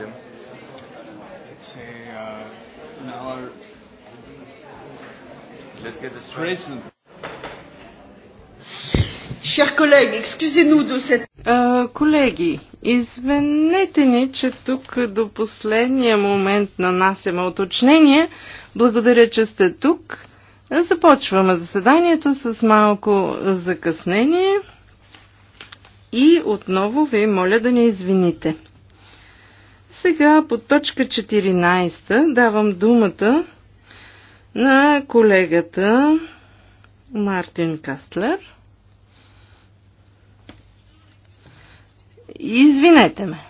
Jim? It's a, uh, an hour. Let's get this prison. Chers collègues, excusez-nous de cette... Uh, Колеги, извинете ни, че тук до последния момент нанасяме уточнение. Благодаря, че сте тук. Започваме заседанието с малко закъснение и отново ви моля да не извините. Сега по точка 14 давам думата на колегата Мартин Кастлер. Извинете ме.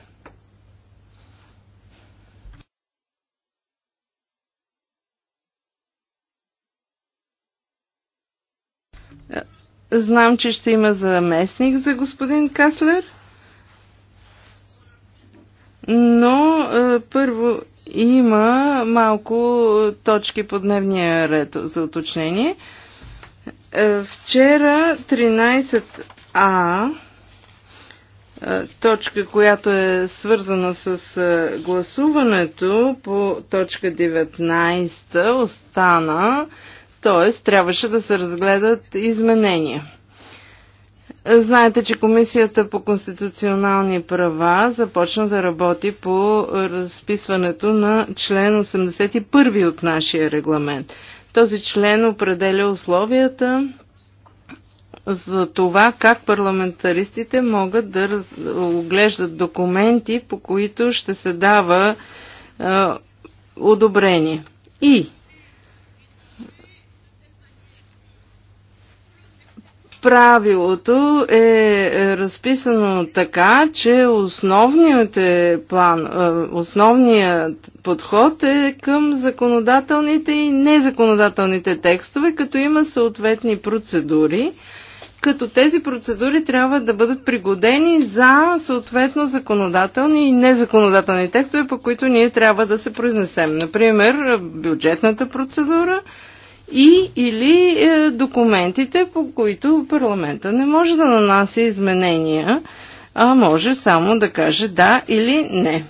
Знам, че ще има заместник за господин Каслер. Но е, първо има малко точки по дневния ред за уточнение. Е, вчера 13А, е, точка, която е свързана с гласуването по точка 19, остана, т.е. трябваше да се разгледат изменения. Знаете, че Комисията по конституционални права започна да работи по разписването на член 81 от нашия регламент. Този член определя условията за това как парламентаристите могат да оглеждат документи, по които ще се дава е, одобрение. И правилото е, е разписано така, че основните план, е, основният подход е към законодателните и незаконодателните текстове, като има съответни процедури, като тези процедури трябва да бъдат пригодени за съответно законодателни и незаконодателни текстове, по които ние трябва да се произнесем. Например, бюджетната процедура – и или е, документите, по които парламента не може да нанася изменения, а може само да каже да или не.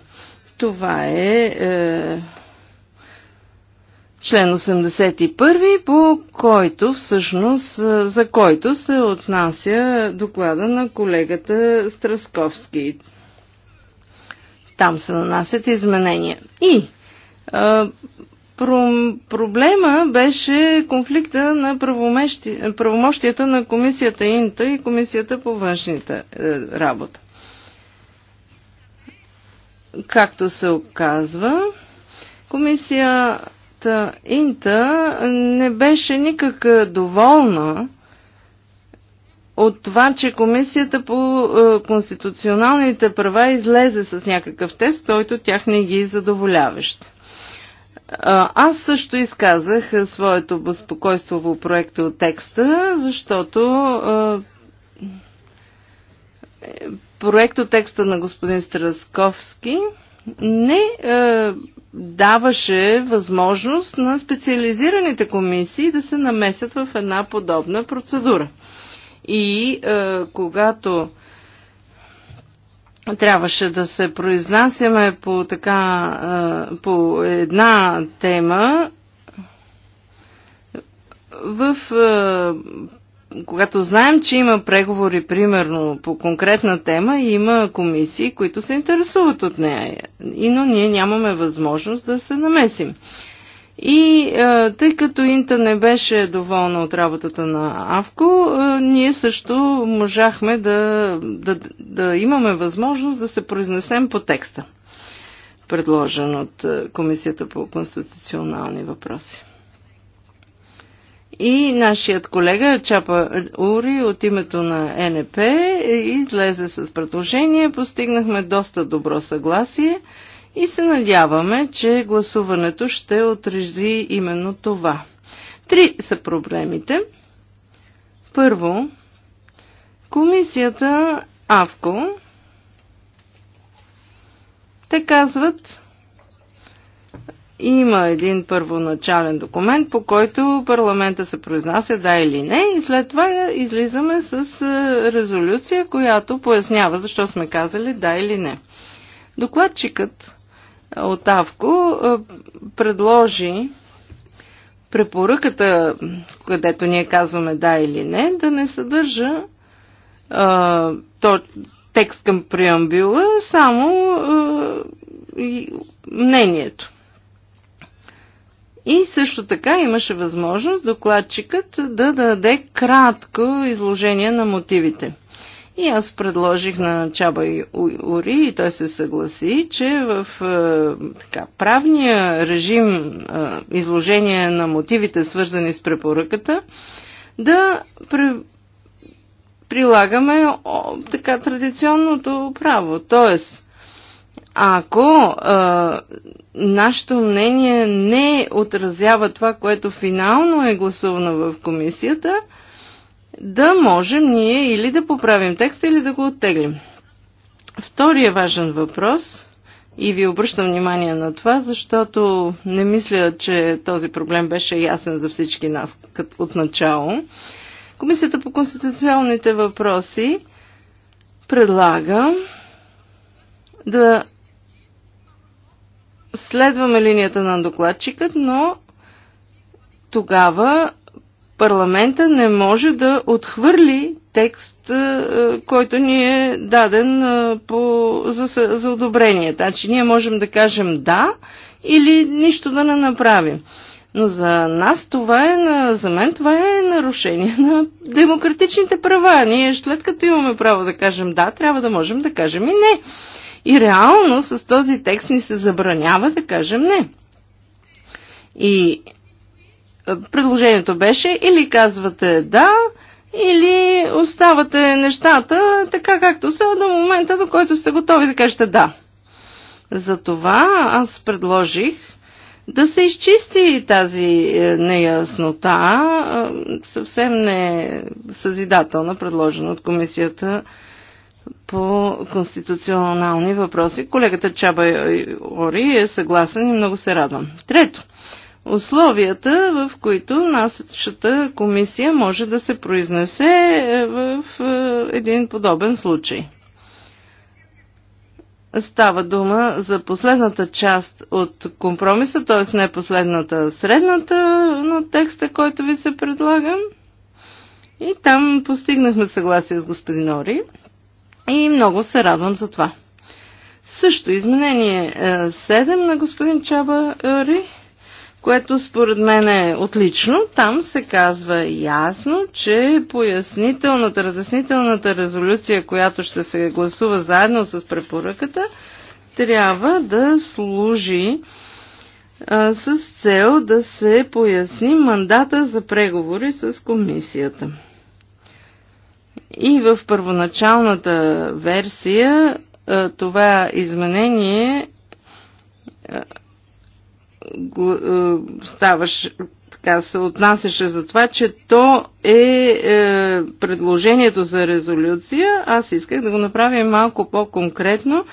Това е, е член 81, по който всъщност, е, за който се отнася доклада на колегата Страсковски. Там се нанасят изменения. И е, Проблема беше конфликта на правомощията на комисията Инта и комисията по външните е, работа. Както се оказва, комисията Инта не беше никак доволна от това, че комисията по е, конституционалните права излезе с някакъв тест, който тях не ги задоволяващ. Аз също изказах е, своето безпокойство по проекта от текста, защото е, проекто текста на господин Страсковски не е, даваше възможност на специализираните комисии да се намесят в една подобна процедура. И е, когато трябваше да се произнасяме по, така, по една тема в когато знаем, че има преговори, примерно, по конкретна тема, има комисии, които се интересуват от нея. И, но ние нямаме възможност да се намесим. И а, е, тъй като Инта не беше доволна от работата на Авко, а, е, ние също можахме да, да, да имаме възможност да се произнесем по текста, предложен от е, Комисията по конституционални въпроси. И нашият колега Чапа Ури от името на НП излезе с предложение. Постигнахме доста добро съгласие и се надяваме, че гласуването ще отрежди именно това. Три са проблемите. Първо, комисията АВКО, те казват, има един първоначален документ, по който парламента се произнася да или не, и след това излизаме с е, резолюция, която пояснява защо сме казали да или не. Докладчикът от Авко предложи препоръката, където ние казваме да или не, да не съдържа а, то, текст към преамбюла, само а, и, мнението. И също така имаше възможност докладчикът да даде кратко изложение на мотивите. И аз предложих на Чаба и Ури и той се съгласи, че в е, така, правния режим е, изложение на мотивите, свързани с препоръката, да при, прилагаме о, така традиционното право. Тоест, ако а, е, нашето мнение не отразява това, което финално е гласувано в комисията, да можем ние или да поправим текста, или да го оттеглим. Втория важен въпрос, и ви обръщам внимание на това, защото не мисля, че този проблем беше ясен за всички нас от начало. Комисията по конституционните въпроси предлага да следваме линията на докладчикът, но тогава парламента не може да отхвърли текст, е, който ни е даден е, по, за, за одобрение. Значи ние можем да кажем да или нищо да не направим. Но за нас това е, за мен това е нарушение на демократичните права. Ние след като имаме право да кажем да, трябва да можем да кажем и не. И реално с този текст ни се забранява да кажем не. И предложението беше или казвате да, или оставате нещата така както са до момента, до който сте готови да кажете да. Затова аз предложих да се изчисти тази е, неяснота, е, съвсем не съзидателна, предложена от комисията по конституционални въпроси. Колегата Чаба Ори е съгласен и много се радвам. Трето, условията, в които нашата комисия може да се произнесе е, в е, един подобен случай. Става дума за последната част от компромиса, т.е. не последната, средната на текста, който ви се предлагам. И там постигнахме съгласие с господин Ори и много се радвам за това. Също изменение 7 е, на господин Чаба Ори което според мен е отлично. Там се казва ясно, че пояснителната, разяснителната резолюция, която ще се гласува заедно с препоръката, трябва да служи с цел да се поясни мандата за преговори с комисията. И в първоначалната версия това изменение е, ставаш, така се отнасяше за това, че то е, е предложението за резолюция. Аз исках да го направя малко по-конкретно.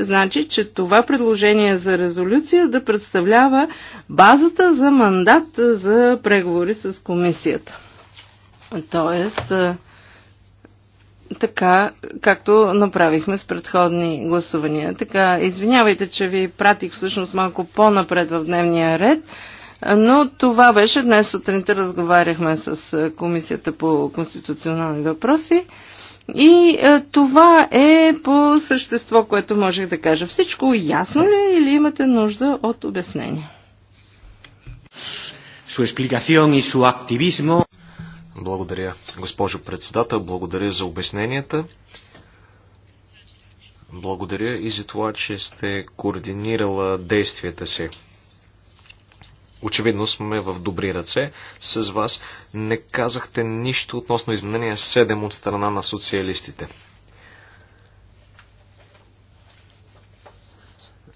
Значи, че това предложение за резолюция да представлява базата за мандат за преговори с комисията. Тоест, е, така, както направихме с предходни гласувания. Така, извинявайте, че ви пратих всъщност малко по-напред в дневния ред, но това беше. Днес сутринта разговаряхме с Комисията по конституционални въпроси. И е, това е по същество, което можех да кажа. Всичко ясно ли е или имате нужда от обяснение? Su explicación y su activismo. Благодаря, госпожо председател. Благодаря за обясненията. Благодаря и за това, че сте координирала действията си. Очевидно сме в добри ръце с вас. Не казахте нищо относно изменение 7 от страна на социалистите.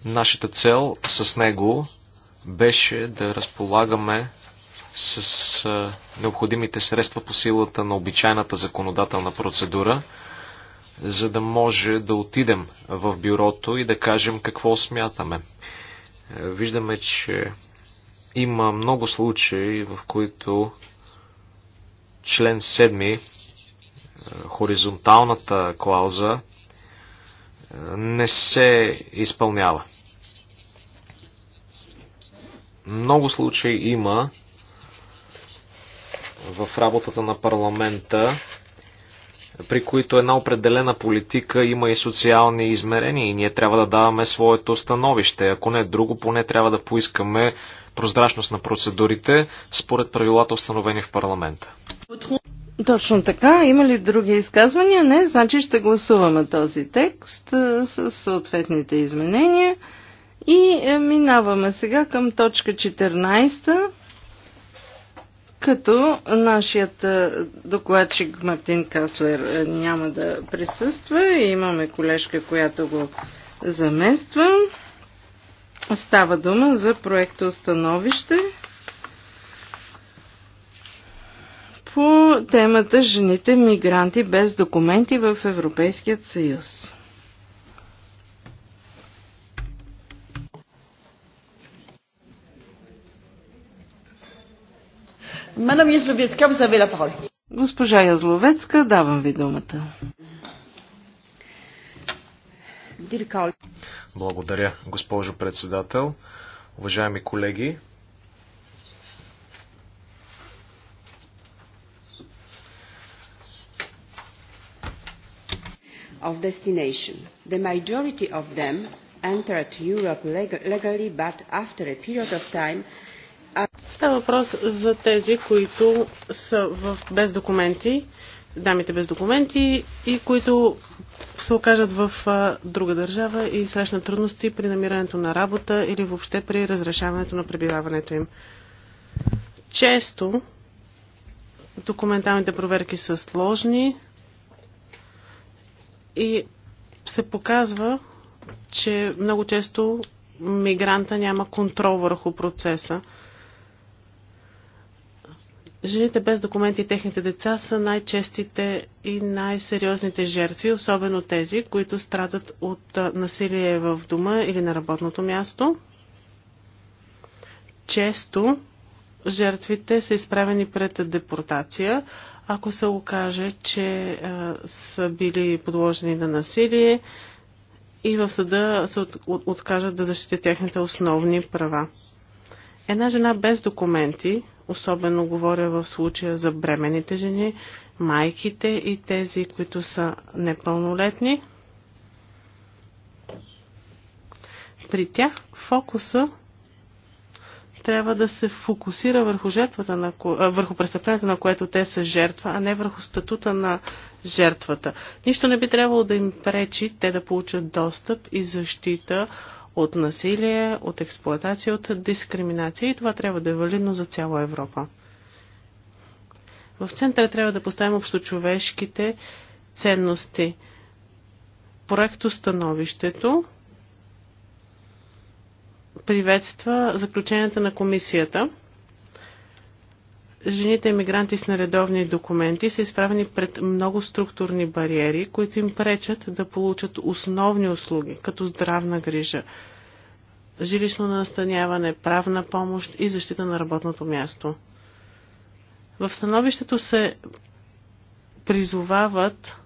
Нашата цел с него беше да разполагаме с а, необходимите средства по силата на обичайната законодателна процедура, за да може да отидем в бюрото и да кажем какво смятаме. Е, виждаме, че има много случаи, в които член 7, е, хоризонталната клауза, е, не се изпълнява. Много случаи има, в работата на парламента, при които една определена политика има и социални измерения и ние трябва да даваме своето становище. Ако не е друго, поне трябва да поискаме прозрачност на процедурите според правилата установени в парламента. Точно така. Има ли други изказвания? Не. Значи ще гласуваме този текст е, с съответните изменения. И е, минаваме сега към точка 14 като нашият е, докладчик Мартин Каслер е, няма да присъства. Имаме колежка, която го замества. Става дума за проекта Остановище по темата жените мигранти без документи в Европейският съюз. Мадам Язловецка, vous avez la parole. Госпожа Язловецка, давам ви думата. Благодаря, госпожо председател. Уважаеми колеги, of destination. The majority of them entered Europe legally, but after a period of time, Става въпрос за тези, които са в, без документи, дамите без документи и които се окажат в а, друга държава и срещнат трудности при намирането на работа или въобще при разрешаването на пребиваването им. Често документалните проверки са сложни и се показва, че много често мигранта няма контрол върху процеса. Жените без документи и техните деца са най-честите и най-сериозните жертви, особено тези, които страдат от насилие в дома или на работното място. Често жертвите са изправени пред депортация, ако се окаже, че а, са били подложени на насилие и в съда се от, от, откажат да защитят техните основни права. Една жена без документи, особено говоря в случая за бременните жени, майките и тези, които са непълнолетни, при тях фокуса трябва да се фокусира върху, жертвата на, върху престъплението, на което те са жертва, а не върху статута на жертвата. Нищо не би трябвало да им пречи те да получат достъп и защита от насилие, от експлоатация, от дискриминация и това трябва да е валидно за цяла Европа. В центъра трябва да поставим общочовешките ценности. Проекто становището приветства заключенията на комисията – жените емигранти с нередовни документи са изправени пред много структурни бариери, които им пречат да получат основни услуги, като здравна грижа, жилищно настаняване, правна помощ и защита на работното място. В становището се призовават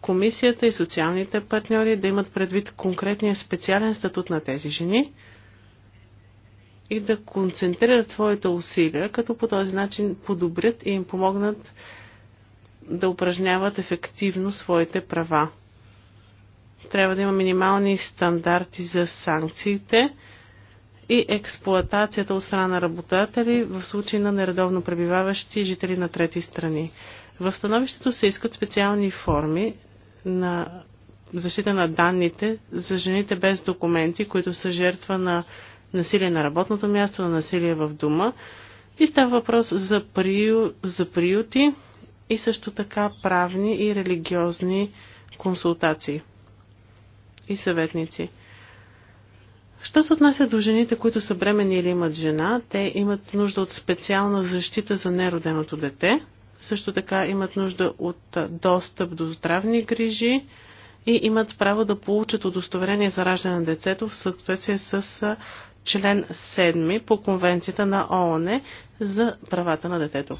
комисията и социалните партньори да имат предвид конкретния специален статут на тези жени – и да концентрират своите усилия, като по този начин подобрят и им помогнат да упражняват ефективно своите права. Трябва да има минимални стандарти за санкциите и експлоатацията от страна на работатели в случай на нередовно пребиваващи жители на трети страни. В становището се искат специални форми на защита на данните за жените без документи, които са жертва на насилие на работното място, на насилие в дома. И става въпрос за, прию, за приюти и също така правни и религиозни консултации и съветници. Що се отнася до жените, които са бремени или имат жена, те имат нужда от специална защита за нероденото дете. Също така имат нужда от достъп до здравни грижи и имат право да получат удостоверение за раждане на децето в съответствие с член 7 по Конвенцията на ООН за правата на детето.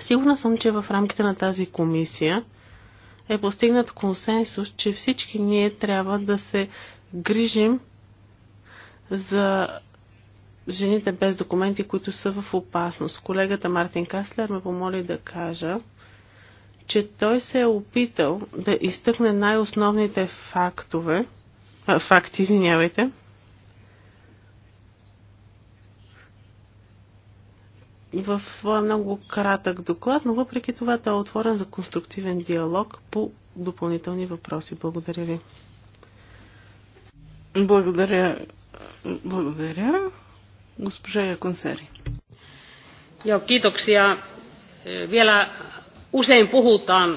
Сигурна съм, че в рамките на тази комисия е постигнат консенсус, че всички ние трябва да се грижим за жените без документи, които са в опасност. Колегата Мартин Каслер ме помоли да кажа, че той се е опитал да изтъкне най-основните фактове, факти, извинявайте, в своя много кратък доклад, но въпреки това той е отворен за конструктивен диалог по допълнителни въпроси. Благодаря ви. Благодаря. Благодаря. Госпожа Яконсери. Йо, kiitoksia. Vielä usein puhutaan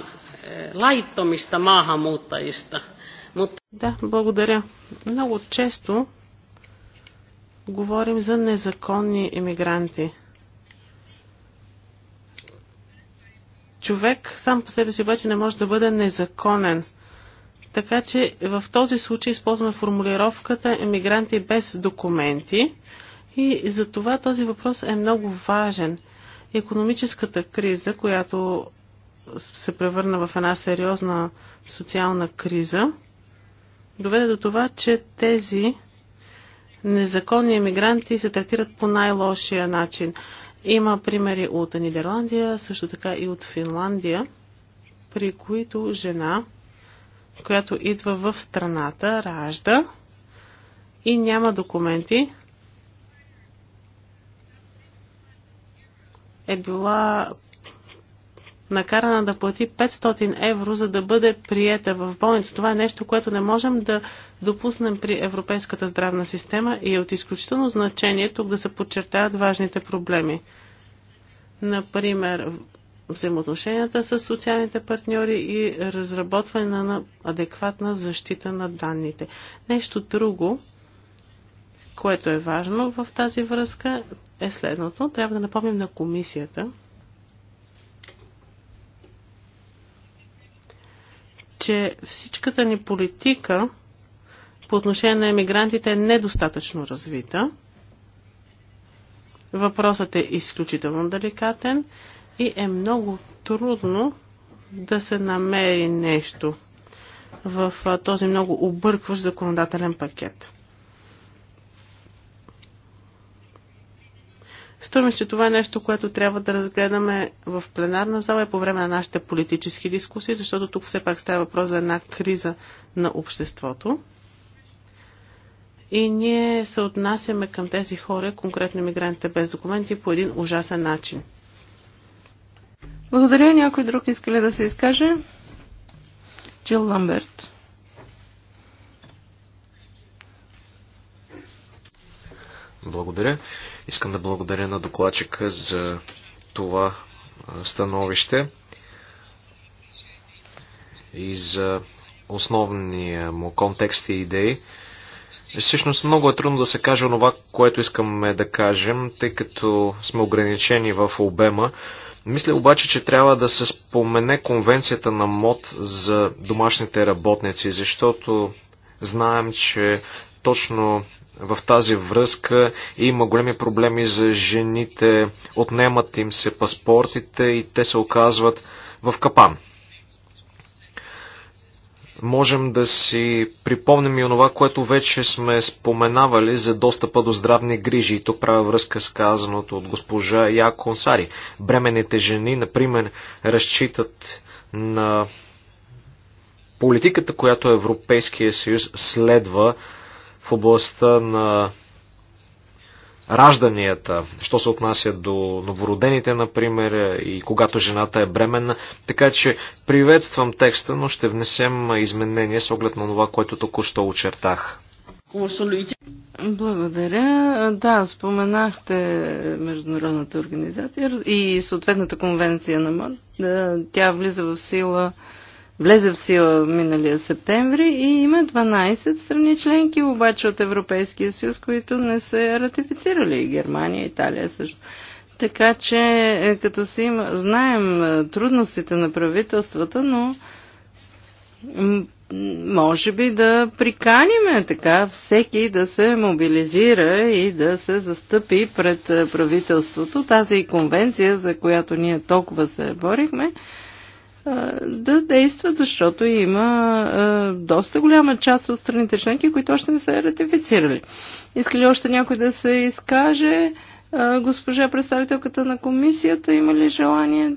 лайтомиста е, maahanmuuttajista. Mutta... Да, благодаря. Много често говорим за незаконни иммигранти. човек сам по себе си обаче не може да бъде незаконен. Така че в този случай използваме формулировката емигранти без документи и за това този въпрос е много важен. Економическата криза, която се превърна в една сериозна социална криза, доведе до това, че тези незаконни емигранти се третират по най-лошия начин. Има примери от Нидерландия, също така и от Финландия, при които жена, която идва в страната, ражда и няма документи, е била накарана да плати 500 евро, за да бъде приета в болница. Това е нещо, което не можем да допуснем при Европейската здравна система и е от изключително значение тук да се подчертаят важните проблеми. Например, взаимоотношенията с социалните партньори и разработване на адекватна защита на данните. Нещо друго, което е важно в тази връзка е следното. Трябва да напомним на комисията, че всичката ни политика по отношение на емигрантите е недостатъчно развита. Въпросът е изключително деликатен и е много трудно да се намери нещо в този много объркващ законодателен пакет. Струми се, това е нещо, което трябва да разгледаме в пленарна зала и по време на нашите политически дискусии, защото тук все пак става въпрос за една криза на обществото. И ние се отнасяме към тези хора, конкретно мигрантите без документи, по един ужасен начин. Благодаря. Някой друг иска ли да се изкаже? Джил Ламберт. Благодаря. Искам да благодаря на докладчика за това становище и за основния му контекст и идеи. Всъщност много е трудно да се каже онова, което искаме да кажем, тъй като сме ограничени в обема. Мисля обаче, че трябва да се спомене конвенцията на МОД за домашните работници, защото знаем, че точно в тази връзка има големи проблеми за жените, отнемат им се паспортите и те се оказват в капан. Можем да си припомним и онова, което вече сме споменавали за достъпа до здравни грижи. И тук правя връзка с казаното от госпожа Якон Сари. Бременните жени, например, разчитат на политиката, която Европейския съюз следва в областта на ражданията, що се отнася до новородените, например, и когато жената е бременна. Така че приветствам текста, но ще внесем изменения с оглед на това, което току-що очертах. Благодаря. Да, споменахте Международната организация и съответната конвенция на МАД. Тя влиза в сила влезе в сила миналия септември и има 12 страни членки обаче от Европейския съюз, които не са ратифицирали. Германия, Италия също. Така че, е, като си има, знаем е, трудностите на правителствата, но може би да приканиме така всеки да се мобилизира и да се застъпи пред е, правителството. Тази конвенция, за която ние толкова се борихме, да действат, защото има доста голяма част от страните членки, които още не са ратифицирали. Иска ли още някой да се изкаже? Госпожа представителката на комисията има ли желание?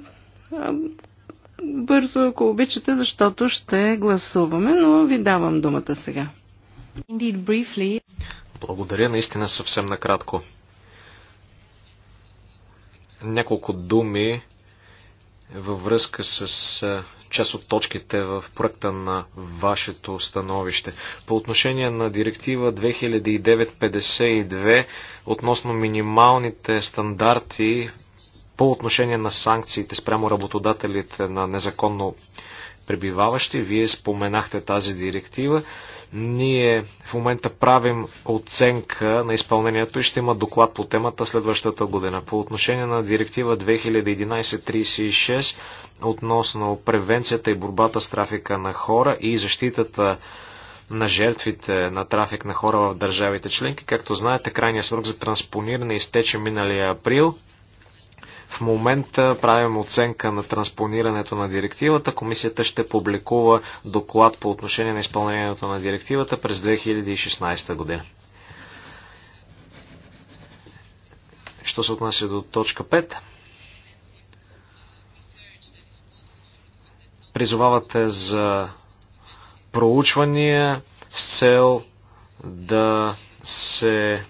Бързо, ако обичате, защото ще гласуваме, но ви давам думата сега. Благодаря, наистина съвсем накратко. Няколко думи във връзка с част от точките в проекта на вашето становище. По отношение на директива 2009-52, относно минималните стандарти по отношение на санкциите спрямо работодателите на незаконно пребиваващи, вие споменахте тази директива. Ние в момента правим оценка на изпълнението и ще има доклад по темата следващата година. По отношение на директива 2011-36 относно превенцията и борбата с трафика на хора и защитата на жертвите на трафик на хора в държавите членки. Както знаете, крайният срок за транспониране изтече миналия април. В момента правим оценка на транспонирането на директивата. Комисията ще публикува доклад по отношение на изпълнението на директивата през 2016 година. Що се отнася до точка 5? Призовавате за проучвания с цел да се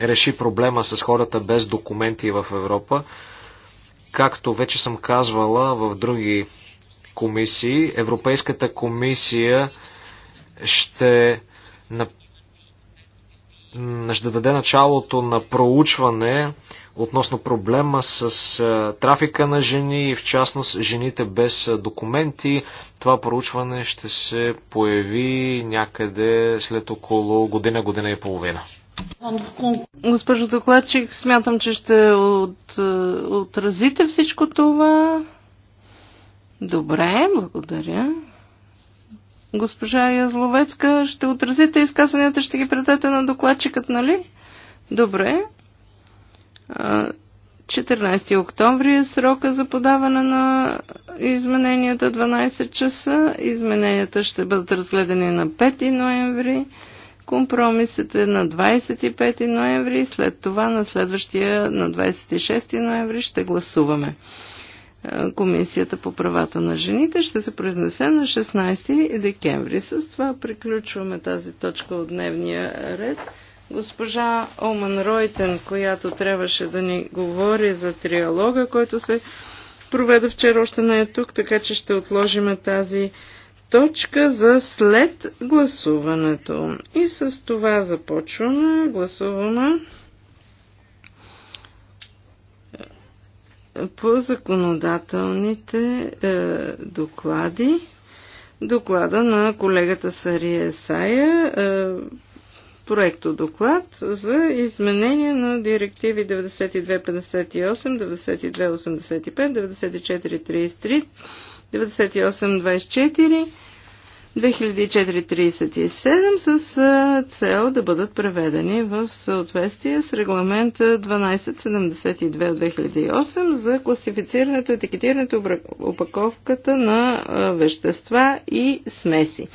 реши проблема с хората без документи в Европа. Както вече съм казвала в други комисии, Европейската комисия ще, ще даде началото на проучване относно проблема с трафика на жени и в частност жените без документи. Това проучване ще се появи някъде след около година-година и половина. Госпожо докладчик, смятам, че ще от, е, отразите всичко това. Добре, благодаря. Госпожа Язловецка, ще отразите изказанията, ще ги предадете на докладчикът, нали? Добре. 14 октомври е срока за подаване на измененията 12 часа. Измененията ще бъдат разгледани на 5 ноември. Компромисът е на 25 ноември, след това на следващия, на 26 ноември ще гласуваме. Е, Комисията по правата на жените ще се произнесе на 16 декември. С това приключваме тази точка от дневния ред. Госпожа Оман Ройтен, която трябваше да ни говори за триалога, който се проведе вчера, още не е тук, така че ще отложиме тази точка за след гласуването. И с това започваме. Гласуваме по законодателните е, доклади. Доклада на колегата Сария Сая, е, проекто доклад за изменение на директиви 9258, 9285, 9433, 9824 2437 с цел да бъдат преведени в съответствие с регламент 1272 от 2008 за класифицирането, етикетирането, опаковката на вещества и смеси.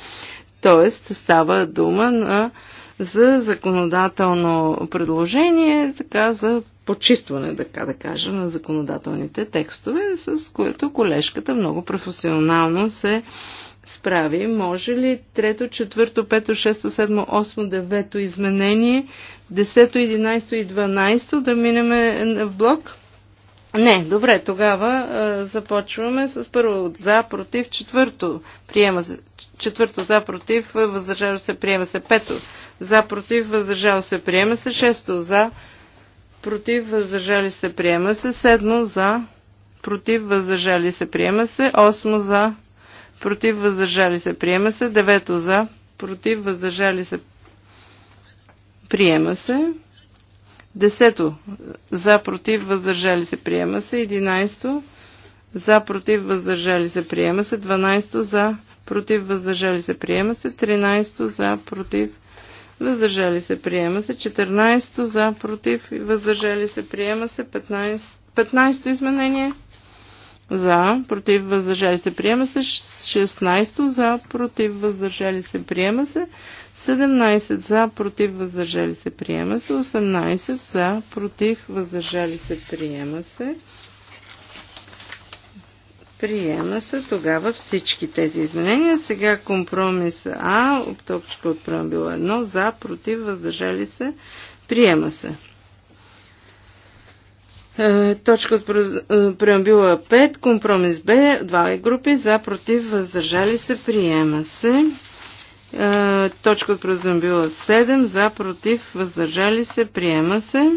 Тоест става дума на, за законодателно предложение, така за почистване, така да кажа, на законодателните текстове, с което колежката много професионално се справи. Може ли трето, четвърто, пето, шесто, седмо, осмо, девето изменение, десето, единайсто и дванайсто да минеме в блок? Не, добре, тогава а, започваме с първо за, против, четвърто, приема се, четвърто за, против, въздържава се, приема се, пето, за, против, въздържава се, приема се, шесто, за, против, въздържали се, приема се. Седмо за, против, въздържали се, приема се. Осмо за, против, въздържали се, приема се. Девето за, против, въздържали се, приема се. Десето за, против, въздържали се, приема се. Единайсто за, против, въздържали се, приема се. Дванайсто за, против, въздържали се, приема се. Тринайсто за, против, въздържали се, приема се. 14 за, против и въздържали се, приема се. 15, 15 изменение за, против, въздържали се, приема се. 16 за, против, въздържали се, приема се. 17 за, против, въздържали се, приема се. 18 за, против, въздържали се, приема се. Приема се тогава всички тези изменения. Сега компромис А, точка от преамбила 1, за, против, въздържали се, приема се. Е, точка от е, преамбила 5, компромис Б, два е групи, за, против, въздържали се, приема се. Точка от преамбила 7, за, против, въздържали се, приема се.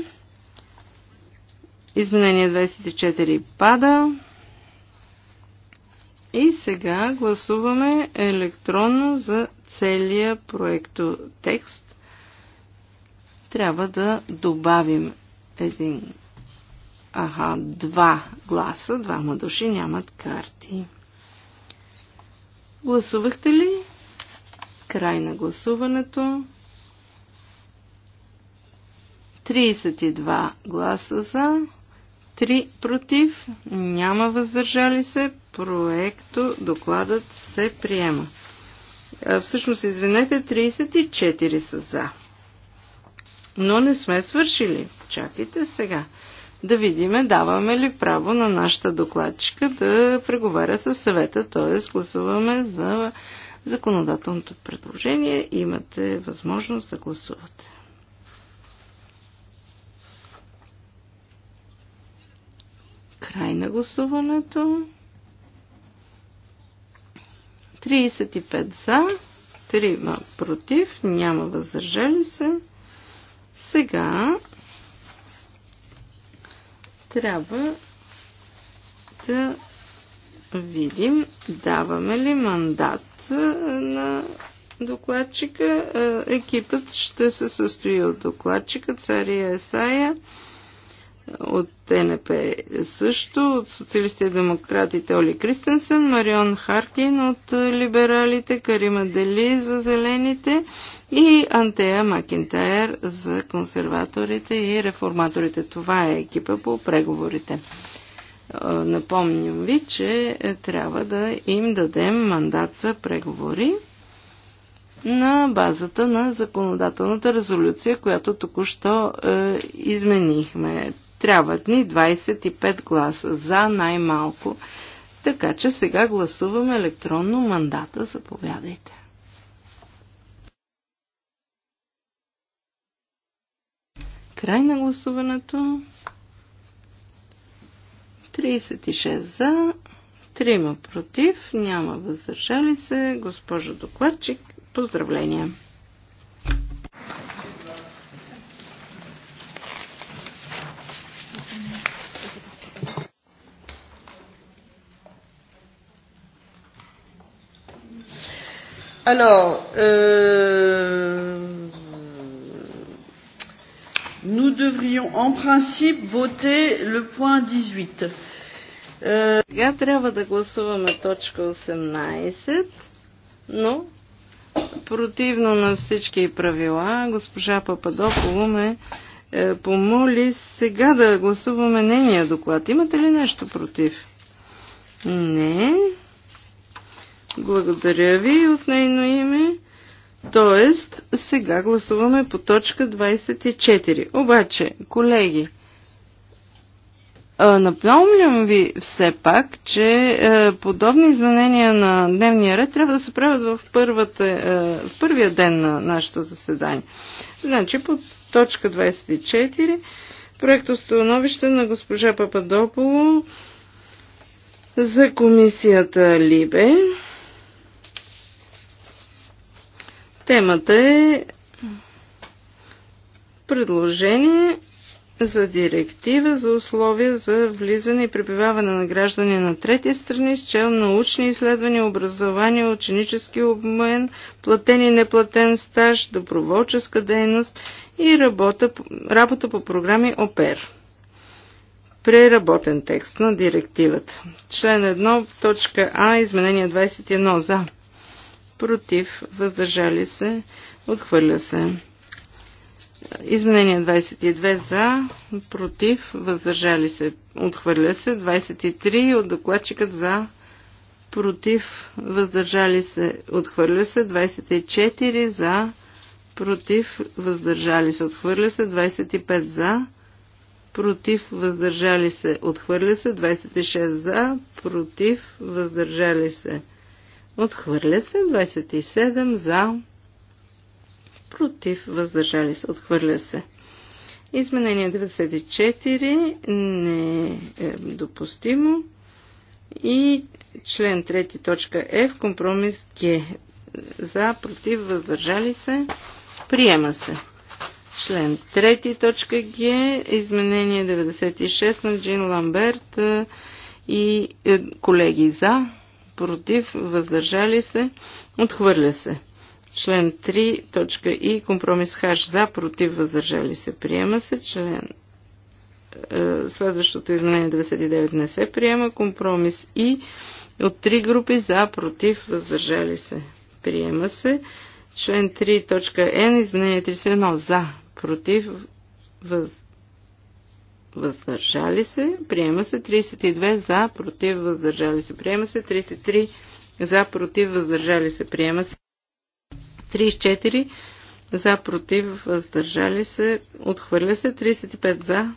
Изменение 24 пада. И сега гласуваме електронно за целия проекто текст. Трябва да добавим един, аха, два гласа, двама души нямат карти. Гласувахте ли? Край на гласуването. 32 гласа за, 3 против, няма въздържали се, проекто докладът се приема. Всъщност, извинете, 34 са за. Но не сме свършили. Чакайте сега. Да видиме, даваме ли право на нашата докладчика да преговаря с съвета, т.е. гласуваме за законодателното предложение. Имате възможност да гласувате. Край на гласуването. 35 за, 3 против, няма въздържали се. Сега трябва да видим даваме ли мандат на докладчика. Екипът ще се състои от докладчика, цария Есая, от ТНП също, от социалистите демократите Оли Кристенсен, Марион Харкин от либералите, Карима Дели за зелените и Антея Макентайер за консерваторите и реформаторите. Това е екипа по преговорите. Е, напомням ви, че трябва да им дадем мандат за преговори на базата на законодателната резолюция, която току-що е, изменихме. Трябват ни 25 гласа за най-малко. Така че сега гласуваме електронно мандата. Заповядайте. Край на гласуването. 36 за, 3 против, няма въздържали се. Госпожо докладчик, поздравления! Alors, euh, nous devrions en principe voter le point 18. Euh, сега трябва да гласуваме точка 18, но противно на всички правила, госпожа Пападополо ме е, помоли сега да гласуваме нейния доклад. Имате ли нещо против? Не. Благодаря ви от нейно име. Тоест, сега гласуваме по точка 24. Обаче, колеги, напомням ви все пак, че е, подобни изменения на дневния ред трябва да се правят в, първата, е, в първия ден на нашето заседание. Значи, по точка 24, проекто становище на госпожа Пападополо за комисията Либе. Темата е предложение за директива за условия за влизане и пребиваване на граждани на трети страни с чел научни изследвания, образование, ученически обмен, платен и неплатен стаж, доброволческа дейност и работа, работа по програми ОПЕР. Преработен текст на директивата. Член 1, точка А, изменение 21 за против, въздържали се, отхвърля се. Изменение 22 за, против, въздържали се, отхвърля се. 23 от докладчикът за, против, въздържали се, отхвърля се. 24 за, против, въздържали се, отхвърля се. 25 за, против, въздържали се, отхвърля се. 26 за, против, въздържали се, Отхвърля се. 27 за. Против. Въздържали се. Отхвърля се. Изменение 94 не е допустимо. И член 3 точка Е в компромис Г. За, против, въздържали се. Приема се. Член 3 точка Г. Изменение 96 на Джин Ламберт и е, колеги за против, въздържали се, отхвърля се. Член 3, точка И, компромис Хаш за, против, въздържали се, приема се. Член е, Следващото изменение 99 не се приема. Компромис И от три групи за, против, въздържали се. Приема се. Член 3, точка Н, изменение 31 за, против, въздържали въздържали се, приема се 32 за, против, въздържали се, приема се 33 за, против, въздържали се, приема се 34 за, против, въздържали се, отхвърля се 35 за,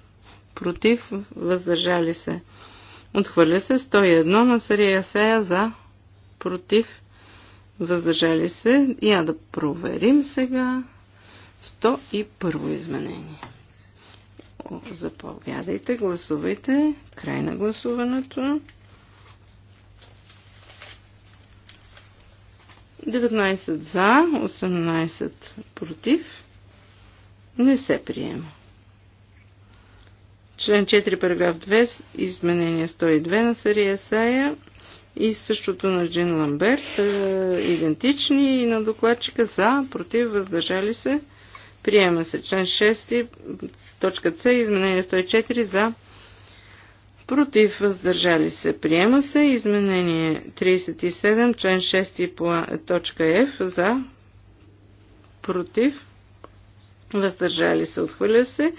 против, въздържали се. Отхвърля се 101 на Сария Сея за, против, въздържали се. Я да проверим сега 101 изменение. Заповядайте, гласувайте. Край на гласуването. 19 за, 18 против. Не се приема. Член 4, параграф 2, изменение 102 на Сария Сая и същото на Джин Ламберт, е, идентични и на докладчика за, против, въздържали се. Приема се член 6, точка С, изменение 104 за против, въздържали се. Приема се изменение 37, член 6, точка F за против, въздържали се. Отхвърля се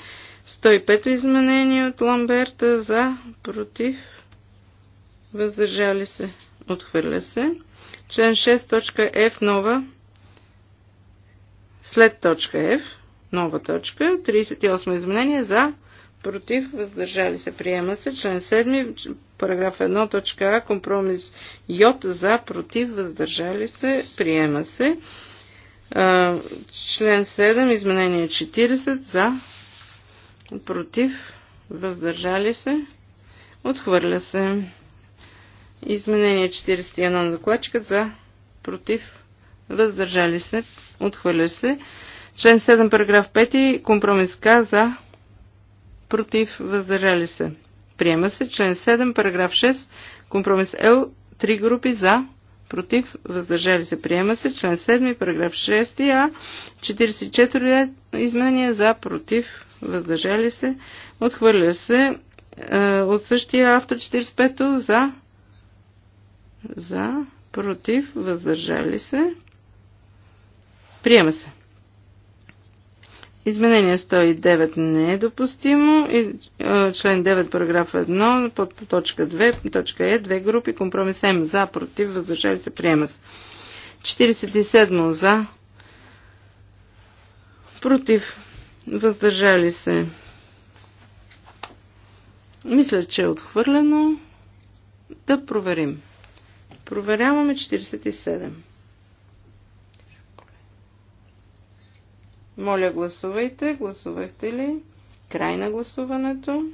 105 изменение от Ламберта за против, въздържали се. Отхвърля се. Член 6, точка F нова след точка F Нова точка. 38 изменение за, против, въздържали се, приема се. Член 7, параграф 1, точка А, компромис Йот за, против, въздържали се, приема се. Член 7, изменение 40 за, против, въздържали се, отхвърля се. Изменение 41 на докладчикът за, против, въздържали се, отхвърля се. Член 7, параграф 5, компромис К за, против, въздържали се. Приема се. Член 7, параграф 6, компромис Л, три групи за, против, въздържали се. Приема се. Член 7, параграф 6, А, 44 изменения за, против, въздържали се. Отхвърля се е, от същия автор 45-то за, за, против, въздържали се. Приема се. Изменение 109 не е допустимо. И, е, член 9, параграф 1, под точка 2, точка Е, две групи, компромис М за, против, въздържали се, приема се. 47 за, против, въздържали се. Мисля, че е отхвърлено. Да проверим. Проверяваме 47. Моля, гласувайте. Гласувахте ли? Край на гласуването.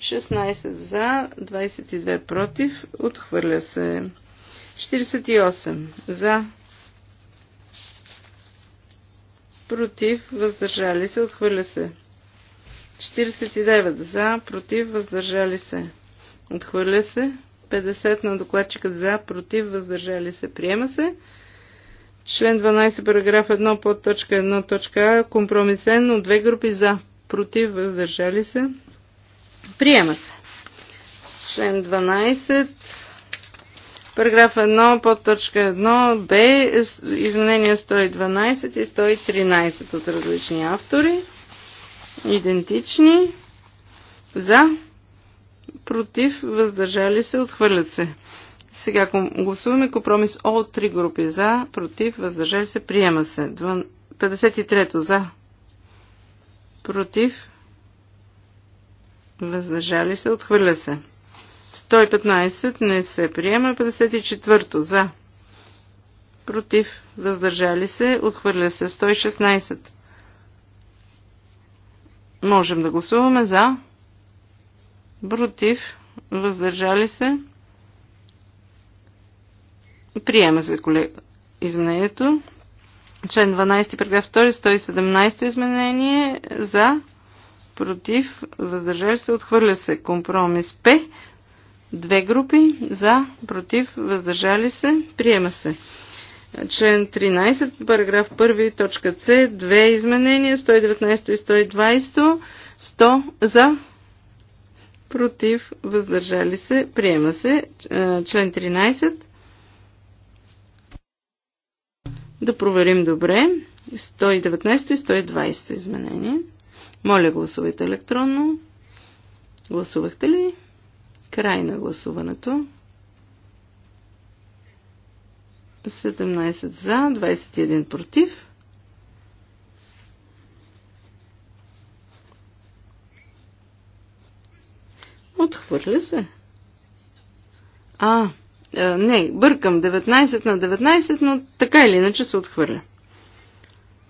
16 за, 22 против. Отхвърля се. 48 за. Против, въздържали се, отхвърля се. 49 за, против, въздържали се. Отхвърля се. 50 на докладчикът за, против, въздържали се. Приема се. Член 12, параграф 1, под точка 1, точка А, компромисен от две групи за, против, въздържали се. Приема се. Член 12, параграф 1, под точка 1, Б, изменения 112 и 113 от различни автори, идентични, за, против, въздържали се, отхвърлят се. Сега гласуваме компромис О от три групи за, против, въздържали се, приема се. 53-то за, против, въздържали се, отхвърля се. 115 не се приема, 54-то за, против, въздържали се, отхвърля се. 116. Можем да гласуваме за, против, въздържали се, Приема се изменението. Член 12, параграф 2, 117 изменение за, против, въздържали се, отхвърля се. Компромис П. Две групи за, против, въздържали се, приема се. Член 13, параграф 1, точка С, две изменения, 119 и 120, 100 за, против, въздържали се, приема се. Член 13, Да проверим добре. 119 и 120 изменение. Моля, гласувайте електронно. Гласувахте ли? Край на гласуването. 17 за, 21 против. Отхвърля се. А, е, не, бъркам 19 на 19, но така или иначе се отхвърля.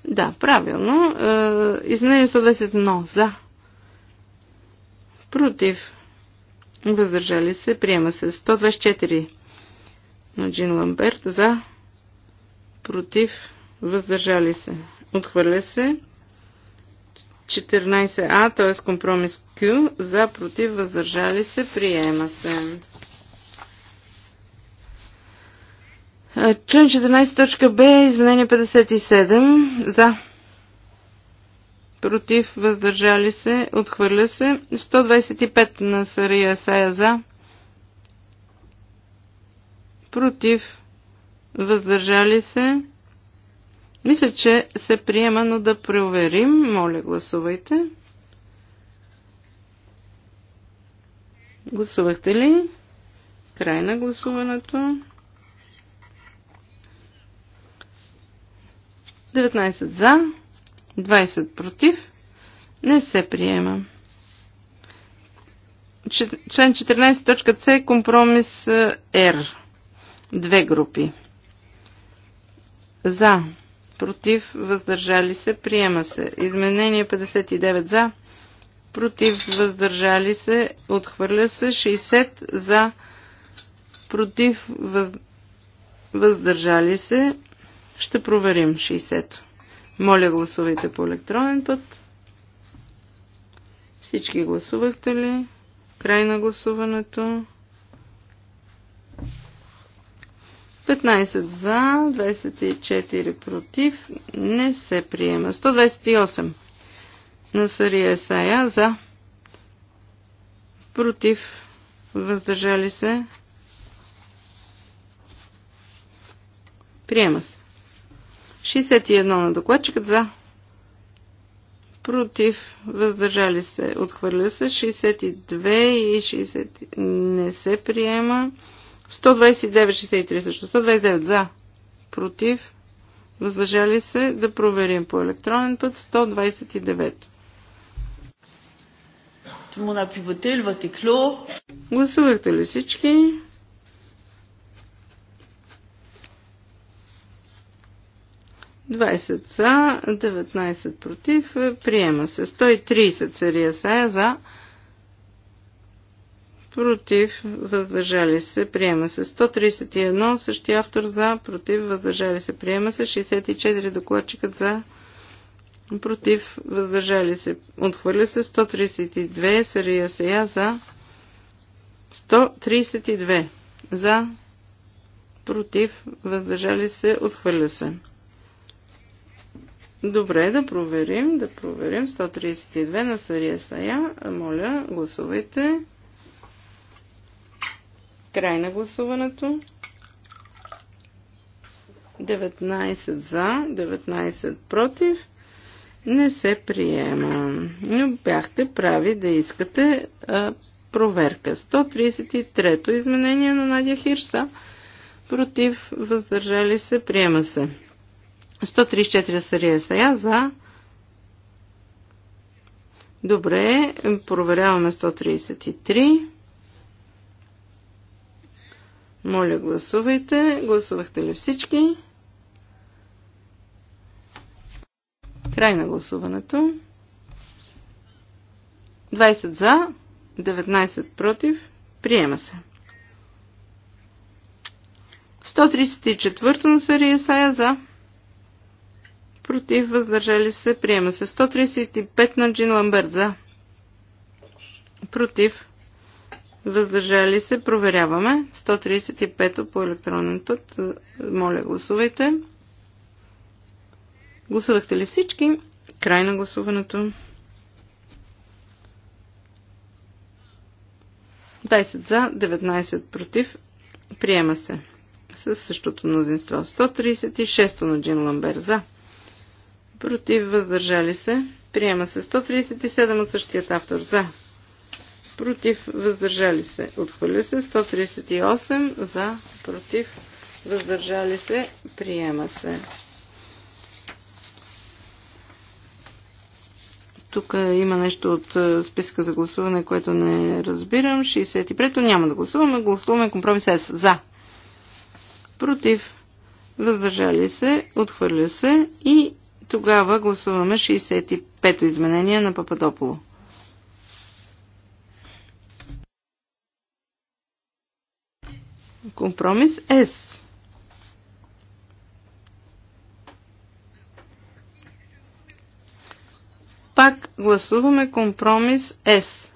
Да, правилно. Е, изменение но за. Против. Въздържали се. Приема се. 124 на Джин Ламберт за. Против. Въздържали се. Отхвърля се. 14А, т.е. компромис Q, за, против, въздържали се, приема се. Член 14 точка Б, изменение 57, за. Против, въздържали се, отхвърля се. 125 на Сария Сая за. Против, въздържали се. Мисля, че се приема, но да проверим. Моля, гласувайте. Гласувахте ли? Край на гласуването. 19 за, 20 против. Не се приема. Член 14, точка С, компромис е, Р. Две групи. За, против, въздържали се, приема се. Изменение 59 за, против, въздържали се, отхвърля се. 60 за, против, въздържали се, ще проверим 60-то. Моля гласувайте по електронен път. Всички гласувахте ли? Край на гласуването. 15 за, 24 против. Не се приема. 128 на Сария Сая за. Против. Въздържали се. Приема се. 61 на докладчикът за. Против. Въздържали се. Отхвърля се. 62 и 60 не се приема. 129, 63 също. 129 за. Против. Въздържали се да проверим по електронен път 129. Гласувахте ли всички? 20 за, 19 против. Приема се. 130 са сая за. Против. Въздържали се. Приема се. 131 същия автор за. Против. Въздържали се. Приема се. 64 докладчикът за. Против. Въздържали се. Отхвърля се. 132 са сая за. 132 за. Против. Въздържали се. Отхвърля се. Добре, да проверим, да проверим. 132 на Сария Сая. Моля, гласувайте. Край на гласуването. 19 за, 19 против. Не се приема. Но бяхте прави да искате а, проверка. 133-то изменение на Надя Хирса. Против, въздържали се, приема се. 134 Сария Сая за. Добре, проверяваме 133. Моля, гласувайте. Гласувахте ли всички? Край на гласуването. 20 за, 19 против. Приема се. 134 на Сария Сая за против, въздържали се, приема се. 135 на Джин Ламберт за, против, въздържали се, проверяваме. 135 по електронен път, моля гласувайте. Гласувахте ли всички? Край на гласуването. 20 за, 19 против. Приема се. с същото мнозинство. 136 на Джин Ламбер за против, въздържали се, приема се 137 от същият автор за, против, въздържали се, отхвърля се 138 за, против, въздържали се, приема се. Тук има нещо от е, списка за гласуване, което не разбирам. 63-то няма да гласуваме. Гласуваме компромис С. За. Против. Въздържали се. Отхвърля се. И тогава гласуваме 65-то изменение на Пападополо. Компромис С. Пак гласуваме компромис С.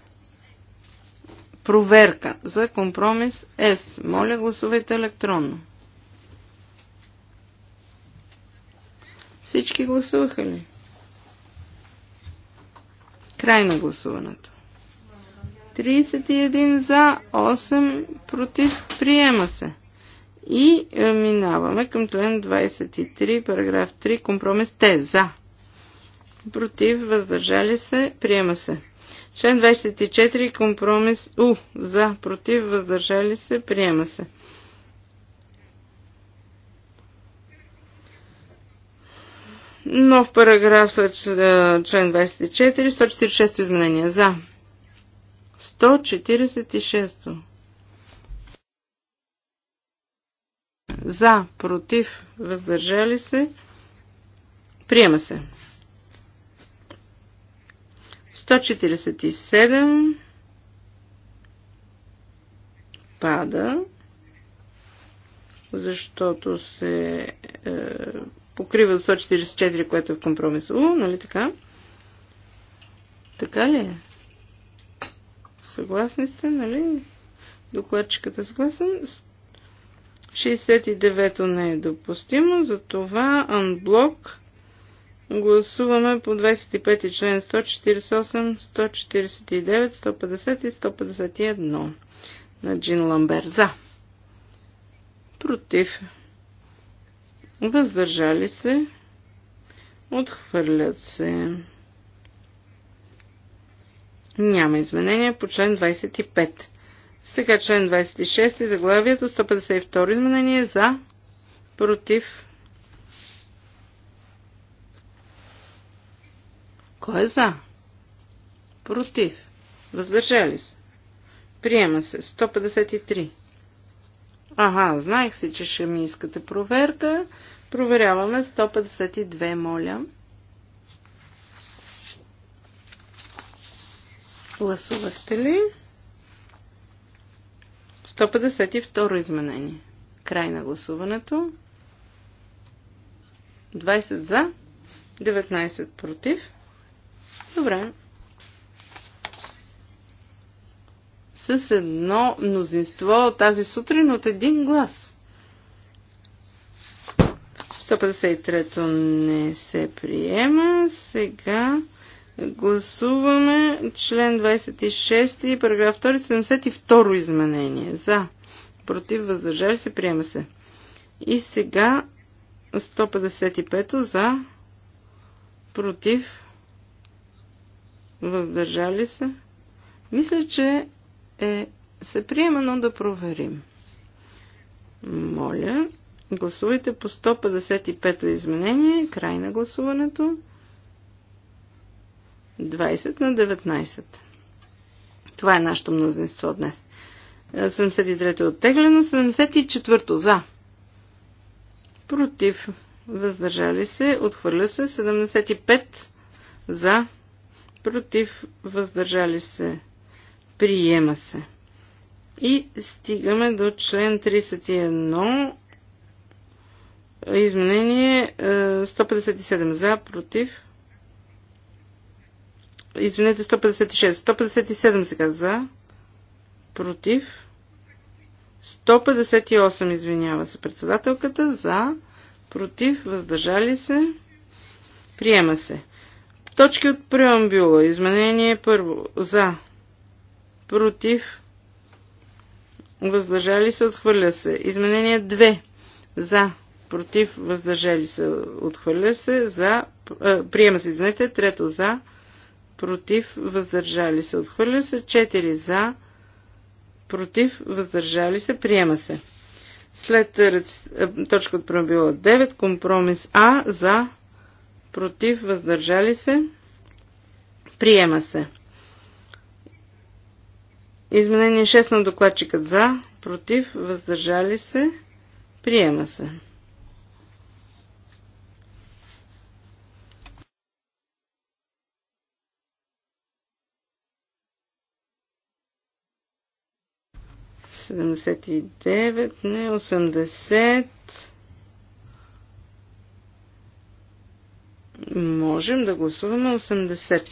Проверка за компромис С. Моля гласувайте електронно. Всички гласуваха ли? Край на гласуването. 31 за, 8 против, приема се. И е, минаваме към член 23, параграф 3, компромис Те за. Против, въздържали се, приема се. Член 24, компромис У за, против, въздържали се, приема се. Нов параграф след член 24, 146 изменения. За. 146. За, против, въздържали се. Приема се. 147 пада, защото се е, покрива до 144, което е в компромис У, нали така? Така ли е? Съгласни сте, нали? Докладчиката е съгласен. 69-то не е допустимо, затова анблок гласуваме по 25 член 148, 149, 150 и 151 на Джин Ламбер. За. Против въздържали се, отхвърлят се. Няма изменения по член 25. Сега член 26 е заглавието 152 изменение за против. Кой е за? Против. Въздържали се. Приема се. 153. Ага, знаех си, че ще ми искате проверка. Проверяваме 152, моля. Гласувахте ли? 152 изменение. Край на гласуването. 20 за, 19 против. Добре. С едно мнозинство тази сутрин от един глас. 153-то не се приема. Сега гласуваме член 26 и параграф 2, 72 изменение. За, против, въздържали се, приема се. И сега 155-то за, против, въздържали се. Мисля, че е, се приема, но да проверим. Моля, Гласувайте по 155-то изменение. Край на гласуването. 20 на 19. Това е нашето мнозинство днес. 73-то е оттеглено. 74-то за. Против. Въздържали се. Отхвърля се. 75 за. Против. Въздържали се. Приема се. И стигаме до член 31 Изменение 157 е, за, против. Извинете, 156. 157 сега за, против. 158, извинява се председателката, за, против, въздържали се, приема се. Точки от преамбюла. Изменение първо. За. Против. Въздържали се. Отхвърля се. Изменение 2. За против, въздържали се, отхвърля се, за, а, приема се, извинете, трето за, против, въздържали се, отхвърля се, 4 за, против, въздържали се, приема се. След точка от правила 9, компромис А, за, против, въздържали се, приема се. Изменение 6 на докладчикът за, против, въздържали се, приема се. 79, не 80. Можем да гласуваме 80.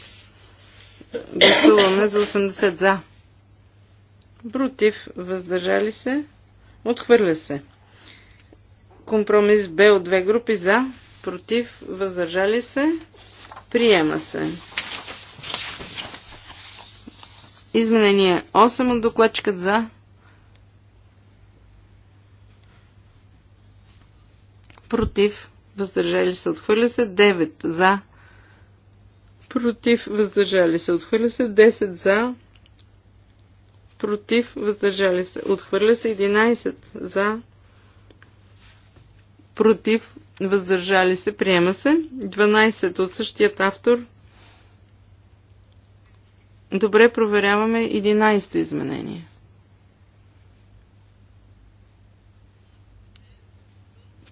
Гласуваме за 80 за. Против, въздържали се, отхвърля се. Компромис Б от две групи за, против, въздържали се, приема се. Изменение 8 от докладчикът за, против, въздържали се, отхвърля се, 9 за, против, въздържали се, отхвърля се, 10 за, против, въздържали се, отхвърля се, 11 за, против, въздържали се, приема се, 12 от същият автор. Добре, проверяваме 11 изменение.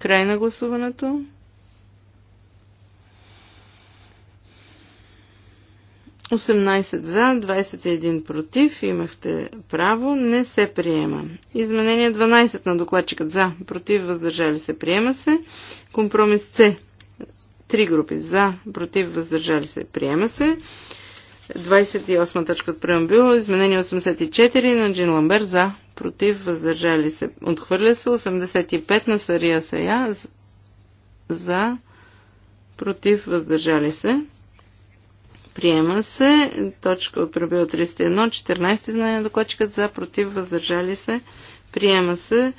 Край на гласуването. Осемнайсет за, 21 против, имахте право, не се приема. Изменение 12 на докладчикът за, против, въздържали се, приема се. Компромис С, три групи за, против, въздържали се, приема се. 28 точка от преамбюла, изменение 84 на Джин Ламбер за, против, въздържали се, отхвърля се, 85 на Сария Сая за, против, въздържали се. Приема се точка от пробил 301, 14 на докладчикът за, против, въздържали се. Приема се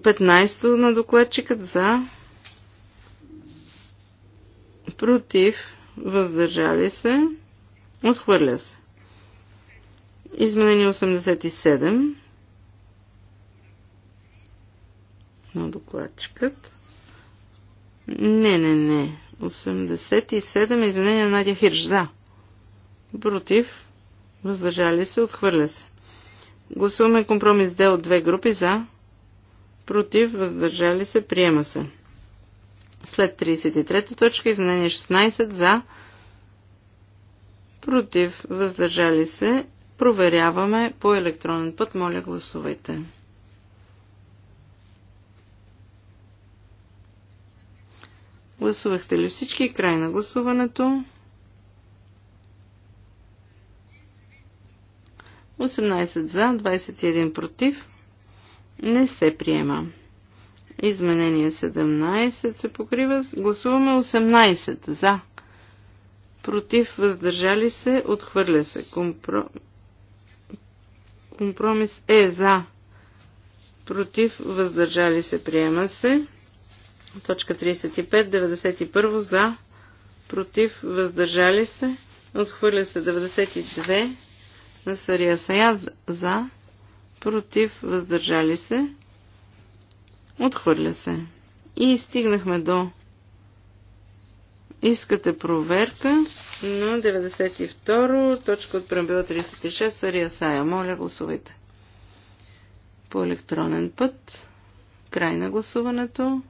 15 на докладчикът за, против, въздържали се. Отхвърля се. Изменение 87 на докладчикът. Не, не, не. 87 е изменение на Надя Хирш. За. Против. Въздържали се. Отхвърля се. Гласуваме компромис Д от две групи. За. Против. Въздържали се. Приема се. След 33 точка изменение 16 за против, въздържали се, проверяваме по електронен път. Моля, гласувайте. Гласувахте ли всички? Край на гласуването. 18 за, 21 против. Не се приема. Изменение 17 се покрива. Гласуваме 18 за против, въздържали се, отхвърля се. Компро... Компромис е за, против, въздържали се, приема се. Точка 35, 91 за, против, въздържали се, отхвърля се 92 на Сария Саяд за, против, въздържали се, отхвърля се. И стигнахме до Искате проверка на 92, точка от прембила 36, Сария Сая. Моля, гласувайте. По електронен път. Край на гласуването.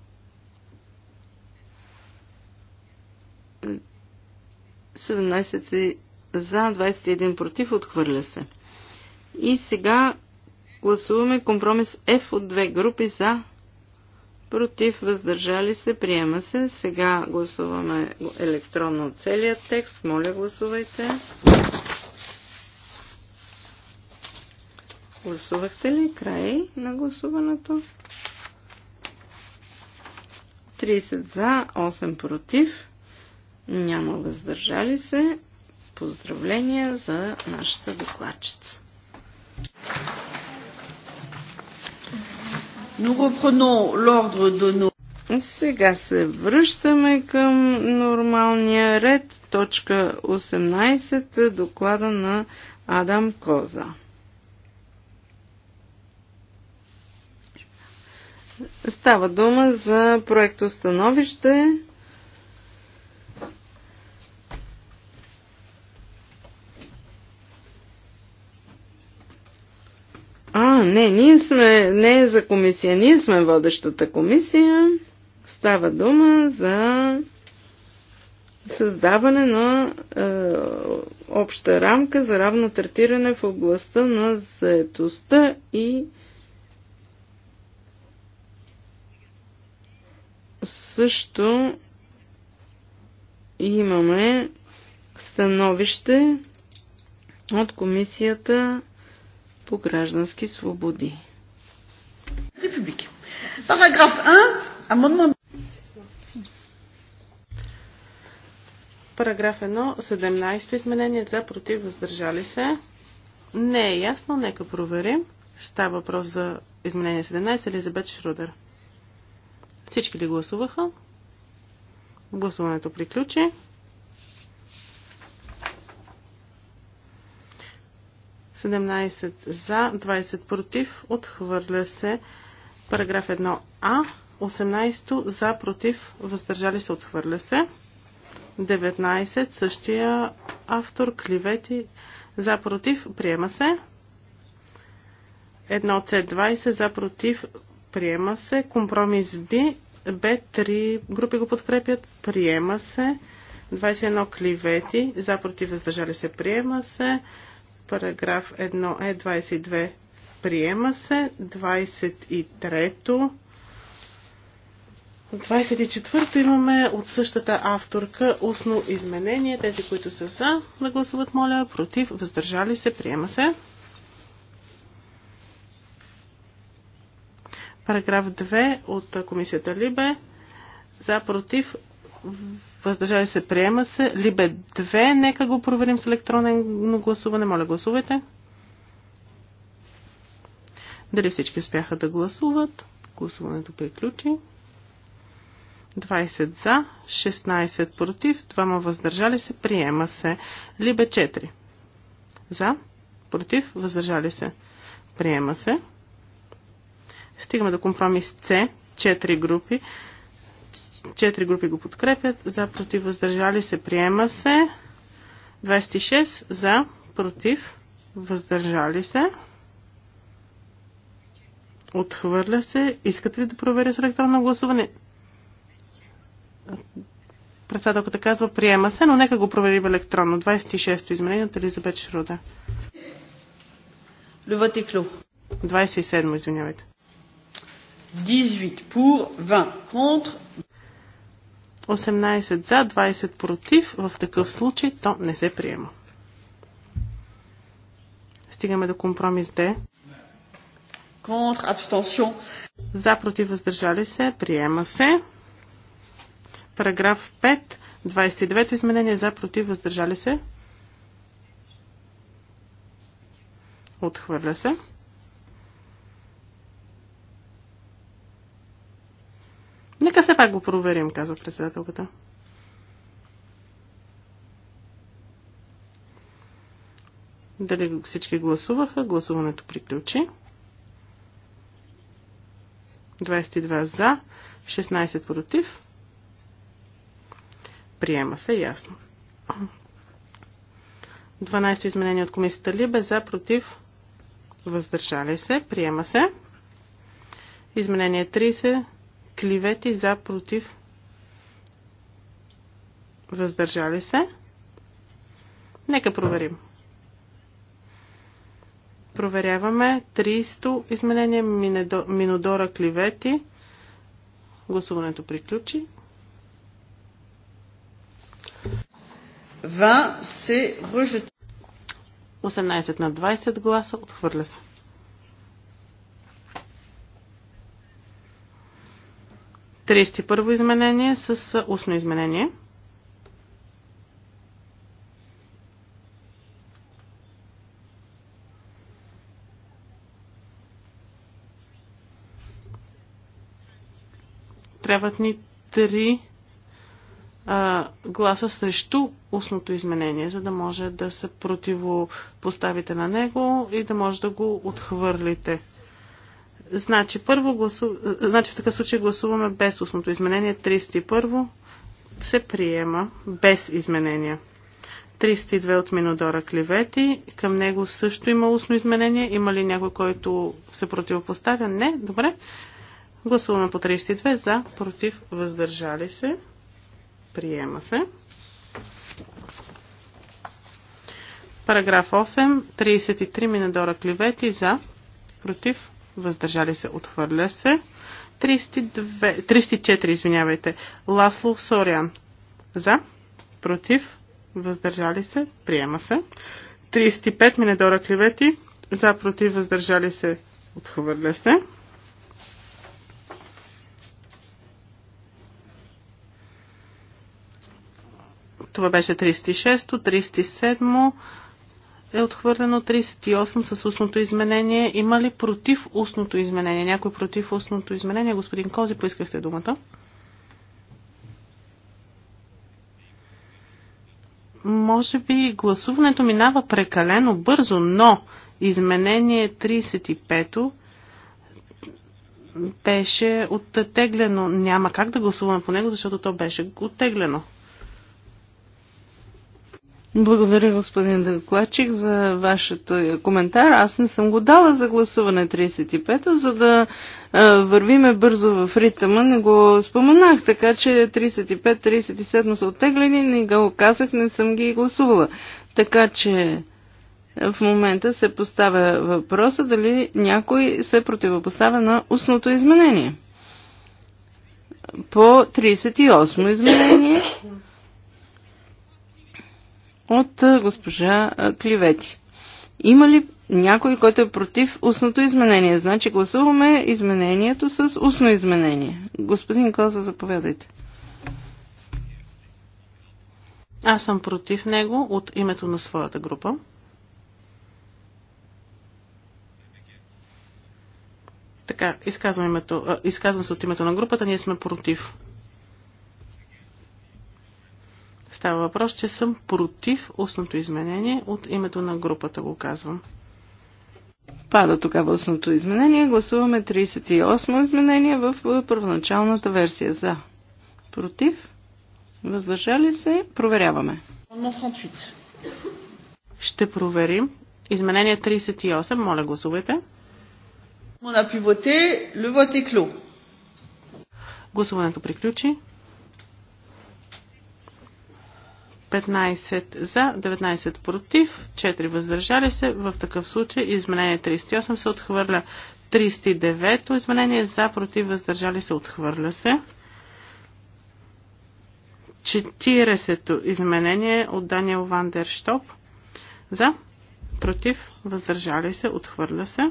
Седемнайсет за, 21 против, отхвърля се. И сега гласуваме компромис F от две групи за, против, въздържали се, приема се. Сега гласуваме електронно целият текст. Моля, гласувайте. Гласувахте ли? Край на гласуването. 30 за, 8 против, няма въздържали се. Поздравления за нашата докладчица. Сега се връщаме към нормалния ред, точка 18, доклада на Адам Коза. Става дума за проекто становище не, ние сме, не е за комисия, ние сме водещата комисия. Става дума за създаване на е, обща рамка за равно третиране в областта на заетостта и също имаме становище от комисията по граждански свободи. Параграф 1, Амонмон. Параграф 1, 17 изменение за против въздържали се. Не е ясно, нека проверим. Става въпрос за изменение 17, Елизабет Шрудер. Всички ли гласуваха? Гласуването приключи. 17 за, 20 против, отхвърля се. Параграф 1а, 18 за, против, въздържали се, отхвърля се. 19, същия автор, клевети, за, против, приема се. 1C20, за, против, приема се. Компромис B, B3 групи го подкрепят, приема се. 21 кливети, за, против, въздържали се, приема се. Параграф 1 е 22. Приема се. 23-то. 24-то имаме от същата авторка устно изменение. Тези, които са за, да гласуват, моля, против, въздържали се, приема се. Параграф 2 от комисията Либе. За, против, въздържали се, приема се. Либе 2, нека го проверим с електронно гласуване. Моля, гласувайте. Дали всички успяха да гласуват? Гласуването приключи. 20 за, 16 против, 2 въздържали се, приема се. Либе 4. За, против, въздържали се, приема се. Стигаме до компромис С, 4 групи. Четири групи го подкрепят. За, против, въздържали се, приема се. 26 за, против, въздържали се. Отхвърля се. Искате ли да проверя с електронно гласуване? Председателката казва приема се, но нека го проверим електронно. 26-то изменение от Елизабет Шруда. Люба Тиклю. 27 мо извинявайте. 18 pour, 20 contre. 18 за, 20 против. В такъв случай то не се приема. Стигаме до компромис Д. Contre, abstention. За, против, въздържали се. Приема се. Параграф 5. 29 изменение за, против, въздържали се. Отхвърля се. Нека се пак го проверим, казва председателката. Дали всички гласуваха? Гласуването приключи. 22 за, 16 против. Приема се ясно. 12 изменение от комисията Либе за, против, въздържали се. Приема се. Изменение 30 клевети за против въздържали се. Нека проверим. Проверяваме 300 изменения. Минодора Кливети. Гласуването приключи. се 18 на 20 гласа отхвърля се. 31 изменение с устно изменение. Трябват ни три а, гласа срещу устното изменение, за да може да се противопоставите на него и да може да го отхвърлите. Значи, първо гласу... Е, значи в такъв случай гласуваме без устното изменение. 31 се приема без изменения. 32 от Минодора Кливети. Към него също има устно изменение. Има ли някой, който се противопоставя? Не. Добре. Гласуваме по 32 за, против, въздържали се. Приема се. Параграф 8. 33 Минадора Кливети за, против, въздържали се, отхвърля се. 32, 34, извинявайте, Ласло Сориан, за, против, въздържали се, приема се. 35, Минедора Кривети. за, против, въздържали се, отхвърля се. Това беше 36 37 е отхвърлено 38 с устното изменение. Има ли против устното изменение? Някой против устното изменение? Господин Кози, поискахте думата. Може би гласуването минава прекалено бързо, но изменение 35-то беше оттеглено. Няма как да гласуваме по него, защото то беше оттеглено. Благодаря, господин Дъкладчик, за вашето коментар. Аз не съм го дала за гласуване 35-то, за да а, вървиме бързо в ритъма. Не го споменах, така че 35-37 са оттеглени, не го казах, не съм ги гласувала. Така че в момента се поставя въпроса дали някой се противопоставя на устното изменение. По 38 изменение от госпожа Кливети. Има ли някой, който е против устното изменение? Значи гласуваме изменението с устно изменение. Господин Коза, заповядайте. Аз съм против него от името на своята група. Така, изказвам, името, изказвам се от името на групата, ние сме против. Става въпрос, че съм против устното изменение. От името на групата го казвам. Пада тогава устното изменение. Гласуваме 38 изменение в е, първоначалната версия. За. Против. Въздържали се. Проверяваме. Ще проверим. Изменение 38. Моля, гласувайте. On a pu voter. Гласуването приключи. 15 за, 19 против, 4 въздържали се. В такъв случай изменение 38 се отхвърля. 39-то изменение за, против, въздържали се, отхвърля се. 40-то изменение от Даниел Вандерштоп. За, против, въздържали се, отхвърля се.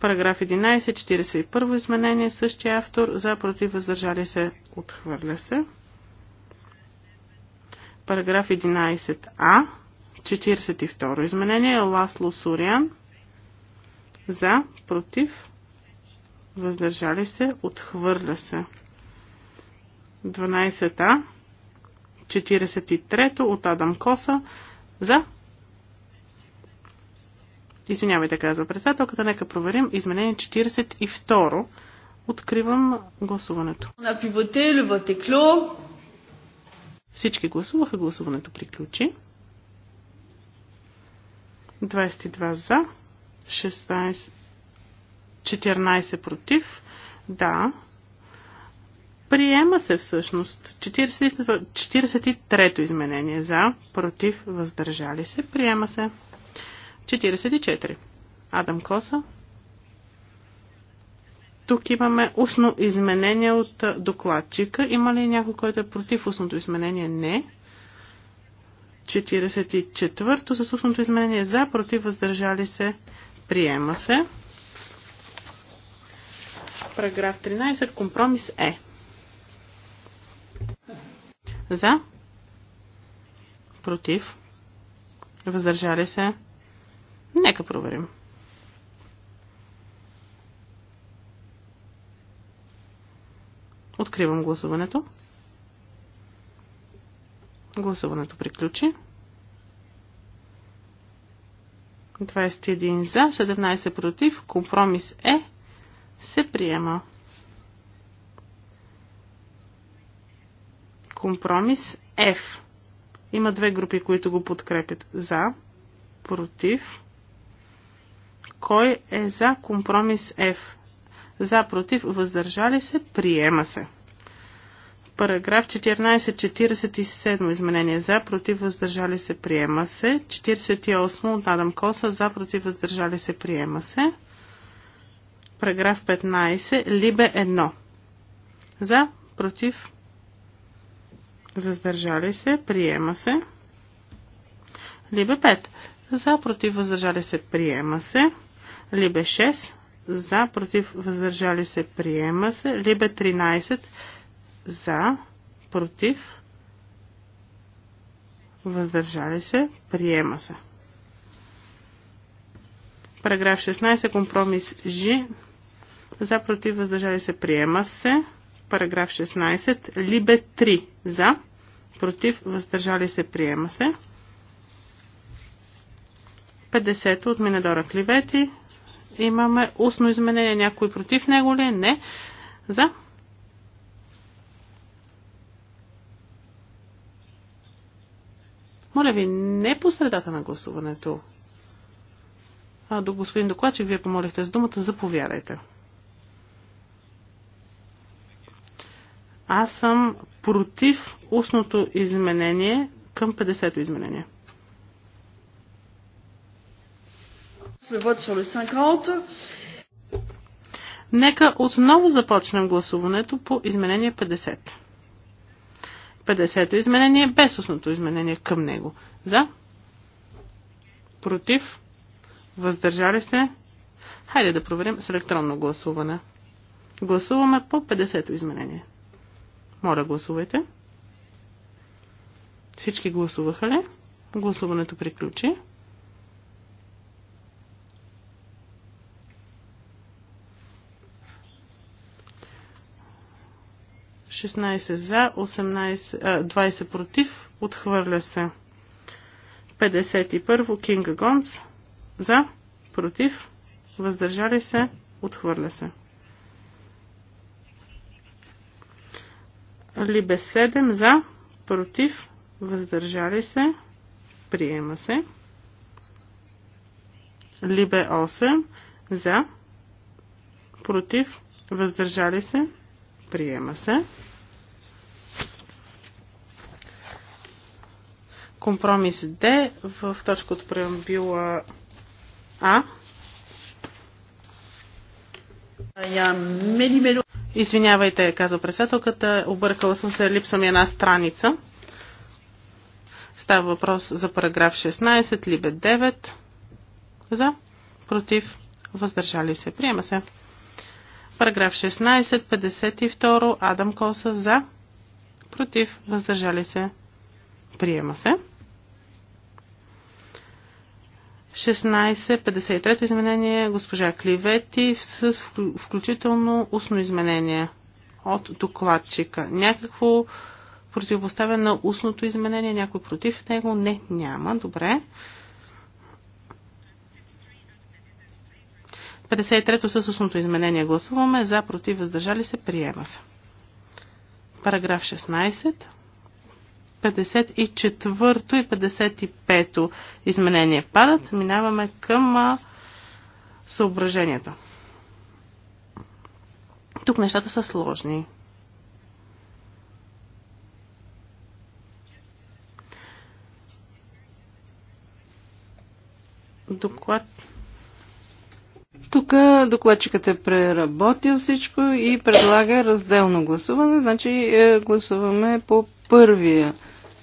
Параграф 11, 41 изменение, същия автор, за, против, въздържали се, отхвърля се. Параграф 11а. 42 изменение. Ласло Суриан За. Против. Въздържали се. Отхвърля се. 12а. 43 от Адам Коса. За. Извинявайте, каза председателката. Нека проверим. Изменение 42. Откривам гласуването. На пивоте, левате кло. Всички гласуваха, гласуването приключи. 22 за, 16, 14 против. Да. Приема се всъщност 43-то изменение за, против, въздържали се. Приема се 44. Адам Коса тук имаме устно изменение от докладчика. Има ли някой, който е против устното изменение? Не. 44-то с устното изменение за, против, въздържали се, приема се. Параграф 13, компромис е. За, против, въздържали се. Нека проверим. Откривам гласуването. Гласуването приключи. 21 за, 17 против. Компромис е. Се приема. Компромис F. Има две групи, които го подкрепят. За, против. Кой е за компромис F? за против, въздържали се, приема се. Параграф 14 47 изменение за, против, въздържали се, приема се. 48 от Адам Коса за, против, въздържали се, приема се. Параграф 15. Либе 1. За, против, въздържали се, приема се. Либе 5. За, против, въздържали се, приема се. Либе 6 за, против, въздържали се, приема се. Либе 13 за, против, въздържали се, приема се. Параграф 16, компромис Ж, за, против, въздържали се, приема се. Параграф 16, либе 3 за, против, въздържали се, приема се. 50 от Минадора Кливети имаме устно изменение. Някой против него ли? Не. За. Моля ви, не по средата на гласуването. А, до господин докладчик, вие помолихте с думата, заповядайте. Аз съм против устното изменение към 50-то изменение. Нека отново започнем гласуването по изменение 50. 50-то изменение е без устното изменение към него. За? Против? Въздържали се? Хайде да проверим с електронно гласуване. Гласуваме по 50-то изменение. Моля, гласувайте. Всички гласуваха ли? Гласуването приключи. 16 за, 18, а, 20 против, отхвърля се. 51. Кинга Гонц за, против, въздържали се, отхвърля се. Либе 7 за, против, въздържали се, приема се. Либе 8 за, против, въздържали се, приема се. Компромис Д в точка от преамбюла А. Извинявайте, казва председателката, объркала съм се, липсвам една страница. Става въпрос за параграф 16, либе 9. За, против, въздържали се. Приема се. Параграф 16, 52, Адам Коса, за, против, въздържали се. Приема се. 16.53 изменение госпожа Кливети с включително устно изменение от докладчика. Някакво противопоставя на устното изменение, някой против него? Не, няма. Добре. 53-то с устното изменение гласуваме. За, против, въздържали се, приема се. Параграф 16. 54 и 55 изменение падат. Минаваме към съображенията. Тук нещата са сложни. Доклад. Тук докладчикът е преработил всичко и предлага разделно гласуване. Значи е, гласуваме по първия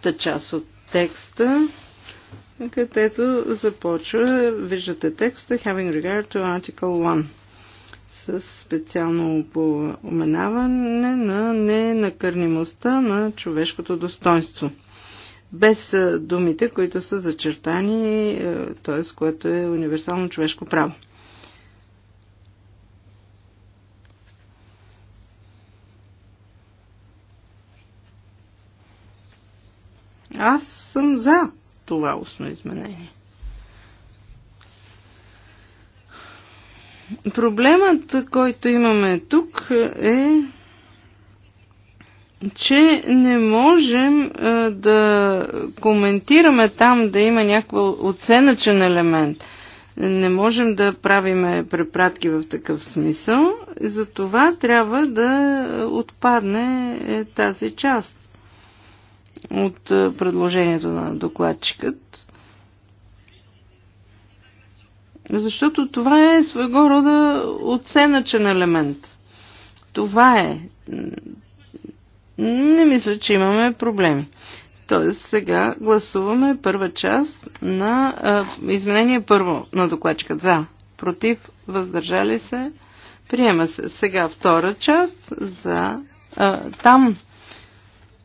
петата част от текста, където започва, виждате текста Having regard to Article 1 с специално упоменаване на ненакърнимостта на човешкото достоинство. Без думите, които са зачертани, т.е. което е универсално човешко право. Аз съм за това устно изменение. Проблемът, който имаме тук е, че не можем е, да коментираме там да има някакъв оценъчен елемент. Не можем да правиме препратки в такъв смисъл, затова трябва да отпадне е, тази част от е, предложението на докладчикът. Защото това е своего рода оценъчен елемент. Това е. Не мисля, че имаме проблеми. Тоест, сега гласуваме първа част на а, е, изменение първо на докладчика. За, против, въздържали се, приема се. Сега втора част за а, е, там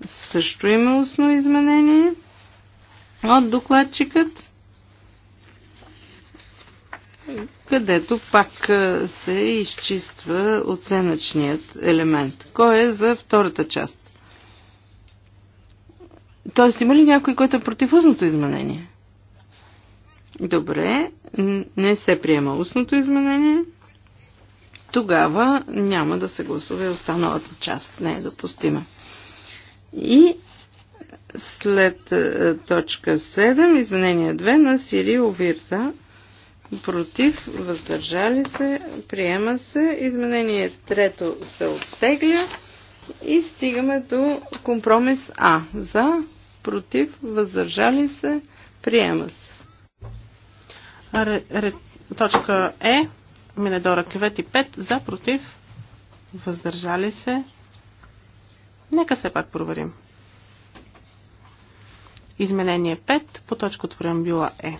също има устно изменение от докладчикът, където пак се изчиства оценъчният елемент. Кой е за втората част? Тоест, има ли някой, който е против устното изменение? Добре, не се приема устното изменение. Тогава няма да се гласува и останалата част. Не е допустима. И след е, точка 7, изменение 2 на Сирио Вирза. Против, въздържали се, приема се. Изменение 3 се оттегля. И стигаме до компромис А. За, против, въздържали се, приема се. Ре, ре, точка Е. Минедора Кевет и 5. За, против, въздържали се, Нека все пак проверим. Изменение 5 по точка от преамбюла Е.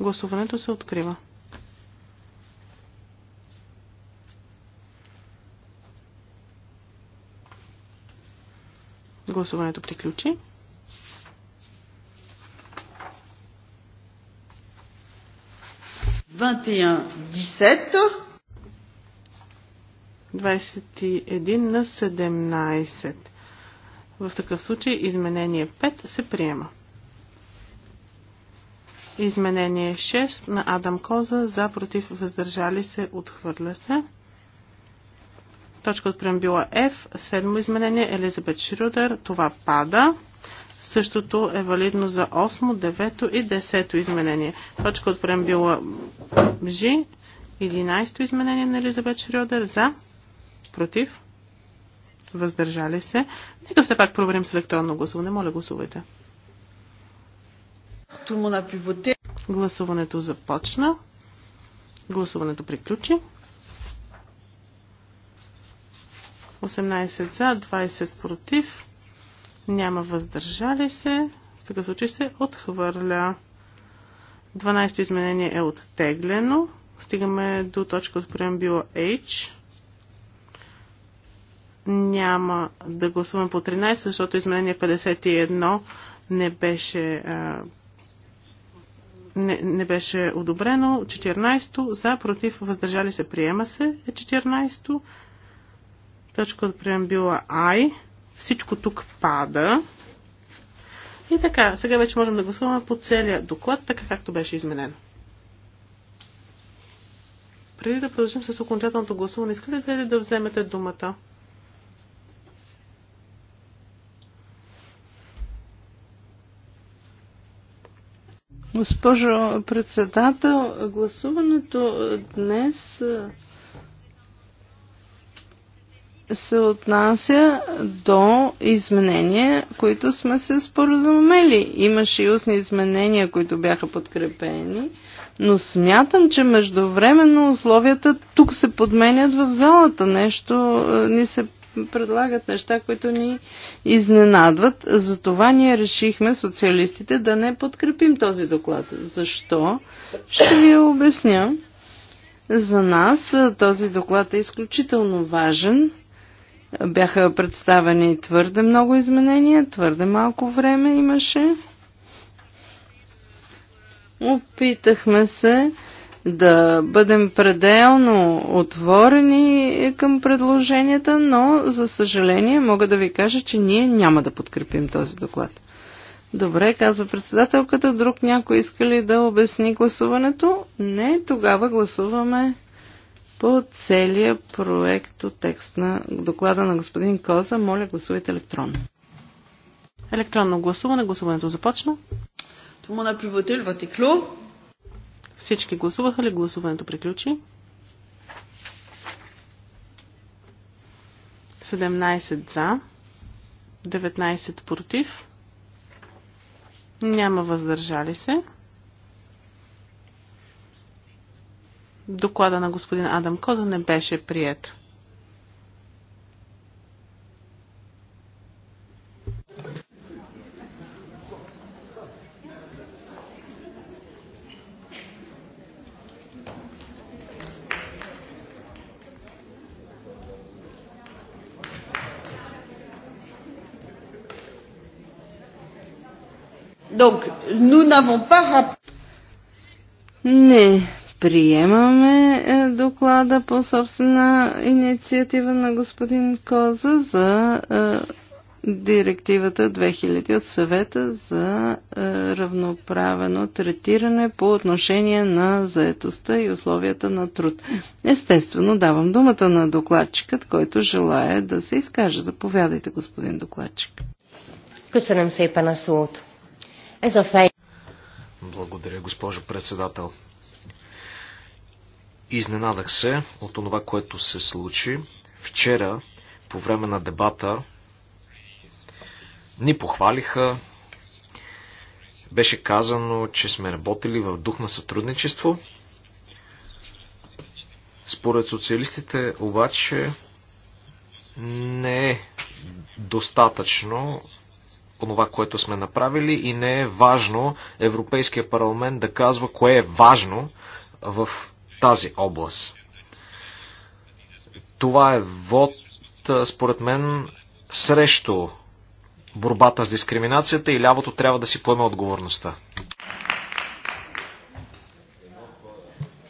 Гласуването се открива. Гласуването приключи. Vingt et 21 на 17. В такъв случай изменение 5 се приема. Изменение 6 на Адам Коза за против въздържали се отхвърля се. Точка от преамбила F, седмо изменение Елизабет Шрюдер, това пада. Същото е валидно за 8, 9 и 10 изменение. Точка от преамбила G, 11 изменение на Елизабет Шрюдер за Против? Въздържали се. Нека все пак проверим с електронно гласуване. Моля, гласувайте. Гласуването започна. Гласуването приключи. 18 за, 20 против. Няма въздържали се. В такъв случай се отхвърля. 12 изменение е оттеглено. Стигаме до точка от преамбила H няма да гласуваме по 13, защото изменение 51 не беше, не, не беше одобрено. 14 то за, против, въздържали се, приема се е 14 Точка от преамбила I. Всичко тук пада. И така, сега вече можем да гласуваме по целия доклад, така както беше изменено. Преди да продължим с окончателното гласуване, искате ли да вземете думата? Госпожо председател, гласуването днес се отнася до изменения, които сме се споразумели. Имаше и устни изменения, които бяха подкрепени, но смятам, че междувременно условията тук се подменят в залата. Нещо ни се предлагат неща, които ни изненадват. Затова ние решихме социалистите да не подкрепим този доклад. Защо? Ще ви обясня. За нас този доклад е изключително важен. Бяха представени твърде много изменения, твърде малко време имаше. Опитахме се да бъдем пределно отворени към предложенията, но за съжаление мога да ви кажа, че ние няма да подкрепим този доклад. Добре, казва председателката. Друг някой иска ли да обясни гласуването? Не, тогава гласуваме по целия проект от текст на доклада на господин Коза. Моля, гласувайте електронно. Електронно гласуване. Гласуването започна. Tout le monde a pu voter, le vote est clos. Всички гласуваха ли? Гласуването приключи. 17 за, 19 против, няма въздържали се. Доклада на господин Адам Коза не беше прият. Donc, nous n'avons pas Не, приемаме е, доклада по собствена инициатива на господин Коза за е, директивата 2000 от съвета за е, равноправено третиране по отношение на заетостта и условията на труд. Естествено, давам думата на докладчикът, който желая да се изкаже. Заповядайте, господин докладчик. Късанем се и панасулото. Благодаря, госпожо председател. Изненадах се от това, което се случи. Вчера, по време на дебата, ни похвалиха. Беше казано, че сме работили в дух на сътрудничество. Според социалистите обаче не е достатъчно онова, което сме направили и не е важно Европейския парламент да казва кое е важно в тази област. Това е вод, според мен, срещу борбата с дискриминацията и лявото трябва да си поеме отговорността.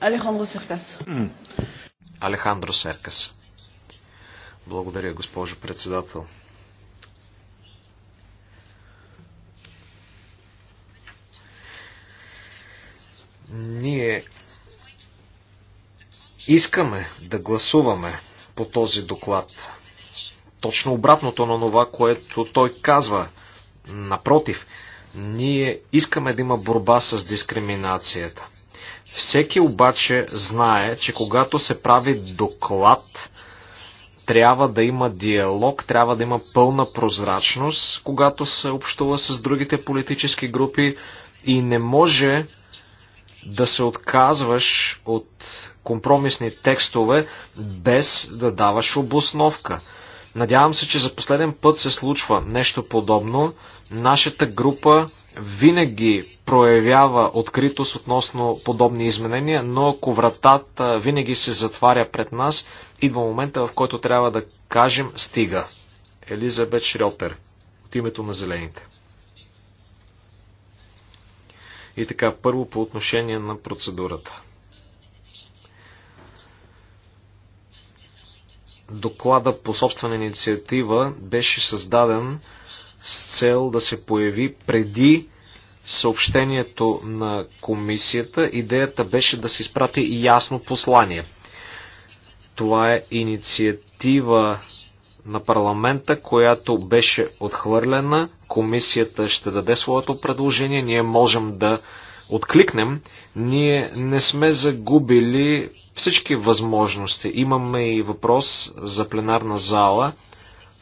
Алехандро Серкас. Алехандро Серкас. Благодаря, госпожо председател. Искаме да гласуваме по този доклад. Точно обратното на това, което той казва. Напротив, ние искаме да има борба с дискриминацията. Всеки обаче знае, че когато се прави доклад, трябва да има диалог, трябва да има пълна прозрачност, когато се общува с другите политически групи и не може да се отказваш от компромисни текстове без да даваш обосновка. Надявам се, че за последен път се случва нещо подобно. Нашата група винаги проявява откритост относно подобни изменения, но ако вратата винаги се затваря пред нас, идва момента, в който трябва да кажем стига. Елизабет Шрьотер от името на Зелените. И така, първо по отношение на процедурата. Доклада по собствена инициатива беше създаден с цел да се появи преди съобщението на комисията. Идеята беше да се изпрати ясно послание. Това е инициатива на парламента, която беше отхвърлена комисията ще даде своето предложение, ние можем да откликнем. Ние не сме загубили всички възможности. Имаме и въпрос за пленарна зала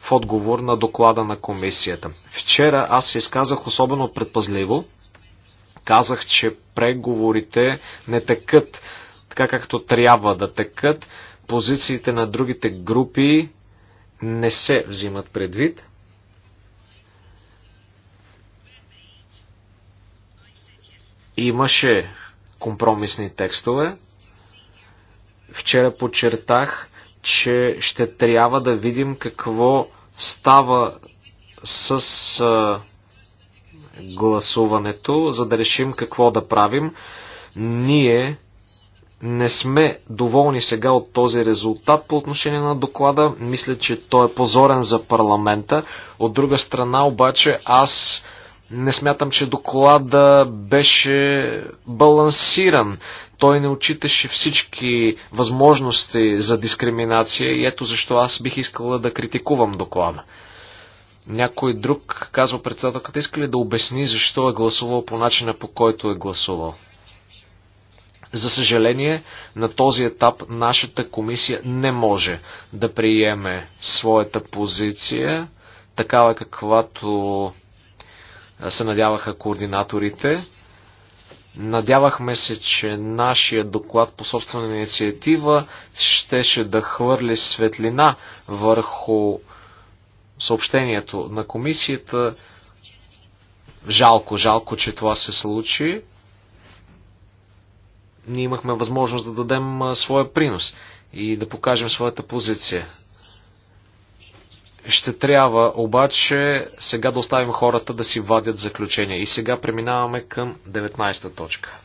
в отговор на доклада на комисията. Вчера аз се изказах особено предпазливо. Казах, че преговорите не текат така както трябва да текат. Позициите на другите групи не се взимат предвид. Имаше компромисни текстове. Вчера подчертах, че ще трябва да видим какво става с а, гласуването, за да решим какво да правим. Ние не сме доволни сега от този резултат по отношение на доклада. Мисля, че той е позорен за парламента. От друга страна обаче аз не смятам, че доклада беше балансиран. Той не отчиташе всички възможности за дискриминация и ето защо аз бих искала да критикувам доклада. Някой друг, казва председателката, иска ли да обясни защо е гласувал по начина по който е гласувал? За съжаление, на този етап нашата комисия не може да приеме своята позиция, такава каквато се надяваха координаторите. Надявахме се, че нашия доклад по собствена инициатива щеше да хвърли светлина върху съобщението на комисията. Жалко, жалко, че това се случи. Ние имахме възможност да дадем своя принос и да покажем своята позиция. Ще трябва обаче сега да оставим хората да си вадят заключения. И сега преминаваме към 19-та точка.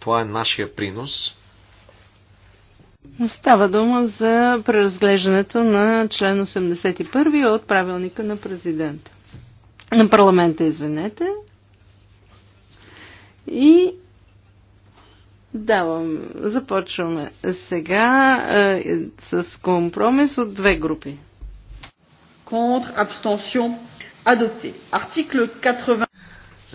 Това е нашия принос. Става дума за преразглеждането на член 81 от правилника на президента. На парламента, извинете. И Давам. Започваме сега е, с компромис от две групи. Контр, abstention, адопти. Артикл 80.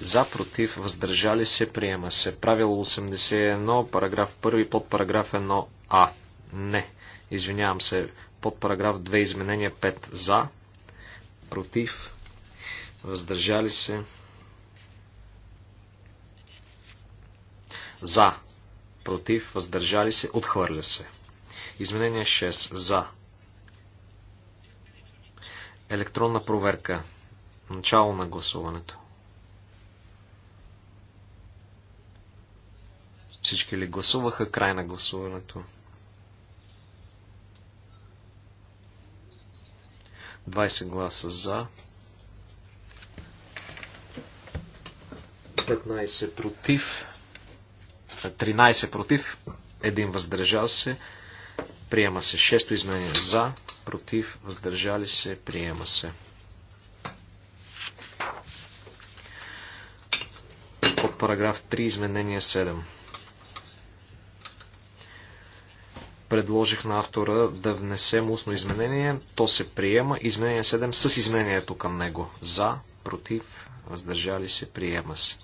За, против, въздържали се, приема се. Правило 81, параграф 1, под параграф 1а. Не. Извинявам се. Под параграф 2, изменение 5. За, против, въздържали се. За, против, въздържали се, отхвърля се. Изменение 6. За. Електронна проверка. Начало на гласуването. Всички ли гласуваха? Край на гласуването. 20 гласа за. 15 против. 13 против, 1 въздържал се, приема се. 6 изменение за, против, въздържали се, приема се. Под параграф 3 изменение 7. предложих на автора да внесем устно изменение. То се приема. Изменение 7 с изменението към него. За, против, въздържали се, приема се.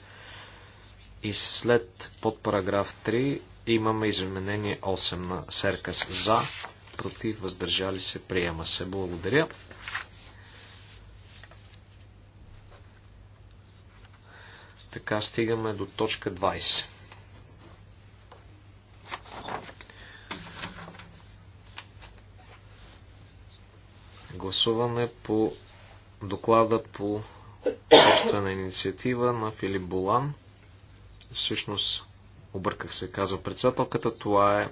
И след под параграф 3 имаме изменение 8 на Серкас за, против, въздържали се, приема се. Благодаря. Така стигаме до точка 20. Гласуване по доклада по собствена инициатива на Филип Болан – Всъщност, обърках се, казва председателката, това е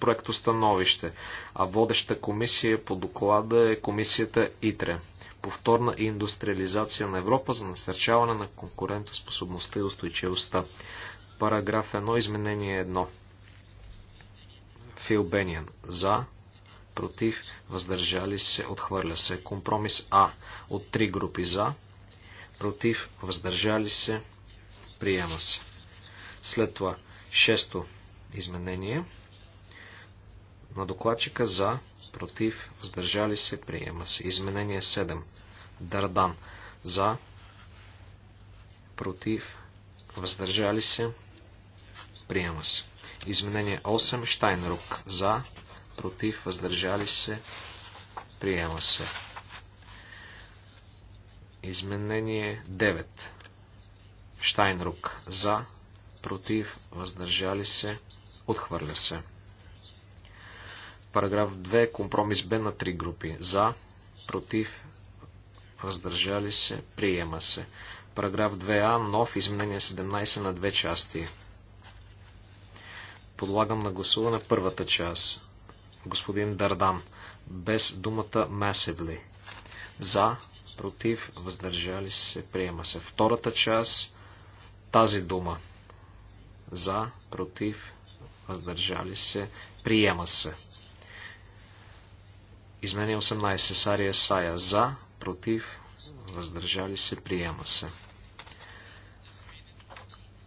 проекто становище, а водеща комисия по доклада е комисията ИТРЕ. Повторна индустриализация на Европа за насърчаване на конкурентоспособността и устойчивостта. Параграф 1, изменение 1. Фил Бениан. За, против, въздържали се, отхвърля се. Компромис А. От три групи за, против, въздържали се, приема се. След това, шесто изменение на докладчика за, против, въздържали се, приема се. Изменение 7. Дардан. За, против, въздържали се, приема се. Изменение 8. Штайнрук. За, против, въздържали се, приема се. Изменение 9. Штайнрук. За, против, въздържали се, отхвърля се. Параграф 2. Компромис Б на три групи. За, против, въздържали се, приема се. Параграф 2а. Нов изменение 17 на две части. Подлагам на гласуване първата част. Господин Дардан. Без думата massively. За, против, въздържали се, приема се. Втората част. Тази дума за, против, въздържали се, приема се. Изменение 18. Сария Сая за, против, въздържали се, приема се.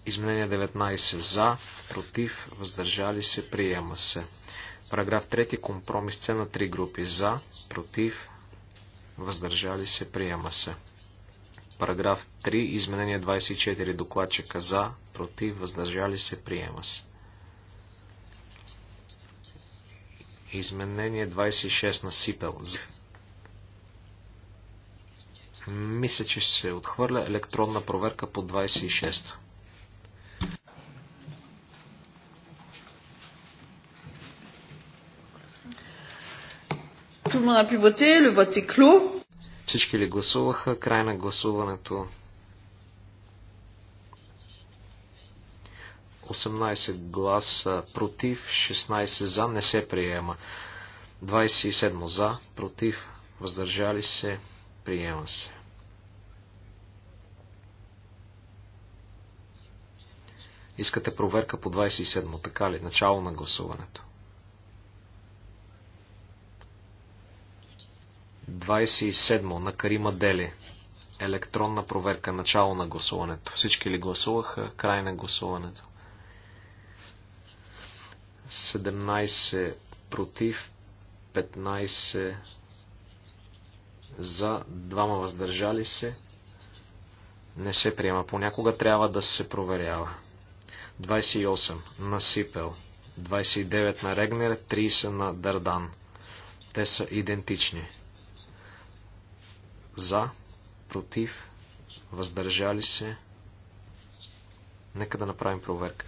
Изменение 19. За, против, въздържали се, приема се. Параграф 3. Компромис С на три групи. За, против, въздържали се, приема се. Параграф 3. Изменение 24. Докладчика за, против, въздържали се, приема се. Изменение 26 на Сипел. Мисля, че се отхвърля електронна проверка по 26. Всички ли гласуваха? Край на гласуването. 18 гласа против, 16 за, не се приема. 27 за, против, въздържали се, приема се. Искате проверка по 27, така ли? Начало на гласуването. 27 на Карима Дели. Електронна проверка, начало на гласуването. Всички ли гласуваха? Край на гласуването. 17 против, 15 за, двама въздържали се. Не се приема. Понякога трябва да се проверява. 28 на Сипел, 29 на Регнер, 30 на Дардан. Те са идентични. За, против, въздържали се. Нека да направим проверка.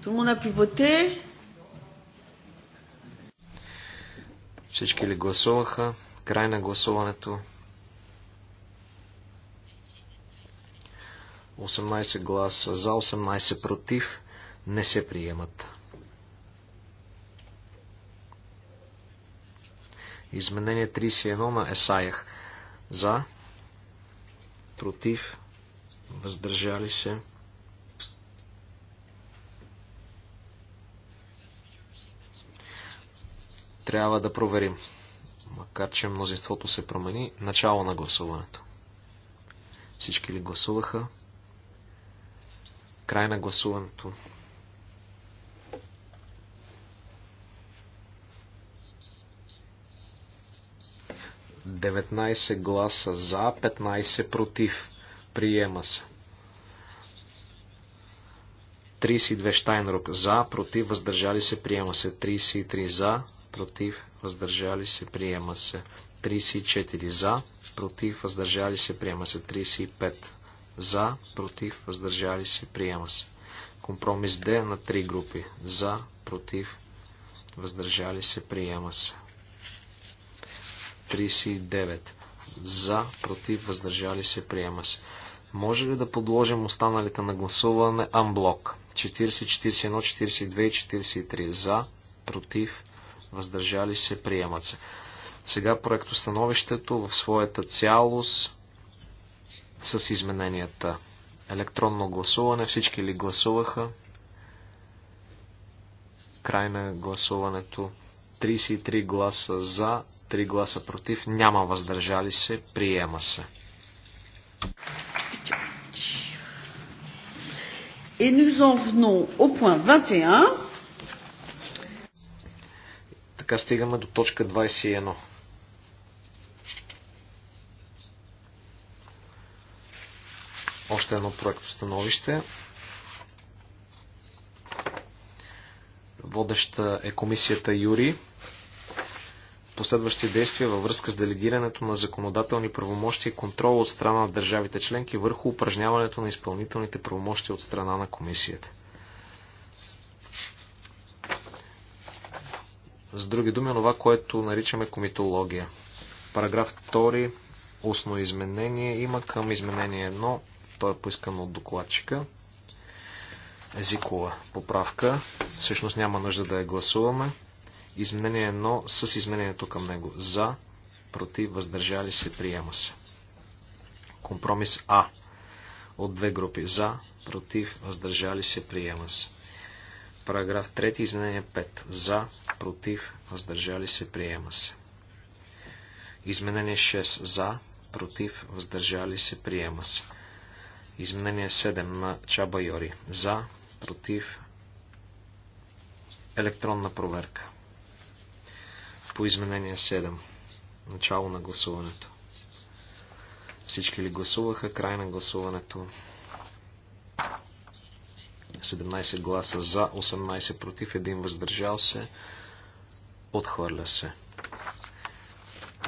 Tout le monde a pu voter. Всички ли гласуваха? Край на гласуването. 18 гласа за, 18 против. Не се приемат. Изменение 31 на Есаях. За, против, въздържали се. трябва да проверим. Макар, че мнозинството се промени. Начало на гласуването. Всички ли гласуваха? Край на гласуването. Деветнайсет гласа за, 15 против. Приема се. 32 Штайнрук за, против, въздържали се, приема се. 33 за, против, въздържали се, приема се. 34 за, против, въздържали се, приема се. 35 за, против, въздържали се, приема се. Компромис Д на три групи. За, против, въздържали се, приема се. 39. За, против, въздържали се, приема се. Може ли да подложим останалите на гласуване амблок? 40, 41, 42 и 43. За, против, въздържали се, приемат се. Сега проектостановището в своята цялост с измененията. Електронно гласуване, всички ли гласуваха? Край на гласуването. 33 гласа за, 3 гласа против, няма въздържали се, приема се. Et nous en venons au point 21. Така стигаме до точка 21. Още едно проекто становище. Водеща е комисията Юри. Последващи действия във връзка с делегирането на законодателни правомощи и контрол от страна на държавите членки върху упражняването на изпълнителните правомощи от страна на комисията. С други думи, това, което наричаме комитология. Параграф 2. Устно изменение има към изменение 1. Той е поискан от докладчика. Езикова поправка. Всъщност няма нужда да я гласуваме. Изменение 1 с изменението към него. За, против, въздържали се, приема се. Компромис А. От две групи. За, против, въздържали се, приема се. Параграф 3, изменение 5. За, против, въздържали се, приема се. Изменение 6. За, против, въздържали се, приема се. Изменение 7 на Чаба Йори. За, против, електронна проверка. По изменение 7. Начало на гласуването. Всички ли гласуваха? Край на гласуването. 17 гласа за, 18 против, 1 въздържал се. Отхвърля се.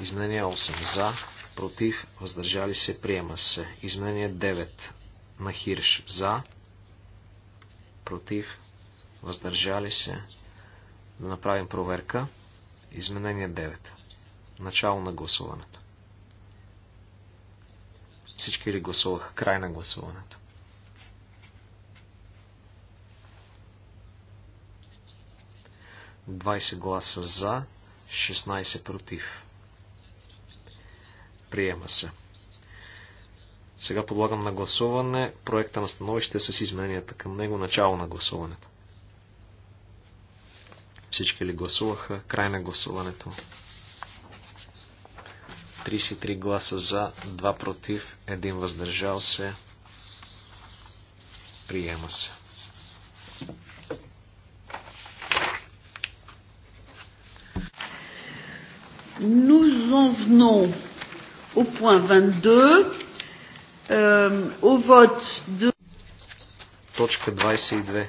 Изменение 8 за, против, въздържали се, приема се. Изменение 9 на Хирш за, против, въздържали се. Да направим проверка. Изменение 9. Начало на гласуването. Всички ли гласуваха? Край на гласуването. 20 гласа за, 16 против. Приема се. Сега подлагам на гласуване проекта на становище с измененията към него, начало на гласуването. Всички ли гласуваха? Край на гласуването. 33 гласа за, 2 против, 1 въздържал се. Приема се. Nous en venons au point 22, euh, au vote de. Точка 22.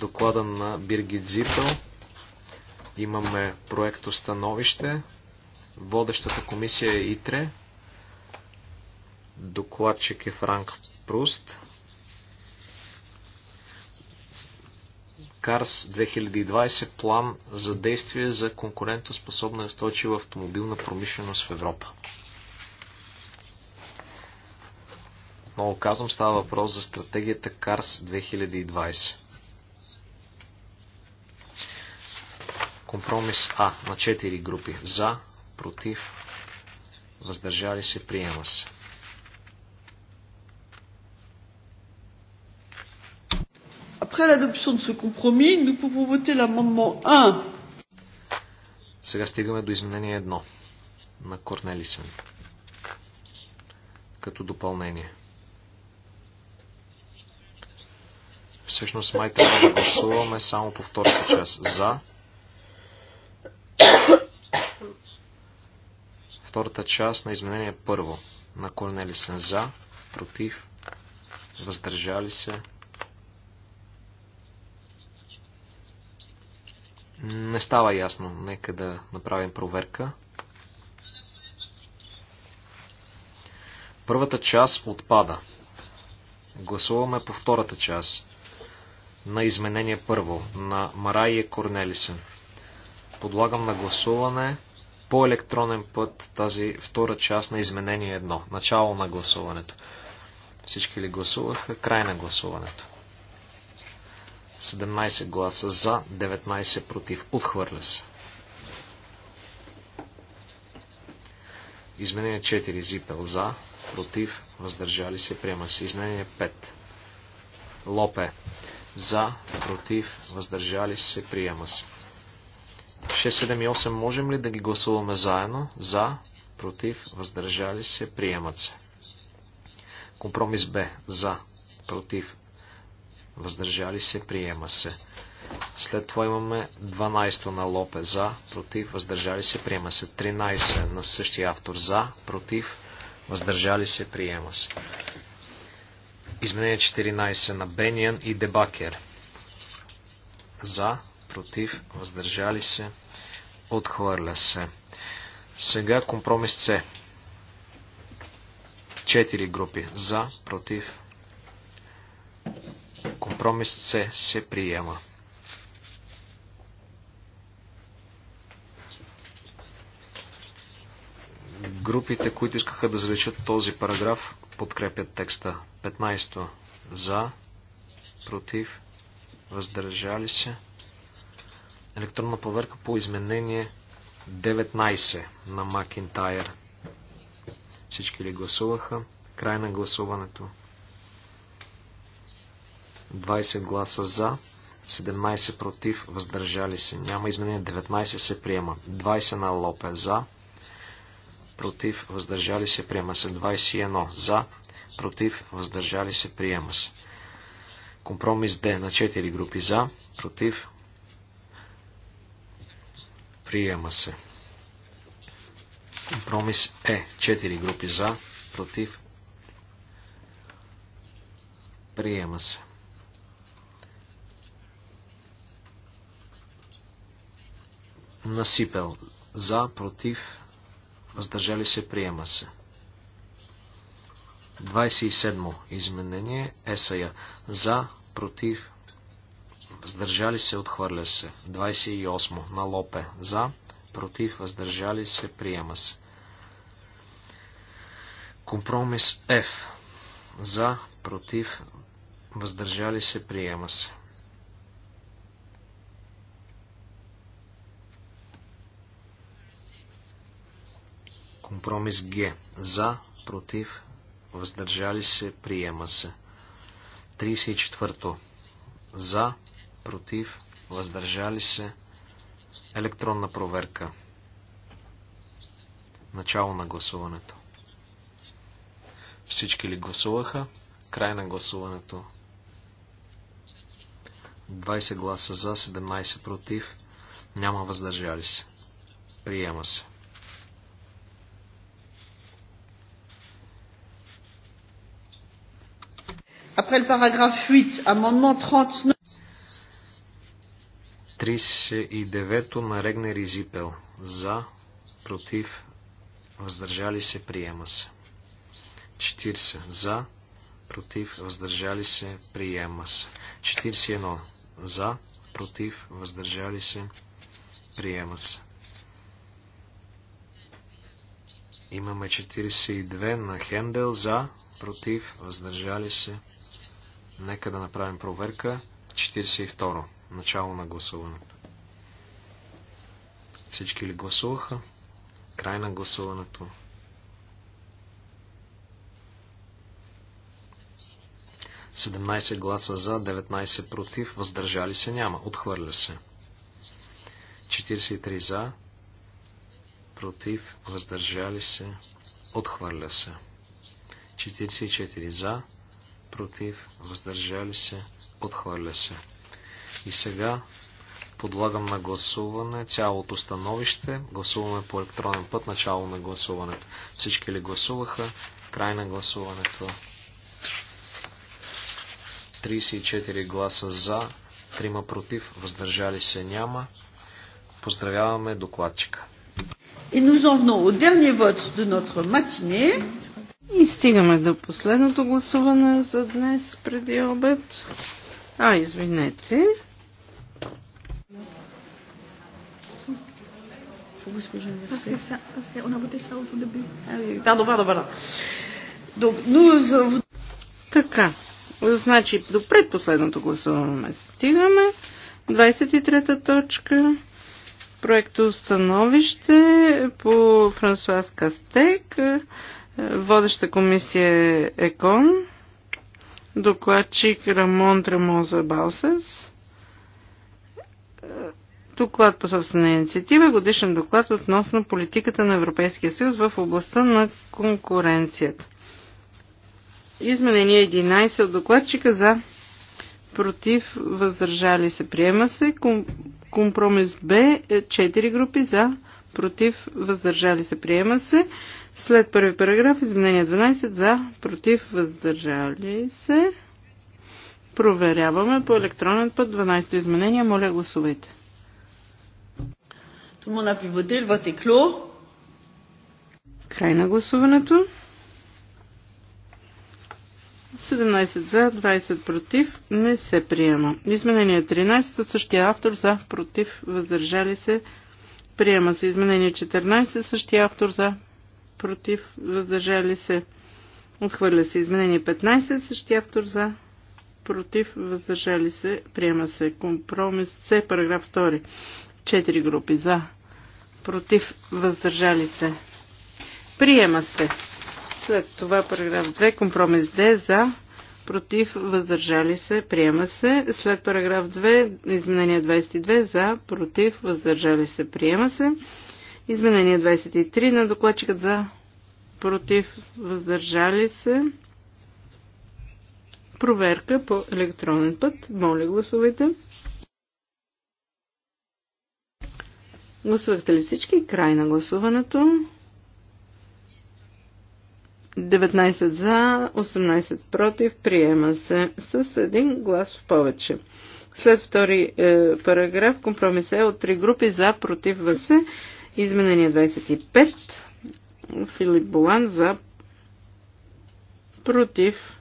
Доклада на Биргит Зипел. Имаме проекто становище. Водещата комисия е ИТРЕ. Докладчик е Франк Пруст. КАРС 2020 план за действие за конкурентоспособна и устойчива автомобилна промишленост в Европа. Много казвам, става въпрос за стратегията КАРС 2020. Компромис А на 4 групи. За, против, въздържали се, приема се. Après l'adoption de ce compromis, nous pouvons voter l'amendement 1. Сега стигаме до изменение 1 на Корнелисен като допълнение. Всъщност май трябва да гласуваме само по втората част. За. Втората част на изменение първо на Корнелисен. За. Против. Въздържали се. Не става ясно. Нека да направим проверка. Първата част отпада. Гласуваме по втората част на изменение първо на Марайя Корнелисен. Подлагам на гласуване по електронен път тази втора част на изменение 1. Начало на гласуването. Всички ли гласуваха? Край на гласуването. 17 гласа за, 19 против. Отхвърля се. Изменение 4. Зипел за, против, въздържали се, приема се. Изменение 5. Лопе. За, против, въздържали се, приема се. 6, 7 и 8 можем ли да ги гласуваме заедно? За, против, въздържали се, приемат се. Компромис Б. За, против, въздържали се, приема се. След това имаме 12 на Лопе за, против, въздържали се, приема се. 13 на същия автор за, против, въздържали се, приема се. Изменение 14 на Бениан и Дебакер. За, против, въздържали се, отхвърля се. Сега компромис С. Четири групи. За, против, Компромис С се приема. Групите, които искаха да заличат този параграф, подкрепят текста. 15. За, против, въздържали се. Електронна проверка по изменение 19 на Макинтайр. Всички ли гласуваха? Край на гласуването. 20 гласа за, 17 против, въздържали се. Няма изменение. 19 се приема. 20 на Лопе за, против, въздържали се, приема се. 21 за, против, въздържали се, приема се. Компромис Д на 4 групи за, против, приема се. Компромис Е 4 групи за, против, приема се. Насипел. За, против, въздържали се, приема се. 27. Изменение Есая. За, против, въздържали се, отхвърля се. 28. На Лопе. За, против, въздържали се, приема се. Компромис F. За, против, въздържали се, приема се. Компромис Г. За, против, въздържали се, приема се. 34. За, против, въздържали се, електронна проверка. Начало на гласуването. Всички ли гласуваха? Край на гласуването. 20 гласа за, 17 против, няма въздържали се. Приема се. après le paragraphe 8, amendement 39. 39 на Регнер и Зипел. За, против, въздържали се, приема се. 40. За, против, въздържали се, приема се. 41. За, против, въздържали се, приема се. Имаме 42 на Хендел за, против, въздържали се, Нека да направим проверка. 42. Начало на гласуването. Всички ли гласуваха? Край на гласуването. 17 гласа за, 19 против, въздържали се няма, отхвърля се. 43 за, против, въздържали се, отхвърля се. 44 за, против, въздържали се, подхвърля се. И сега подлагам на гласуване цялото становище. Гласуваме по електронен път начало на гласуването. Всички ли гласуваха? Край на гласуването. 34 гласа за, 3 против, въздържали се няма. Поздравяваме докладчика. И nous en venons au dernier vote de notre matinée. И стигаме до последното гласуване за днес преди обед. А, извинете. Да, добра, добра. Така. Значи, до предпоследното гласуване стигаме. 23-та точка. Проекто установище по Франсуас Кастек Водеща комисия е ЕКОН. Докладчик Рамон Трамоза Баусес, Доклад по собствена инициатива. Годишен доклад относно политиката на Европейския съюз в областта на конкуренцията. Изменение 11 от докладчика за против, въздържали се, приема се. Компромис Б, 4 групи за, против, въздържали се, приема се. След първи параграф, изменение 12 за, против, въздържали се. Проверяваме по електронен път 12 изменение. Моля, гласувайте. Край на гласуването. 17 за, 20 против, не се приема. Изменение 13 от същия автор за, против, въздържали се, приема се. Изменение 14, същия автор за, против, въздържали се, отхвърля се. Изменение 15, същия автор за, против, въздържали се, приема се. Компромис С, параграф 2. Четири групи за, против, въздържали се. Приема се. След това параграф 2, компромис Д за, против, въздържали се, приема се. След параграф 2, изменение 22 за, против, въздържали се, приема се. Изменение 23 на докладчика за против въздържали се. Проверка по електронен път. Моля, гласувайте. Гласувахте ли всички? Край на гласуването. 19 за, 18 против, приема се с един глас в повече. След втори е, параграф компромис е от три групи за, против, въз се. Изменение 25. Филип Болан за против.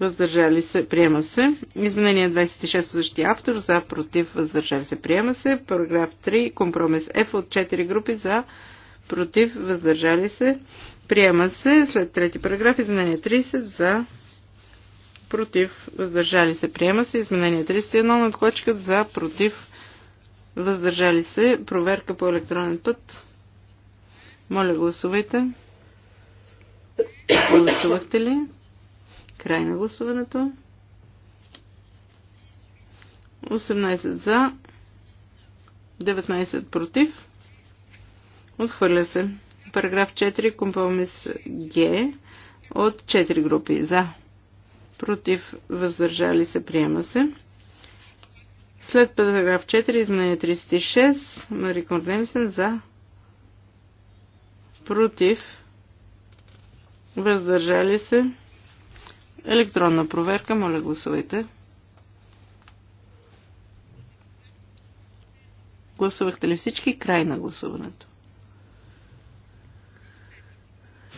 Въздържали се, приема се. Изменение 26 същия автор за против, въздържали се, приема се. Параграф 3, компромис F от 4 групи за против, въздържали се, приема се. След трети параграф, изменение 30 за против, въздържали се, приема се. Изменение 31 на за против, въздържали се, проверка по електронен път. Моля, гласувайте. Гласувахте ли? Край на гласуването. 18 за, 19 против. Отхвърля се. Параграф 4, компромис Г от 4 групи за. Против, въздържали се, приема се. След параграф 4, изменение 36, Мари Корнелисен за, против, въздържали се. Електронна проверка, моля гласувайте. Гласувахте ли всички? Край на гласуването.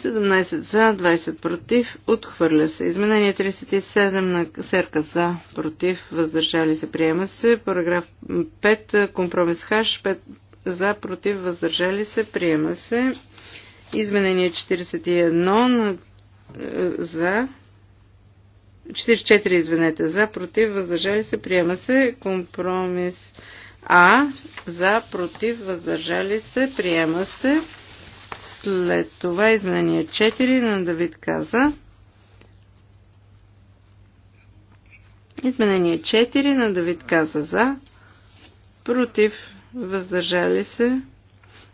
17 за, 20 против, отхвърля се. Изменение 37 на серка за, против, въздържали се, приема се. Параграф 5, компромис хаш, 5 за, против, въздържали се, приема се. Изменение 41 на, е, за, 44, извинете, за, против, въздържали се, приема се. Компромис А, за, против, въздържали се, приема се. След това изменение 4 на Давид Каза. Изменение 4 на Давид Каза за. Против. Въздържали се.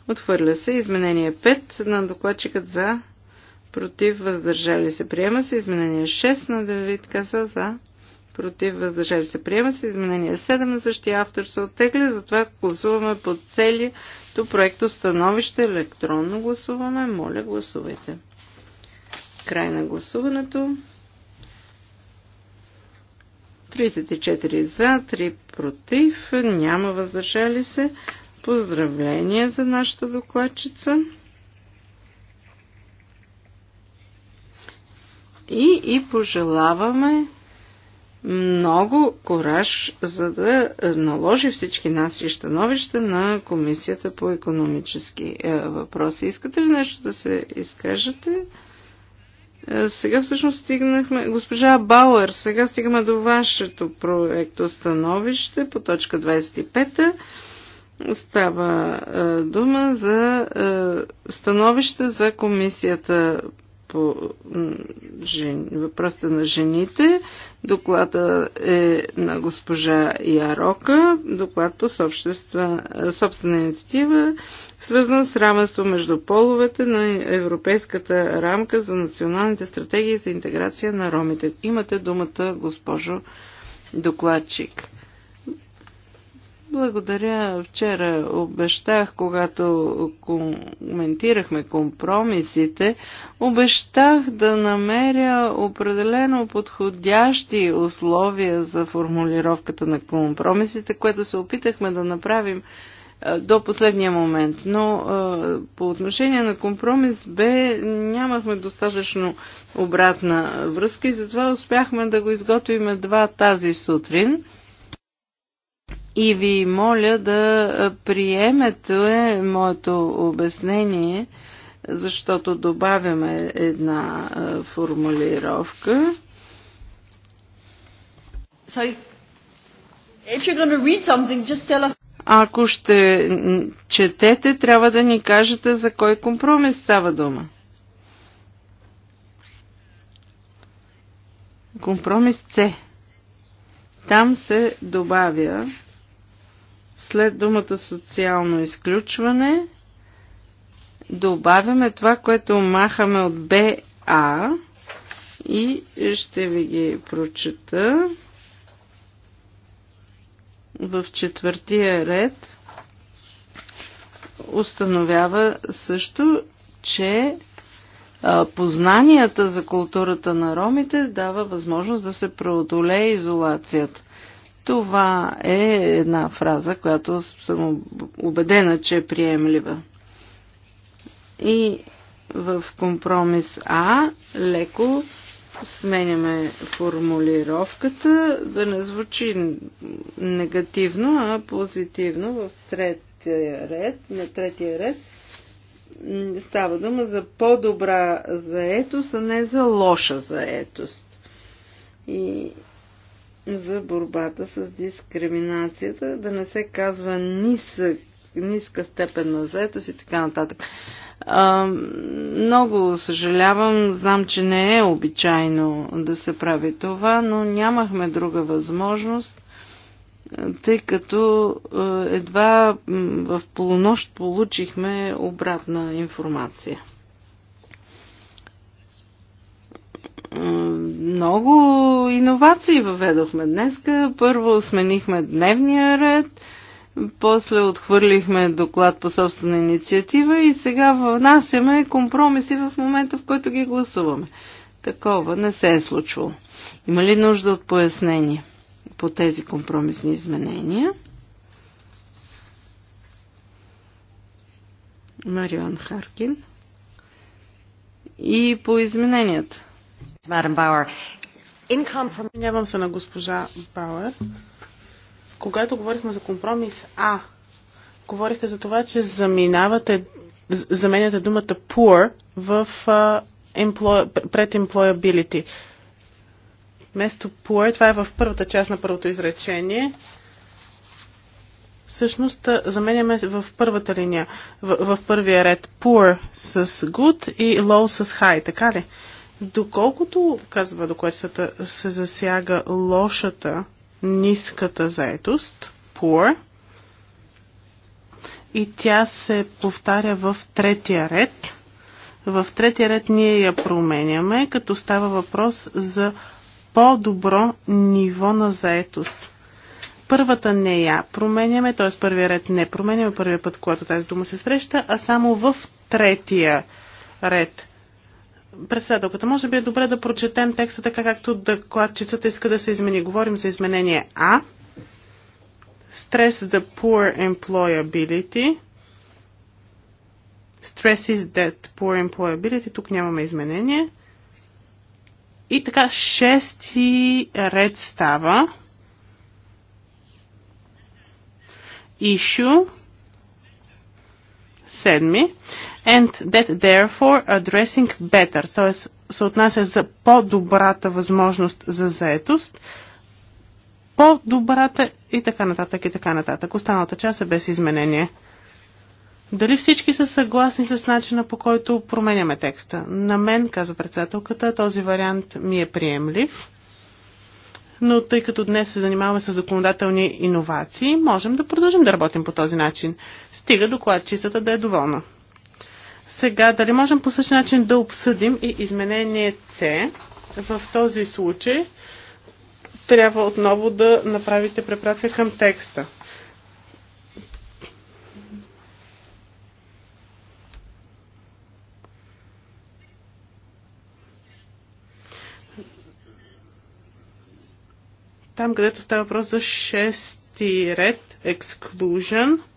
Отхвърля се. Изменение 5 на докладчикът за. Против. Въздържали се. Приема се. Изменение 6 на Давид Каза за против, въздържали се. Приема се изменение 7 на същия автор се оттегля, затова гласуваме по целието проекто становище. Електронно гласуваме. Моля, гласувайте. Край на гласуването. 34 за, 3 против, няма въздържали се. Поздравление за нашата докладчица. И, и пожелаваме много кораж, за да наложи всички и становища на Комисията по економически е, въпроси. Искате ли нещо да се изкажете? Е, сега всъщност стигнахме, госпожа Бауер, сега стигаме до вашето проекто становище по точка 25. Става е, дума за становище за комисията по жен... въпросите на жените. Доклада е на госпожа Ярока. Доклад по съобщества... собствена инициатива, свързан с равенство между половете на Европейската рамка за националните стратегии за интеграция на ромите. Имате думата, госпожо докладчик. Благодаря. Вчера обещах, когато коментирахме компромисите, обещах да намеря определено подходящи условия за формулировката на компромисите, което се опитахме да направим до последния момент. Но по отношение на компромис Б нямахме достатъчно обратна връзка и затова успяхме да го изготвим едва тази сутрин – и ви моля да приемете моето обяснение, защото добавяме една формулировка. Sorry. If you're going to read something, just tell us ако ще четете, трябва да ни кажете за кой компромис става дума. Компромис С. Там се добавя след думата социално изключване добавяме това, което махаме от БА и ще ви ги прочета в четвъртия ред установява също, че познанията за културата на ромите дава възможност да се преодолее изолацията. Това е една фраза, която съм убедена, че е приемлива. И в компромис А леко сменяме формулировката, да не звучи негативно, а позитивно в третия ред, на третия ред става дума за по-добра заетост, а не за лоша заетост. И за борбата с дискриминацията, да не се казва нисък, ниска степен на заетост и така нататък. А, много съжалявам, знам, че не е обичайно да се прави това, но нямахме друга възможност, тъй като едва в полунощ получихме обратна информация. много иновации въведохме днеска. Първо сменихме дневния ред, после отхвърлихме доклад по собствена инициатива и сега внасяме компромиси в момента, в който ги гласуваме. Такова не се е случвало. Има ли нужда от пояснение по тези компромисни изменения? Марион Харкин. И по измененията. Извинявам се на госпожа Бауер. Когато говорихме за компромис А, говорихте за това, че заминавате, заменяте думата poor в uh, employ, пред employability. poor, това е в първата част на първото изречение. Всъщност заменяме в първата линия, в, в първия ред poor с good и low с high, така ли? Uh, Доколкото, казва докладчицата, се засяга лошата, ниската заетост, poor, и тя се повтаря в третия ред. В третия ред ние я променяме, като става въпрос за по-добро ниво на заетост. Първата не я променяме, т.е. първия ред не променяме първия път, когато тази дума се среща, а само в третия ред. Председателката, може би е добре да прочетем текста така, както докладчицата иска да се измени. Говорим за изменение А. Stress the poor employability. Stress is that poor employability. Тук нямаме изменение. И така, шести ред става. Issue. Седми and that therefore addressing better, т.е. се отнася за по-добрата възможност за заетост, по-добрата и така нататък и така нататък. Останалата част е без изменение. Дали всички са съгласни с начина по който променяме текста? На мен, казва председателката, този вариант ми е приемлив. Но тъй като днес се занимаваме с законодателни иновации, можем да продължим да работим по този начин. Стига докладчицата да е доволна. Сега, дали можем по същия начин да обсъдим и изменение С? В този случай трябва отново да направите препратка към текста. Там, където става въпрос за шести ред, exclusion –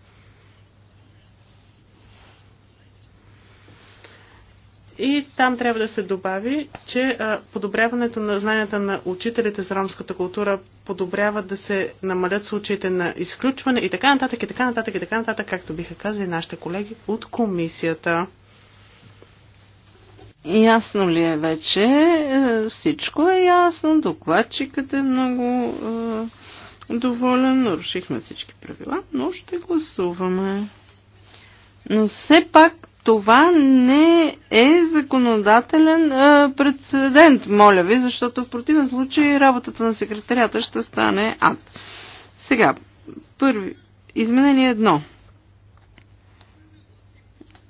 И там трябва да се добави, че подобряването на знанията на учителите за ромската култура подобрява да се намалят случаите на изключване и така нататък, и така нататък, и така нататък, както биха казали нашите колеги от комисията. Ясно ли е вече? Е, всичко е ясно. Докладчикът е много е, доволен. Нарушихме всички правила, но ще гласуваме. Но все пак това не е законодателен а, прецедент, моля ви, защото в противен случай работата на секретарията ще стане ад. Сега, първи, изменение едно.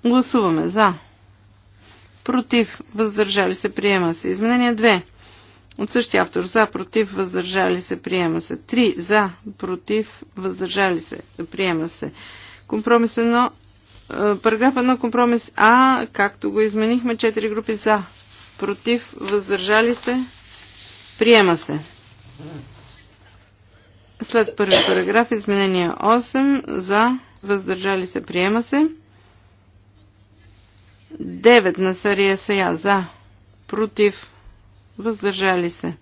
Гласуваме за. Против, въздържали се, приема се. Изменение 2. От същия автор. За, против, въздържали се, приема се. 3. За, против, въздържали се, приема се. Компромис 1 е, параграф на компромис А, както го изменихме, 4 групи за, против, въздържали се, приема се. След първи параграф, изменение 8, за, въздържали се, приема се. 9 на Сария Сая, за, против, въздържали се.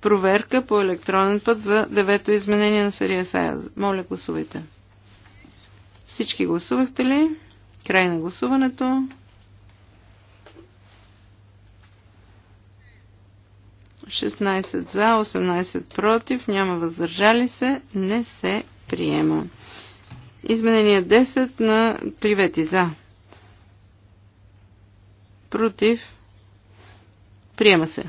Проверка по електронен път за девето изменение на Сария Сая. Моля, гласувайте. Всички гласувахте ли? Край на гласуването. 16 за, 18 против, няма въздържали се, не се приема. Изменение 10 на и за. Против. Приема се.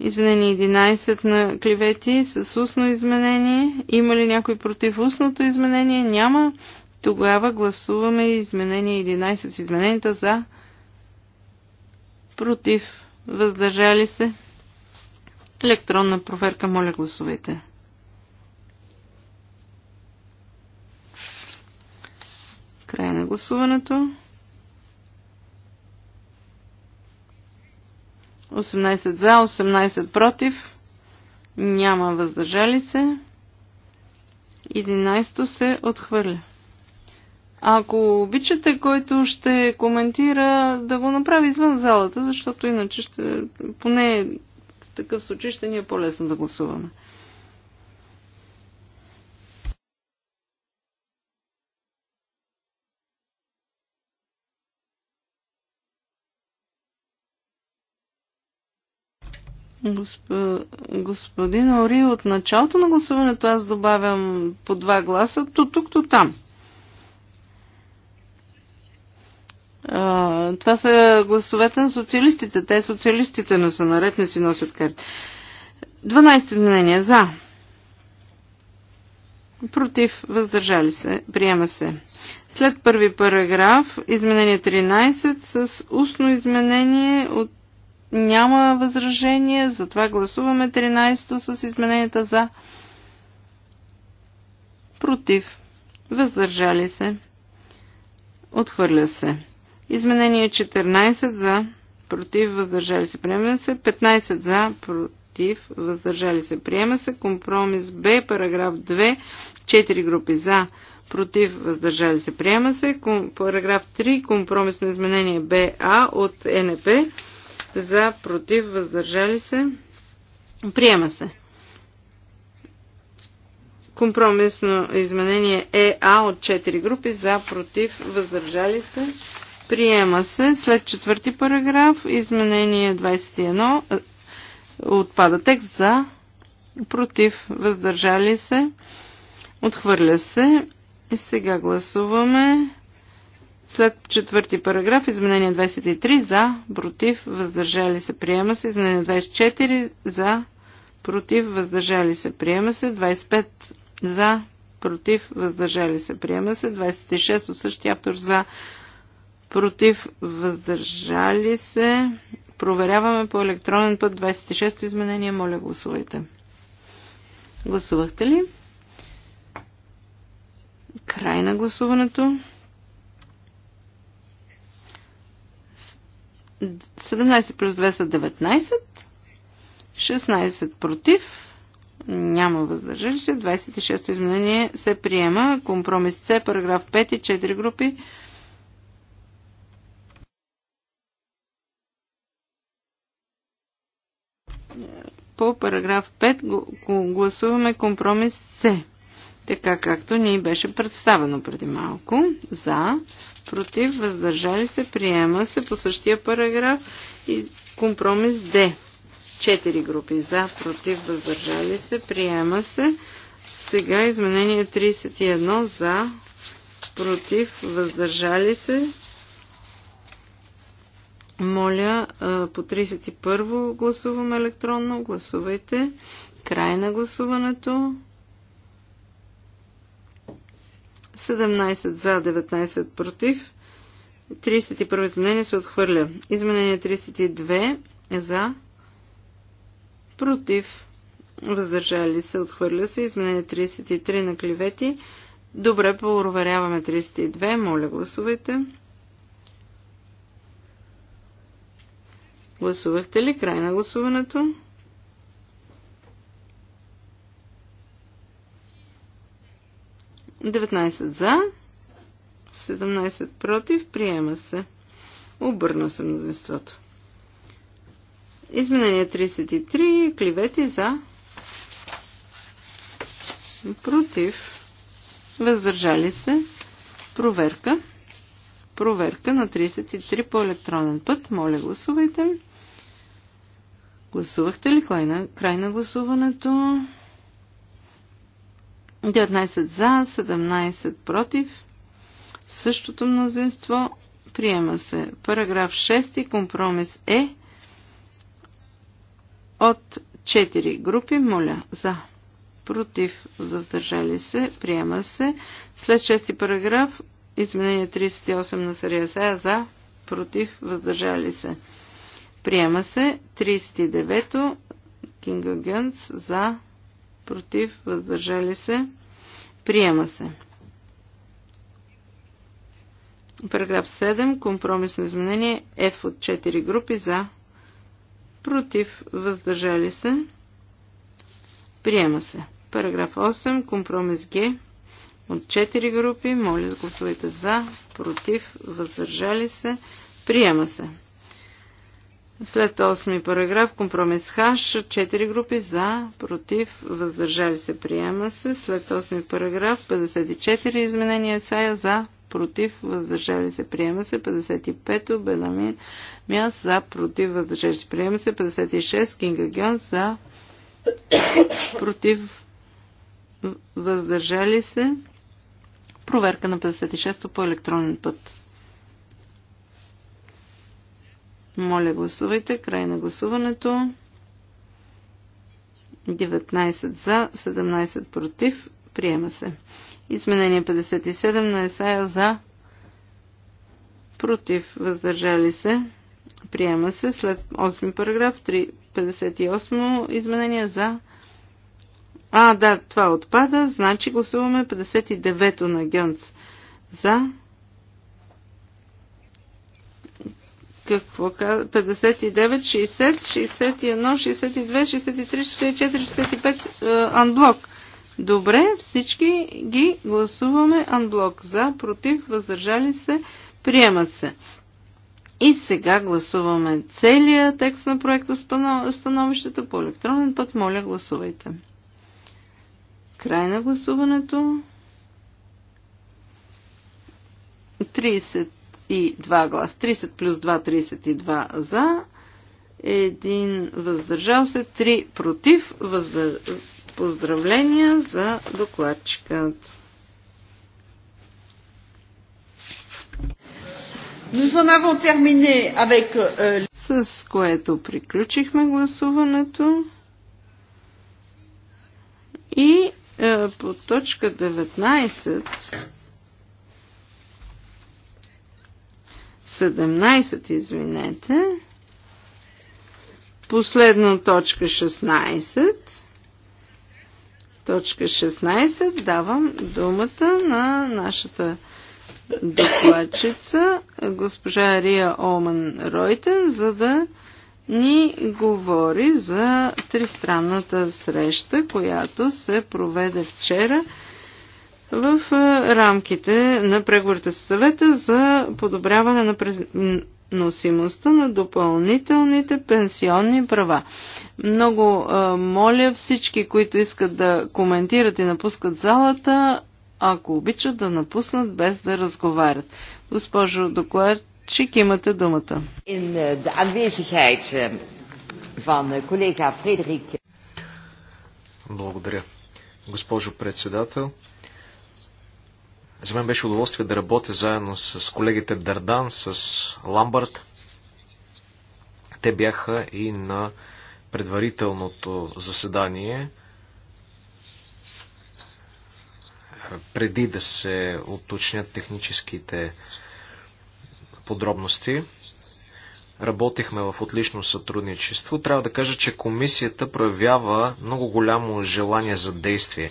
Изменение 11 на клевети с устно изменение. Има ли някой против устното изменение? Няма. Тогава гласуваме изменение 11 с измененията за против. Въздържали се. Електронна проверка. Моля гласувайте. Край на гласуването. 18 за, 18 против. Няма въздържали се. 11 се отхвърля. Ако обичате, който ще коментира, да го направи извън залата, защото иначе ще, поне в такъв случай ще ни е по-лесно да гласуваме. Господин Ори, от началото на гласуването аз добавям по два гласа, то тук, то там. А, това са гласовете на социалистите. Те социалистите не са наред, не си носят карти. 12 изменения за. Против, въздържали се, приема се. След първи параграф, изменение 13 с устно изменение от няма възражение, затова гласуваме 13-то с измененията за, против, въздържали се, отхвърля се. Изменение 14 за, против, въздържали се, приема се, 15 за, против, въздържали се, приема се, компромис Б, параграф 2, 4 групи за, против, въздържали се, приема се, параграф 3, компромисно изменение БА от НП, за, против, въздържали се, приема се. Компромисно изменение ЕА от 4 групи за, против, въздържали се, приема се. След четвърти параграф, изменение 21, е, отпада текст за, против, въздържали се, отхвърля се. И сега гласуваме след четвърти параграф, изменение 23 за, против, въздържали се, приема се. Изменение 24 за, против, въздържали се, приема се. 25 за, против, въздържали се, приема се. 26 от същия автор за, против, въздържали се. Проверяваме по електронен път 26-то изменение. Моля, гласувайте. Гласувахте ли? Край на гласуването. 17 плюс 2 са 19, 16 против, няма въздържали се. 26-то изменение се приема. Компромис С, параграф 5 и 4 групи. По параграф 5 гласуваме компромис С така както ни беше представено преди малко. За, против, въздържали се, приема се по същия параграф и компромис Д. Четири групи за, против, въздържали се, приема се. Сега изменение 31 за, против, въздържали се. Моля, по 31 гласуваме електронно. Гласувайте. Край на гласуването. 17 за, 19 против. 31 изменение се отхвърля. Изменение 32 е за, против, въздържали се, отхвърля се. Изменение 33 на клевети. Добре, проверяваме 32. Моля, гласувайте. Гласувахте ли край на гласуването? 19 за, 17 против, приема се. Обърна се мнозинството. Изменение 33, кливети за, против, въздържали се, проверка. Проверка на 33 по електронен път. Моля, гласувайте. Гласувахте ли край на, край на гласуването? 19 за, 17 против. Същото мнозинство приема се. Параграф 6 компромис е от 4 групи. Моля за. Против. Въздържали се. Приема се. След 6 параграф изменение 38 на Сария за. Против. Въздържали се. Приема се. 39 Кинга Гънц. за против, въздържали се, приема се. Параграф 7. Компромисно изменение F от 4 групи за, против, въздържали се, приема се. Параграф 8. Компромис Г от 4 групи. Моля да гласувате за, против, въздържали се, приема се. След 8 параграф, компромис Хаш, 4 групи за, против, въздържали се, приема се. След 8 параграф, 54 изменения Сая за, против, въздържали се, приема се. 55-то, Бенамин Мяс за, против, въздържали се, приема се. 56, Кинга Гьон за, против, въздържали се. Проверка на 56-то по електронен път. Моля, гласувайте. Край на гласуването. 19 за, 17 против. Приема се. Изменение 57 на Есая за, против, въздържали се. Приема се след 8 параграф 3, 58 изменение за. А, да, това отпада. Значи гласуваме 59-то на Гьонц. За, какво каза? 59, 60, 61, 62, 63, 64, 65 анблок. Добре, всички ги гласуваме анблок. За, против, въздържали се, приемат се. И сега гласуваме целия текст на проекта становището по електронен път. Моля, гласувайте. Край на гласуването. 30 и 2 глас. 30 плюс 2, 32 за. Един въздържал се, три против. Въздър... Поздравления за докладчикът. Euh, С което приключихме гласуването. И е, по точка 19 17, извинете. Последно точка 16. Точка 16 давам думата на нашата докладчица, госпожа Рия Оман Ройтен, за да ни говори за тристранната среща, която се проведе вчера в рамките на преговорите с съвета за подобряване на носимостта на допълнителните пенсионни права. Много а, моля всички, които искат да коментират и напускат залата, ако обичат да напуснат без да разговарят. Госпожо докладчик, имате думата. Благодаря. Госпожо председател, за мен беше удоволствие да работя заедно с колегите Дардан, с Ламбард. Те бяха и на предварителното заседание, преди да се уточнят техническите подробности. Работихме в отлично сътрудничество. Трябва да кажа, че комисията проявява много голямо желание за действие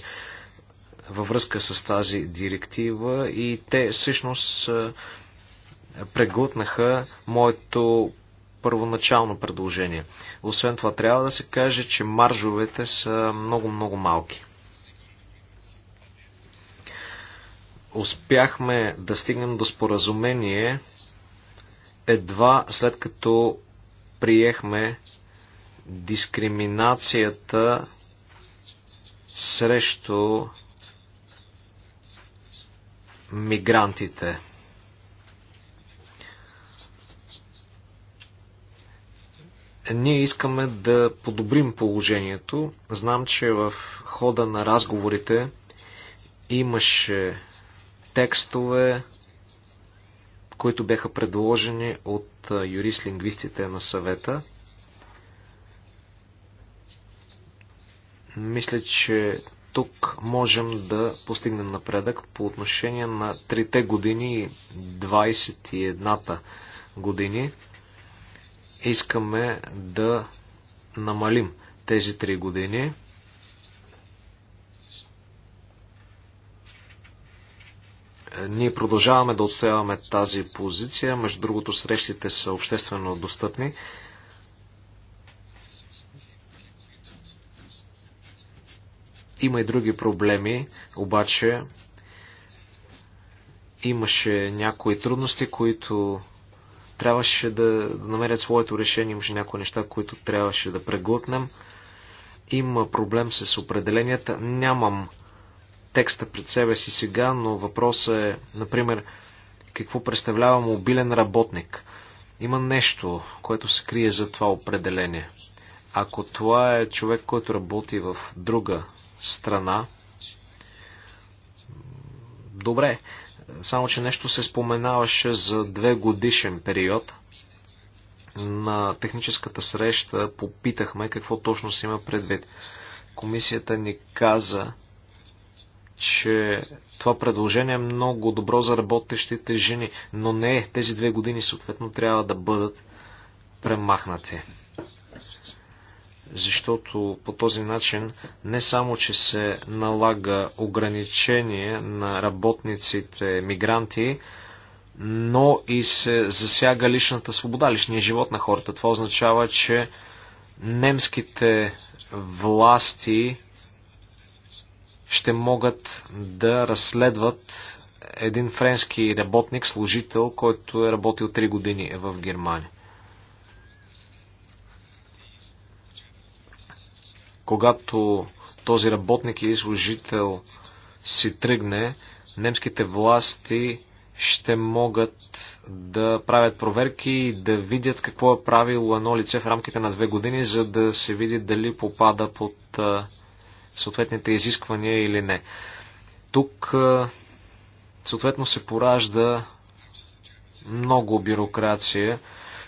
във връзка с тази директива и те всъщност преглътнаха моето първоначално предложение. Освен това, трябва да се каже, че маржовете са много-много малки. Успяхме да стигнем до споразумение едва след като приехме дискриминацията срещу мигрантите. Ние искаме да подобрим положението. Знам, че в хода на разговорите имаше текстове, които бяха предложени от юрист-лингвистите на съвета. Мисля, че тук можем да постигнем напредък по отношение на трите години и 21-та години. Искаме да намалим тези три години. Ние продължаваме да отстояваме тази позиция. Между другото, срещите са обществено достъпни. Има и други проблеми, обаче имаше някои трудности, които трябваше да, намерят своето решение, имаше някои неща, които трябваше да преглътнем. Има проблем с определенията. Нямам текста пред себе си сега, но въпросът е, например, какво представлява мобилен работник. Има нещо, което се крие за това определение. Ако това е човек, който работи в друга страна. Добре, само че нещо се споменаваше за две годишен период. На техническата среща попитахме какво точно се има предвид. Комисията ни каза, че това предложение е много добро за работещите жени, но не тези две години съответно трябва да бъдат премахнати защото по този начин не само, че се налага ограничение на работниците мигранти, но и се засяга личната свобода, личния живот на хората. Това означава, че немските власти ще могат да разследват един френски работник, служител, който е работил 3 години в Германия. когато този работник или служител си тръгне, немските власти ще могат да правят проверки и да видят какво е правило едно лице в рамките на две години, за да се види дали попада под съответните изисквания или не. Тук съответно се поражда много бюрокрация.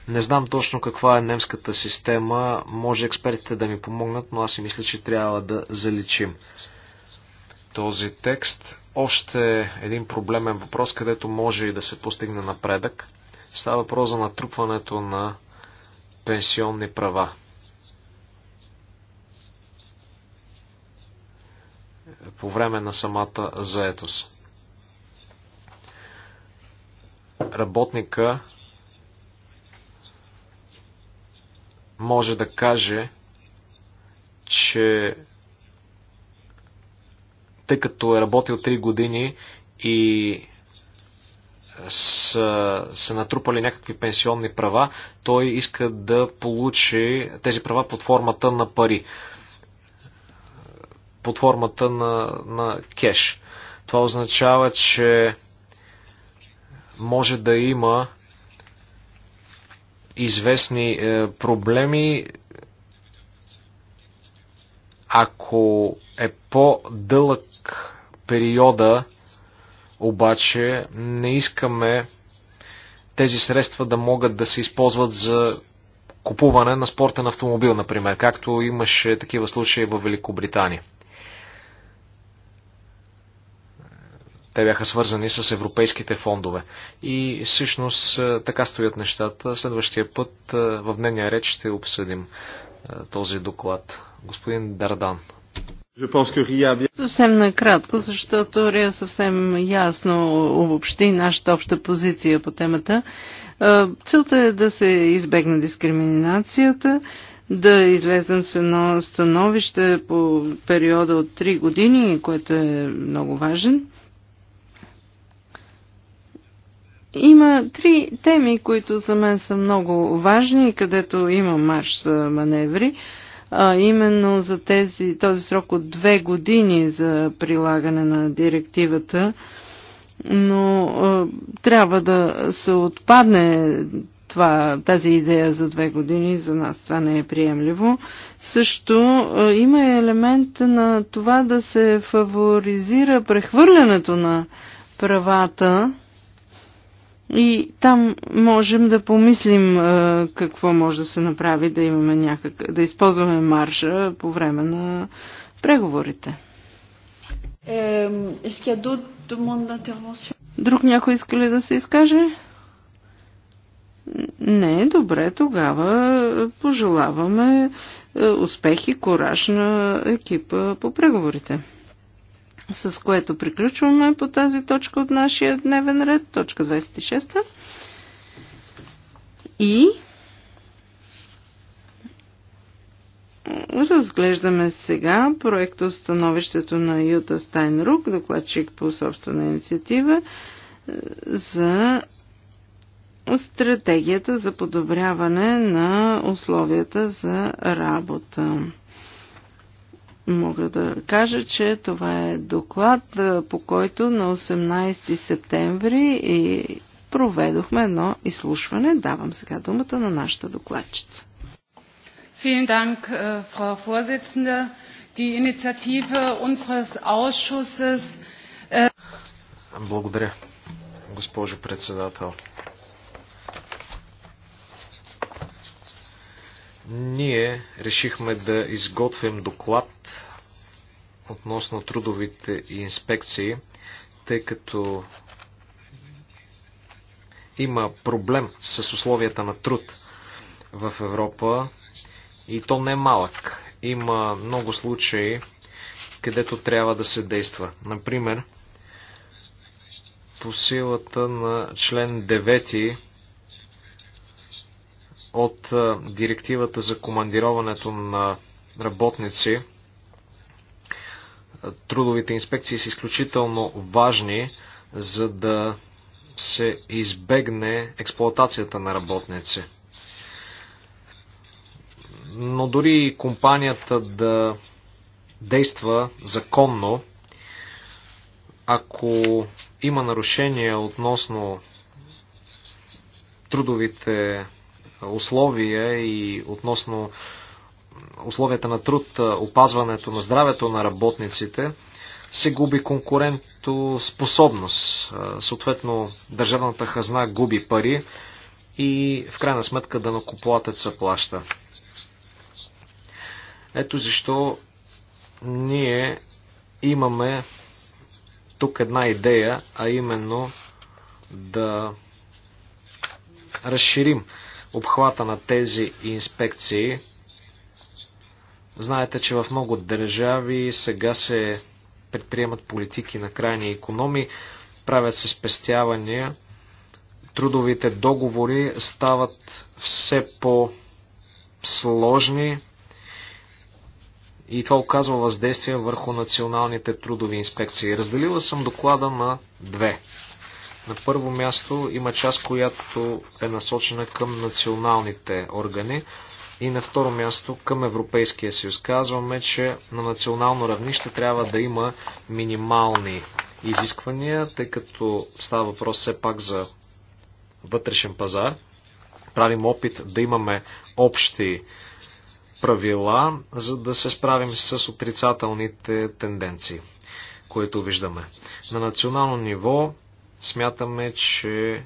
Не знам точно каква е немската система, може експертите да ми помогнат, но аз си мисля, че трябва да заличим този текст. Още един проблемен въпрос, където може и да се постигне напредък. Става въпрос за натрупването на пенсионни права. по време на самата заетост. Работника може да каже, че тъй като е работил 3 години и са са натрупали някакви пенсионни права, той иска да получи тези права под формата на пари. Под формата на, на кеш. Това означава, че може да има известни е, проблеми. Ако е по-дълъг периода, обаче не искаме тези средства да могат да се използват за купуване на спортен автомобил, например, както имаше такива случаи в Великобритания. Те бяха свързани с европейските фондове. И всъщност е, така стоят нещата. Следващия път е, в дневния реч ще обсъдим е, този доклад. Господин Дардан. Съвсем накратко, защото Рия съвсем ясно обобщи нашата обща позиция по темата. Целта е да се избегне дискриминацията, да излезем с едно становище по периода от 3 години, което е много важен. Има три теми, които за мен са много важни, където има марш за маневри. А, именно за тези, този срок от две години за прилагане на директивата, но а, трябва да се отпадне това, тази идея за две години, за нас това не е приемливо. Също а, има елемент на това да се фаворизира прехвърлянето на правата и там можем да помислим а, какво може да се направи, да имаме някак, да използваме маржа по време на преговорите. Друг някой иска ли да се изкаже? Не, добре, тогава пожелаваме е, успех и кораж на екипа по преговорите с което приключваме по тази точка от нашия дневен ред, точка 26. И разглеждаме сега проекто становището на Юта Стайнрук, докладчик по собствена инициатива за стратегията за подобряване на условията за работа. Мога да кажа, че това е доклад, по който на 18 септември и проведохме едно изслушване. Давам сега думата на нашата докладчица. Vielen Dank, Frau Vorsitzende. Die Initiative unseres Ausschusses. Äh, Благодаря, госпожо председател. Ние решихме да изготвим доклад относно трудовите инспекции, тъй като има проблем с условията на труд в Европа и то не е малък. Има много случаи, където трябва да се действа. Например, по силата на член 9 от директивата за командироването на работници. Трудовите инспекции са изключително важни, за да се избегне експлоатацията на работници. Но дори компанията да действа законно, ако има нарушения относно трудовите условия и относно условията на труд, опазването на здравето на работниците, се губи конкурентоспособност. Съответно, държавната хазна губи пари и в крайна сметка да се плаща. Ето защо ние имаме тук една идея, а именно да разширим обхвата на тези инспекции. Знаете, че в много държави сега се предприемат политики на крайни економи, правят се спестявания, трудовите договори стават все по-сложни и това оказва въздействие върху националните трудови инспекции. Разделила съм доклада на две на първо място има част, която е насочена към националните органи и на второ място към Европейския съюз. Казваме, че на национално равнище трябва да има минимални изисквания, тъй като става въпрос все пак за вътрешен пазар. Правим опит да имаме общи правила, за да се справим с отрицателните тенденции, които виждаме. На национално ниво Смятаме, че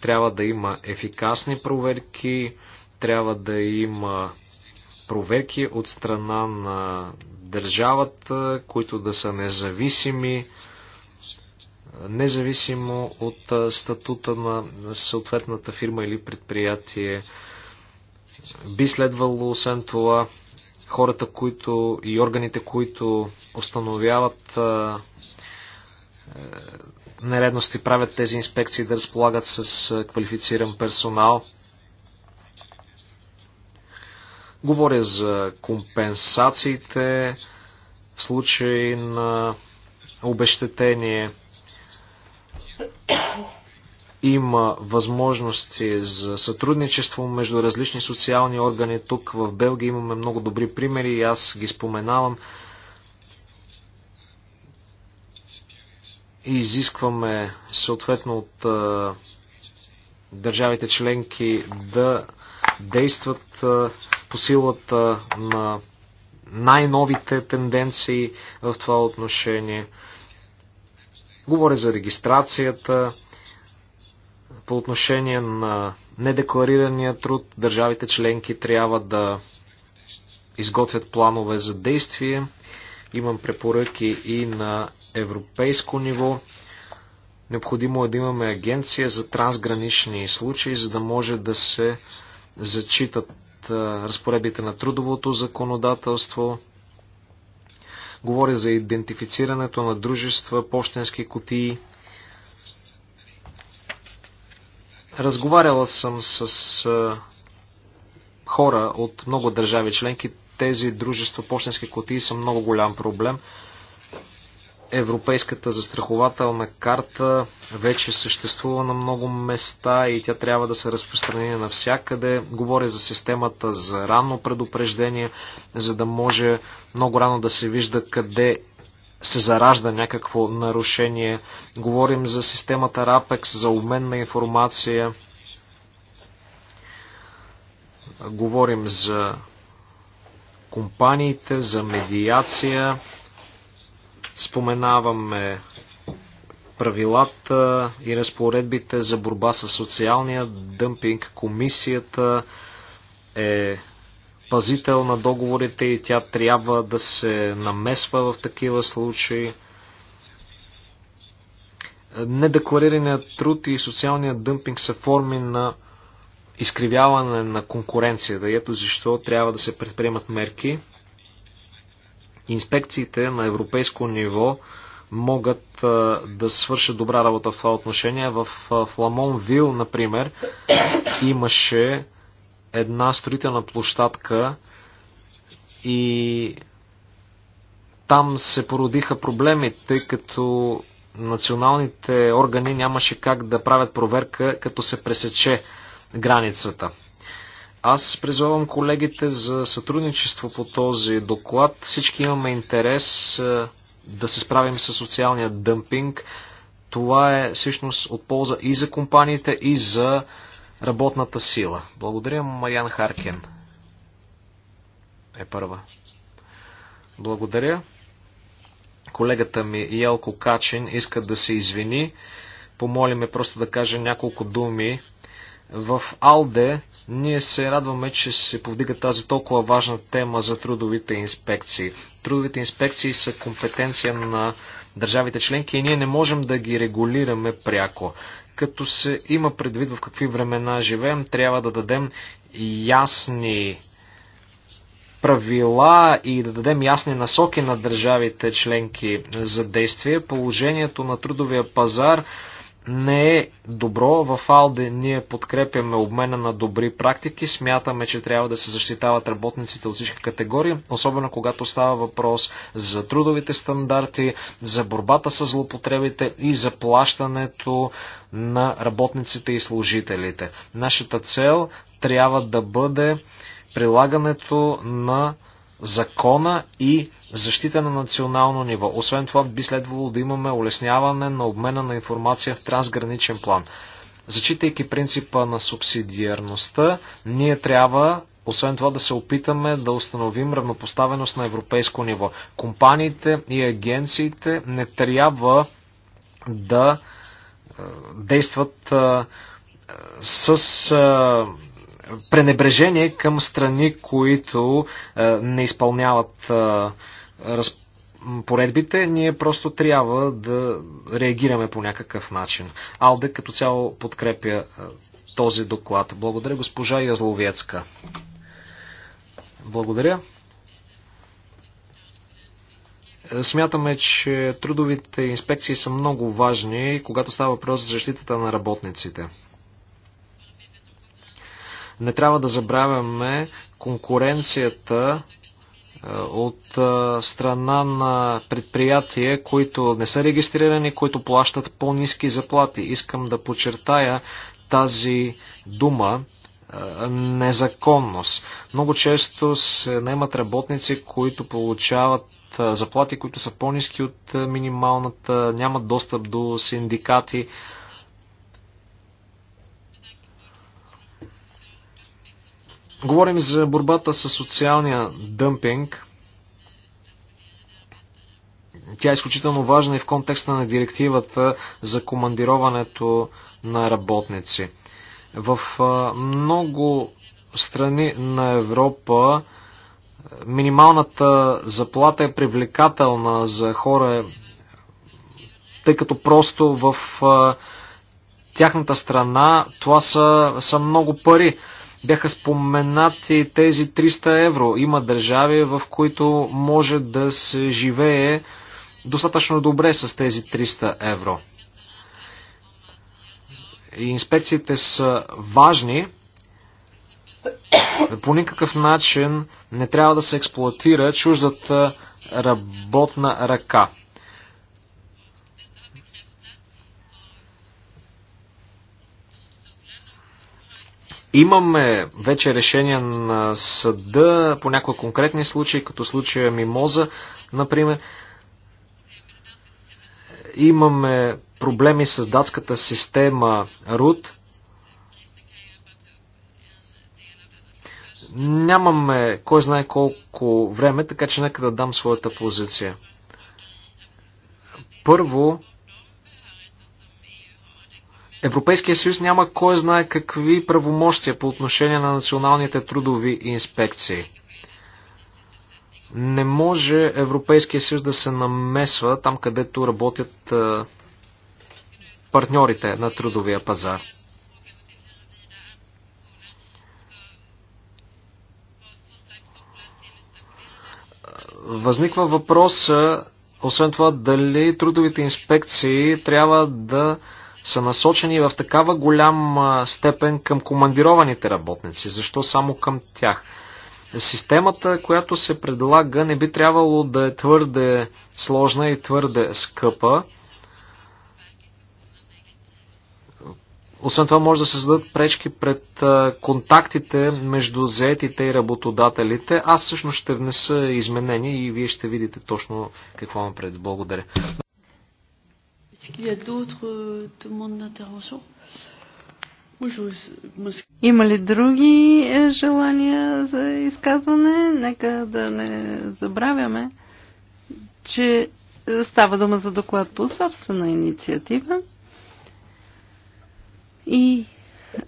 трябва да има ефикасни проверки, трябва да има проверки от страна на държавата, които да са независими, независимо от статута на съответната фирма или предприятие. Би следвало, освен това, хората, които и органите, които установяват е, нередности правят тези инспекции, да разполагат с квалифициран персонал. Говоря за компенсациите в случай на обещетение. Има възможности за сътрудничество между различни социални органи. Тук в Белгия имаме много добри примери и аз ги споменавам. изискваме съответно от държавите членки да действат по силата на най-новите тенденции в това отношение. Говоря за регистрацията по отношение на недекларирания труд. Държавите членки трябва да изготвят планове за действие Имам препоръки и на европейско ниво. Необходимо е да имаме агенция за трансгранични случаи, за да може да се зачитат разпоредбите на трудовото законодателство. Говоря за идентифицирането на дружества, почтенски кутии. Разговаряла съм с хора от много държави членки тези дружества почтенски котии са много голям проблем. Европейската застрахователна карта вече съществува на много места и тя трябва да се разпространи навсякъде. Говоря за системата за ранно предупреждение, за да може много рано да се вижда къде се заражда някакво нарушение. Говорим за системата RAPEX, за обмен на информация. Говорим за компаниите, за медиация. Споменаваме правилата и разпоредбите за борба с социалния дъмпинг. Комисията е пазител на договорите и тя трябва да се намесва в такива случаи. Недекларираният труд и социалният дъмпинг са форми на изкривяване на конкуренцията. И ето защо трябва да се предприемат мерки. Инспекциите на европейско ниво могат да свършат добра работа в това отношение. В Фламон Вил, например, имаше една строителна площадка и там се породиха проблеми, тъй като националните органи нямаше как да правят проверка, като се пресече границата. Аз призовам колегите за сътрудничество по този доклад. Всички имаме интерес е, да се справим с социалния дъмпинг. Това е всъщност от полза и за компаниите, и за работната сила. Благодаря, Мариан Харкен. Е първа. Благодаря. Колегата ми Елко Качин иска да се извини. Помоли ме просто да кажа няколко думи в АЛДЕ ние се радваме, че се повдига тази толкова важна тема за трудовите инспекции. Трудовите инспекции са компетенция на държавите членки и ние не можем да ги регулираме пряко. Като се има предвид в какви времена живеем, трябва да дадем ясни правила и да дадем ясни насоки на държавите членки за действие. Положението на трудовия пазар не е добро. В Алде ние подкрепяме обмена на добри практики. Смятаме, че трябва да се защитават работниците от всички категории, особено когато става въпрос за трудовите стандарти, за борбата с злопотребите и за плащането на работниците и служителите. Нашата цел трябва да бъде прилагането на закона и защита на национално ниво. Освен това би следвало да имаме улесняване на обмена на информация в трансграничен план. Зачитайки принципа на субсидиарността, ние трябва освен това да се опитаме да установим равнопоставеност на европейско ниво. Компаниите и агенциите не трябва да е, действат е, с е, пренебрежение към страни, които не изпълняват разпоредбите, ние просто трябва да реагираме по някакъв начин. Алде като цяло подкрепя е, този доклад. Благодаря госпожа Язловецка. Благодаря. Е, смятаме, че трудовите инспекции са много важни, когато става въпрос за защитата на работниците. Не трябва да забравяме конкуренцията от страна на предприятия, които не са регистрирани, които плащат по-низки заплати. Искам да подчертая тази дума незаконност. Много често се наемат работници, които получават заплати, които са по-низки от минималната, нямат достъп до синдикати. Говорим за борбата с социалния дъмпинг. Тя е изключително важна и в контекста на директивата за командироването на работници. В много страни на Европа минималната заплата е привлекателна за хора, тъй като просто в тяхната страна това са, са много пари. Бяха споменати тези 300 евро. Има държави, в които може да се живее достатъчно добре с тези 300 евро. Инспекциите са важни. По никакъв начин не трябва да се експлуатира чуждата работна ръка. Имаме вече решение на съда по някои конкретни случаи, като случая Мимоза, например. Имаме проблеми с датската система РУД. Нямаме кой знае колко време, така че нека да дам своята позиция. Първо, Европейския съюз няма кой знае какви правомощия по отношение на националните трудови инспекции. Не може Европейския съюз да се намесва там, където работят партньорите на трудовия пазар. Възниква въпроса, освен това, дали трудовите инспекции трябва да са насочени в такава голяма степен към командированите работници? Защо само към тях? Системата, която се предлага, не би трябвало да е твърде сложна и твърде скъпа. Освен това може да се създадат пречки пред контактите между заетите и работодателите. Аз всъщност ще внеса изменения и вие ще видите точно какво имам пред. Благодаря. Има ли други е, желания за изказване? Нека да не забравяме, че е, става дума за доклад по собствена инициатива. И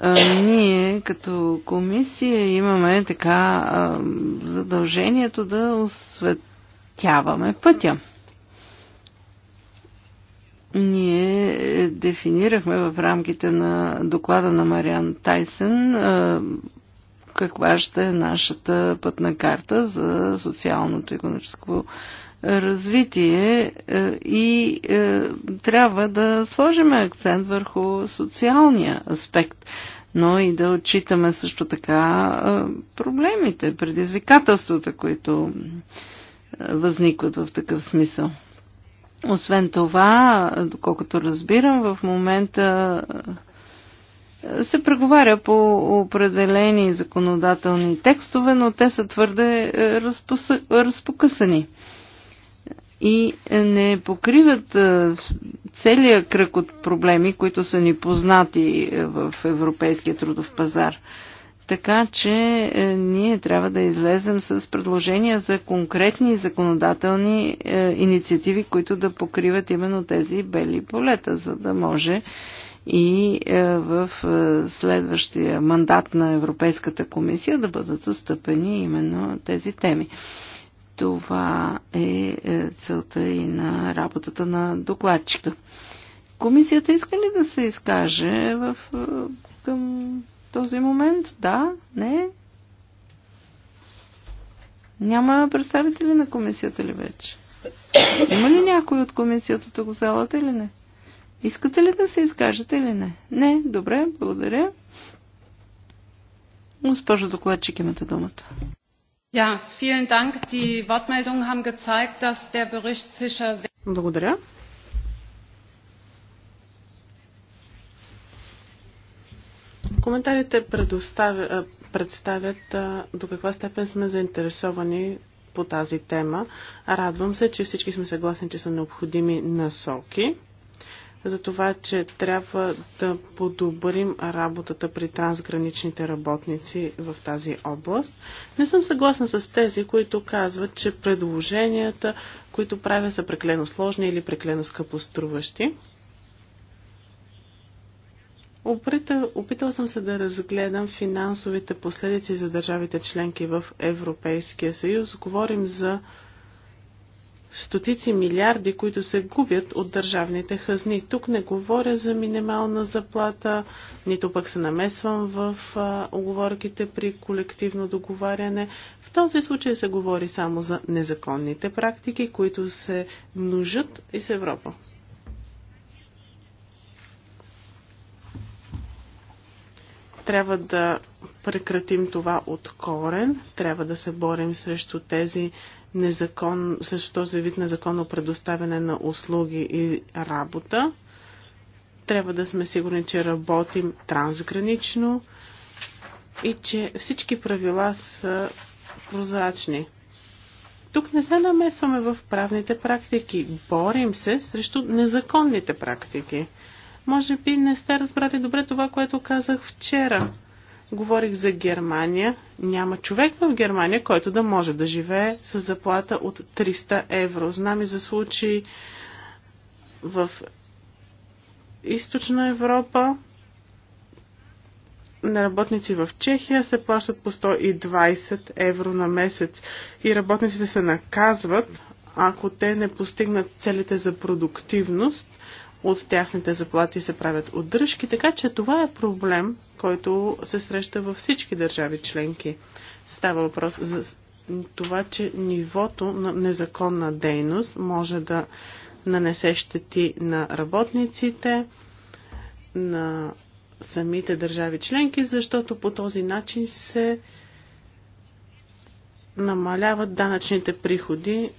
а, е, ние като комисия имаме така а, задължението да осветяваме пътя. Ние е, дефинирахме в рамките на доклада на Мариан Тайсен е, каква ще е нашата пътна карта за социалното и економическо развитие е, и трябва да сложим акцент върху социалния аспект, но и да отчитаме също така проблемите, предизвикателствата, които възникват в такъв смисъл. Освен това, доколкото разбирам, в момента е, се преговаря по определени законодателни текстове, но те са твърде е, разпокъсани и не покриват е, целия кръг от проблеми, които са ни познати в европейския трудов пазар. Така че е, ние трябва да излезем с предложения за конкретни законодателни е, инициативи, които да покриват именно тези бели полета, за да може и е, в е, следващия мандат на Европейската комисия да бъдат застъпени именно тези теми. Това е, е целта и на работата на докладчика. Комисията иска ли да се изкаже в, е, към този момент? Да? Не? Няма представители на комисията ли вече? Има ли някой от комисията тук в залата или не? Искате ли да се изкажете или не? Не, добре, благодаря. Госпожо докладчик, имате думата. Ja, vielen Dank. Die Wortmeldungen haben gezeigt, dass der Bericht sicher sehr... Благодаря. Коментарите представят а, до каква степен сме заинтересовани по тази тема. Радвам се, че всички сме съгласни, че са необходими насоки за това, че трябва да подобрим работата при трансграничните работници в тази област. Не съм съгласна с тези, които казват, че предложенията, които правя, са преклено сложни или преклено скъпоструващи. Опитал, опитал съм се да разгледам финансовите последици за държавите членки в Европейския съюз. Говорим за стотици милиарди, които се губят от държавните хазни. Тук не говоря за минимална заплата, нито пък се намесвам в а, оговорките при колективно договаряне. В този случай се говори само за незаконните практики, които се множат из Европа. Трябва да прекратим това от корен. Трябва да се борим срещу тези незакон, срещу този вид незаконно предоставяне на услуги и работа. Трябва да сме сигурни, че работим трансгранично и че всички правила са прозрачни. Тук не се намесваме в правните практики. Борим се срещу незаконните практики. Може би не сте разбрали добре това, което казах вчера. Говорих за Германия. Няма човек в Германия, който да може да живее с заплата от 300 евро. Знам и за случаи в източна Европа на работници в Чехия се плащат по 120 евро на месец и работниците се наказват, ако те не постигнат целите за продуктивност от тяхните заплати се правят отдръжки, така че това е проблем, който се среща във всички държави членки. Става въпрос за това, че нивото на незаконна дейност може да нанесе щети на работниците, на самите държави членки, защото по този начин се намаляват данъчните приходи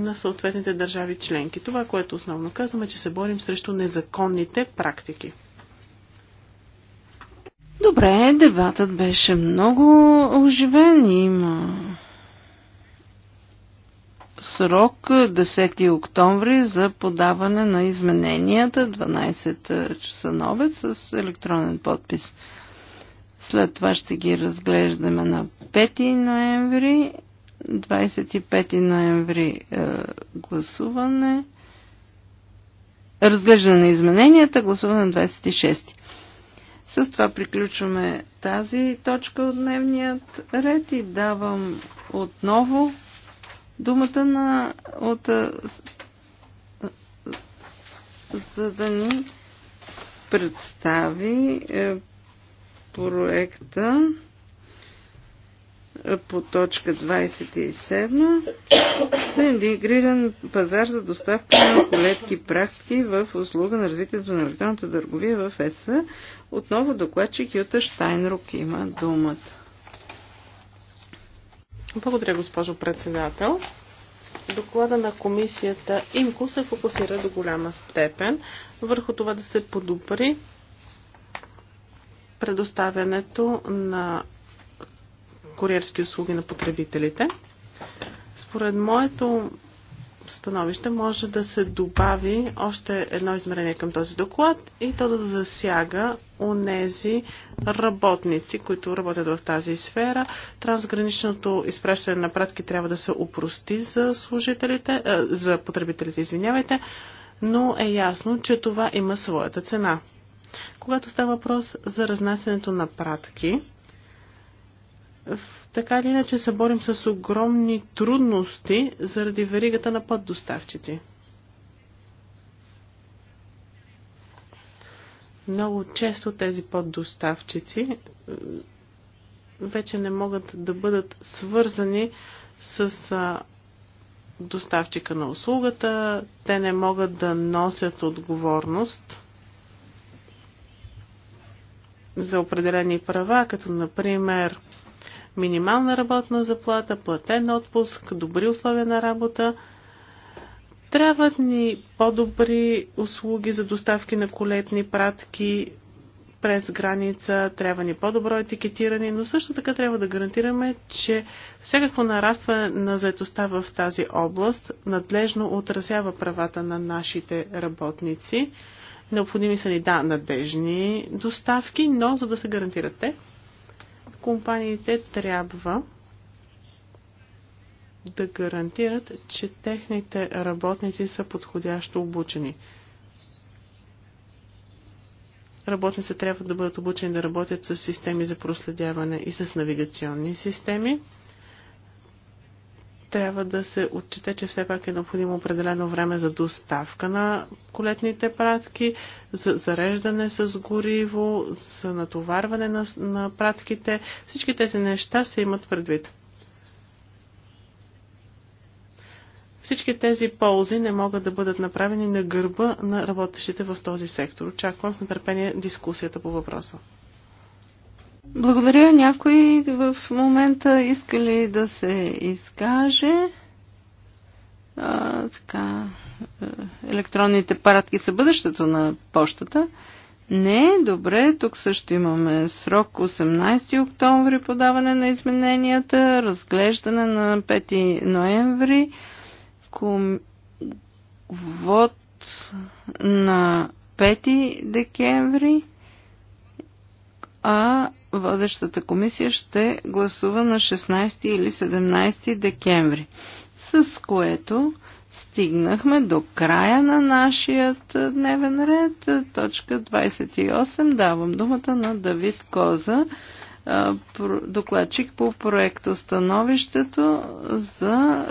на съответните държави членки. Това, което основно казваме, е, че се борим срещу незаконните практики. Добре, дебатът беше много оживен. Има срок 10 октомври за подаване на измененията 12 часа на обед с електронен подпис. След това ще ги разглеждаме на 5 ноември 25 ноември е, гласуване. Разглеждане на измененията, гласуване на 26. С това приключваме тази точка от дневният ред и давам отново думата на от, е, за да ни представи е, проекта по точка 27 са интегриран пазар за доставка на колетки практики в услуга на развитието на електронната търговия в ЕС. Отново докладчик Юта Штайнрук има думата. Благодаря, госпожо председател. Доклада на комисията ИМКО се фокусира до голяма степен върху това да се подобри предоставянето на куриерски услуги на потребителите. Според моето становище може да се добави още едно измерение към този доклад и то да засяга онези работници, които работят в тази сфера. Трансграничното изпращане на пратки трябва да се упрости за служителите, э, за потребителите, извинявайте, но е ясно, че това има своята цена. Когато става въпрос за разнасянето на пратки, така или иначе се борим с огромни трудности заради веригата на поддоставчици. Много често тези поддоставчици вече не могат да бъдат свързани с доставчика на услугата, те не могат да носят отговорност за определени права, като например минимална работна заплата, платен отпуск, добри условия на работа. Трябват ни по-добри услуги за доставки на колетни пратки през граница, трябва ни по-добро етикетиране, но също така трябва да гарантираме, че всякакво нарастване на заетостта в тази област надлежно отразява правата на нашите работници. Необходими са ни, да, надежни доставки, но за да се гарантират те, компаниите трябва да гарантират, че техните работници са подходящо обучени. Работници трябва да бъдат обучени да работят с системи за проследяване и с навигационни системи трябва да се отчете, че все пак е необходимо определено време за доставка на колетните пратки, за зареждане с гориво, за натоварване на, на пратките. Всички тези неща се имат предвид. Всички тези ползи не могат да бъдат направени на гърба на работещите в този сектор. Очаквам с нетърпение дискусията по въпроса. Благодаря. Някой в момента иска ли да се изкаже? А, така, е, електронните паратки са бъдещето на почтата. Не, добре, тук също имаме срок 18 октомври подаване на измененията, разглеждане на 5 ноември, ком... вод на 5 декември, а водещата комисия ще гласува на 16 или 17 декември, с което стигнахме до края на нашият дневен ред. Точка 28. Давам думата на Давид Коза, докладчик по проекто Становището за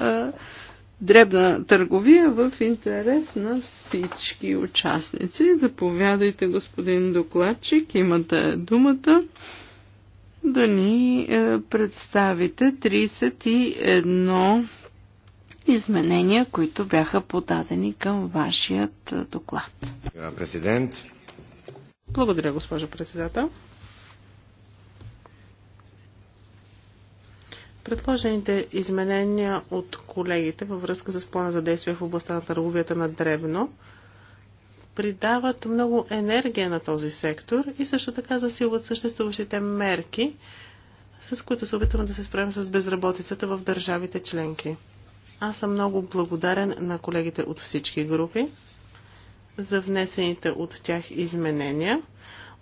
дребна търговия в интерес на всички участници. Заповядайте, господин докладчик, имате думата да ни е, представите 31 изменения, които бяха подадени към вашият е, доклад. Президент. Благодаря, госпожо председател. Предложените изменения от колегите във връзка с плана за действие в областта на търговията на Древно придават много енергия на този сектор и също така засилват съществуващите мерки, с които се опитваме да се справим с безработицата в държавите членки. Аз съм много благодарен на колегите от всички групи за внесените от тях изменения.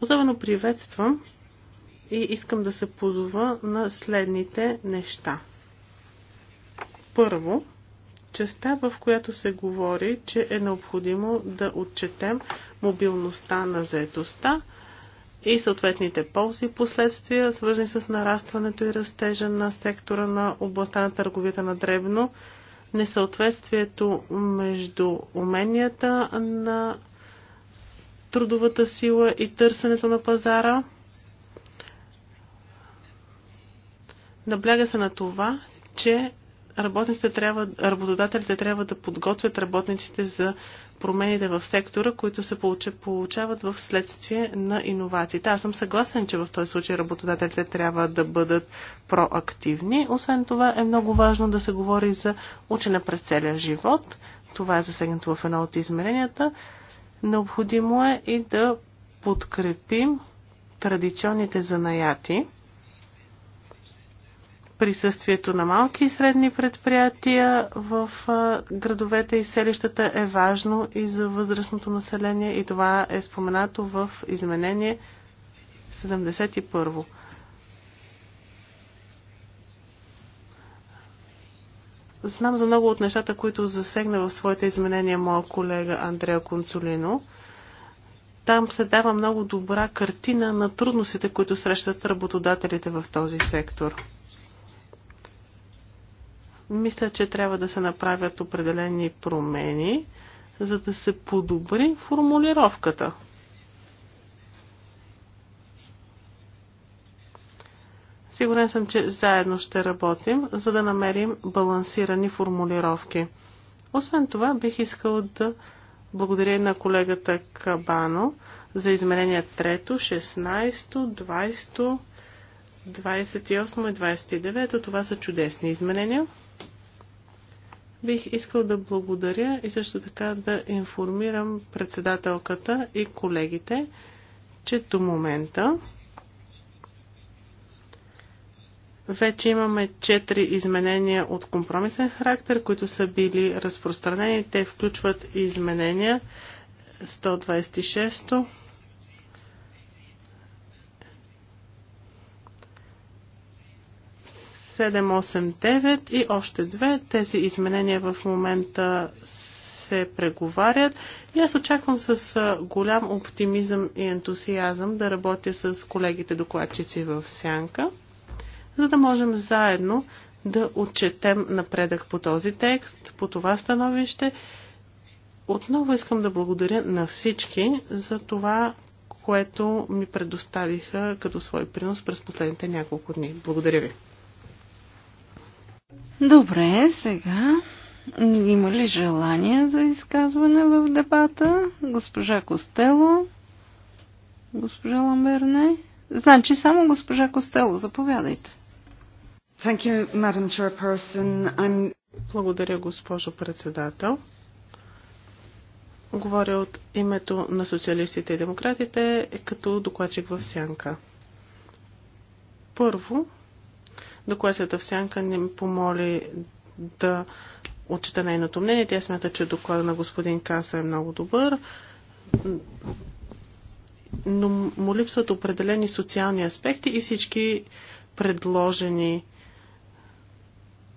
Особено приветствам и искам да се позова на следните неща. Първо, частта, в която се говори, че е необходимо да отчетем мобилността на заетостта и съответните ползи и последствия, свързани с нарастването и растежа на сектора на областта на търговията на дребно, несъответствието между уменията на трудовата сила и търсенето на пазара. Набляга се на това, че работниците трябва, работодателите трябва да подготвят работниците за промените в сектора, които се получават в следствие на иновациите. Аз съм съгласен, че в този случай работодателите трябва да бъдат проактивни. Освен това е много важно да се говори за учене през целия живот. Това е засегнато в едно от измеренията. Необходимо е и да подкрепим традиционните занаяти, присъствието на малки и средни предприятия в градовете и селищата е важно и за възрастното население и това е споменато в изменение 71. Знам за много от нещата, които засегна в своите изменения моя колега Андрея Концулино. Там се дава много добра картина на трудностите, които срещат работодателите в този сектор. Мисля, че трябва да се направят определени промени, за да се подобри формулировката. Сигурен съм, че заедно ще работим, за да намерим балансирани формулировки. Освен това, бих искал да благодаря на колегата Кабано за измерения 3, 16, 20, 28 и 29. Това са чудесни изменения. Бих искал да благодаря и също така да информирам председателката и колегите, че до момента вече имаме четири изменения от компромисен характер, които са били разпространени. Те включват изменения 126, 7, 8, 9 и още две. Тези изменения в момента се преговарят и аз очаквам с голям оптимизъм и ентусиазъм да работя с колегите докладчици в Сянка, за да можем заедно да отчетем напредък по този текст, по това становище. Отново искам да благодаря на всички за това, което ми предоставиха като свой принос през последните няколко дни. Благодаря ви. Добре, сега има ли желание за изказване в дебата? Госпожа Костело? Госпожа Ламберне? Значи само госпожа Костело, заповядайте. Thank you, Madam Chairperson. I'm... Благодаря, госпожо председател. Говоря от името на социалистите и демократите като докладчик в сянка. Първо, Докладчата в сянка не помоли да отчита нейното мнение. Тя смята, че доклада на господин Каса е много добър, но му липсват определени социални аспекти и всички предложени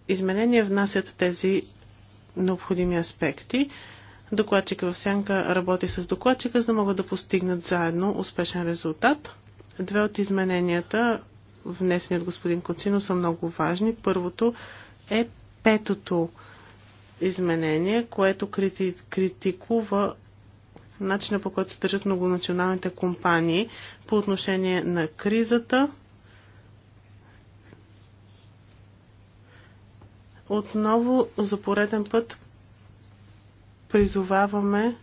изменения внасят тези необходими аспекти. Докладчик в сянка работи с докладчика, за да могат да постигнат заедно успешен резултат. Две от измененията внесени от господин Коцино, са много важни. Първото е петото изменение, което крити, критикува начина по който се държат многонационалните компании по отношение на кризата. Отново за пореден път призоваваме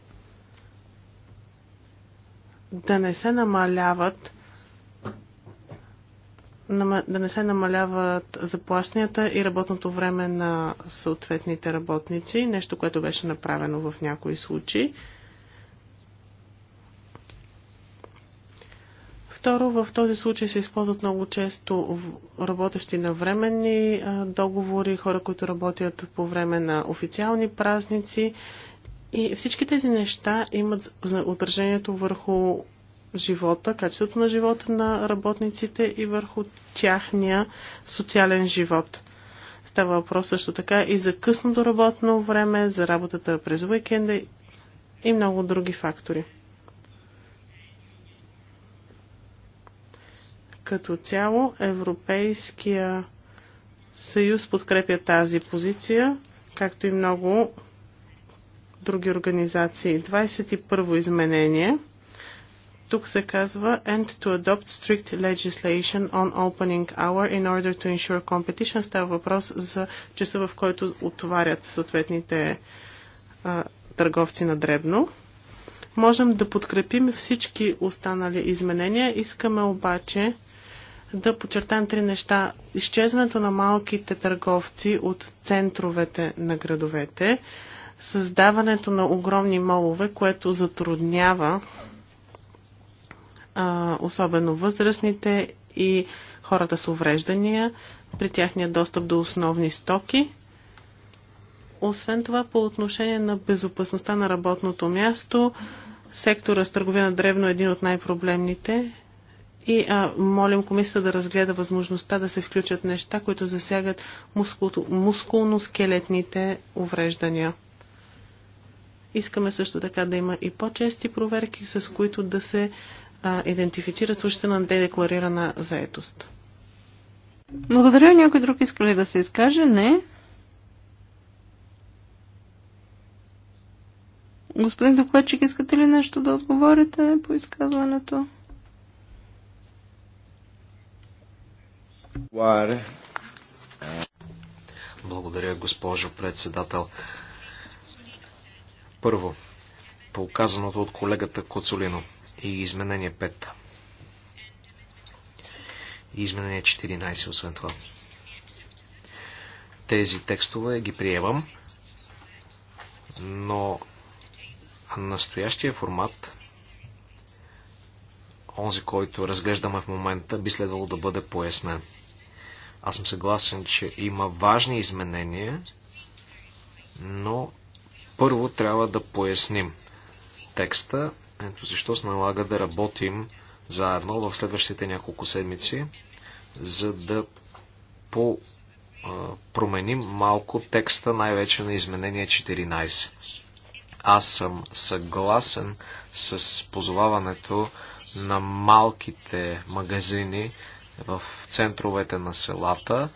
да не се намаляват да не се намаляват заплащанията и работното време на съответните работници, нещо, което беше направено в някои случаи. Второ, в този случай се използват много често работещи на временни договори, хора, които работят по време на официални празници. И всички тези неща имат отражението върху живота, качеството на живота на работниците и върху тяхния социален живот. Става въпрос също така и за късното работно време, за работата през уикенда и много други фактори. Като цяло Европейския съюз подкрепя тази позиция, както и много други организации. 21 изменение – тук се казва and to adopt strict legislation on opening hour in order to ensure competition. Става въпрос за часа, в който отварят съответните а, търговци на дребно. Можем да подкрепим всички останали изменения. Искаме обаче да подчертаем три неща. Изчезването на малките търговци от центровете на градовете, създаването на огромни молове, което затруднява особено възрастните и хората с увреждания, при тяхния достъп до основни стоки. Освен това, по отношение на безопасността на работното място, сектора с търговия на древно е един от най-проблемните и а, молим комисията да разгледа възможността да се включат неща, които засягат мускулно-скелетните увреждания. Искаме също така да има и по-чести проверки, с които да се а, идентифицират случаите на недекларирана заетост. Благодаря. Някой друг иска ли да се изкаже? Не. Господин докладчик, искате ли нещо да отговорите по изказването? Благодаря, госпожо председател. Първо, по казаното от колегата Коцолино и изменение 5. И изменение 14, освен това. Тези текстове ги приемам, но настоящия формат, онзи, който разглеждаме в момента, би следвало да бъде пояснен. Аз съм съгласен, че има важни изменения, но първо трябва да поясним текста ето защо се налага да работим заедно в следващите няколко седмици, за да по, променим малко текста, най-вече на изменение 14. Аз съм съгласен с позоваването на малките магазини в центровете на селата.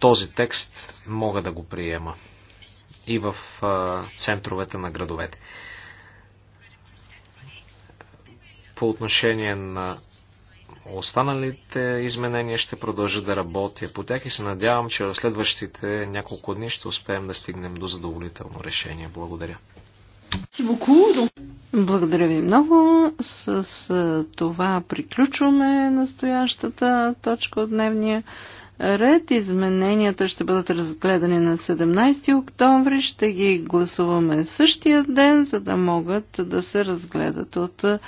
Този текст мога да го приема и в центровете на градовете. По отношение на останалите изменения ще продължа да работя по тях и се надявам, че в следващите няколко дни ще успеем да стигнем до задоволително решение. Благодаря. Благодаря ви много. С това приключваме настоящата точка от дневния ред. Измененията ще бъдат разгледани на 17 октомври. Ще ги гласуваме същия ден, за да могат да се разгледат от е,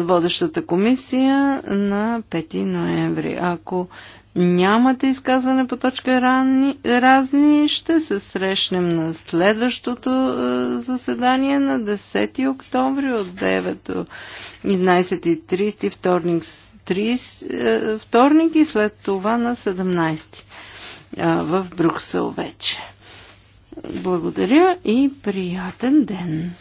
водещата комисия на 5 ноември. Ако нямате изказване по точка ранни, разни, ще се срещнем на следващото е, заседание на 10 октомври от 9 до 11.30 вторник 30, е, вторник и след това на 17 е, в Брюксел вече. Благодаря и приятен ден!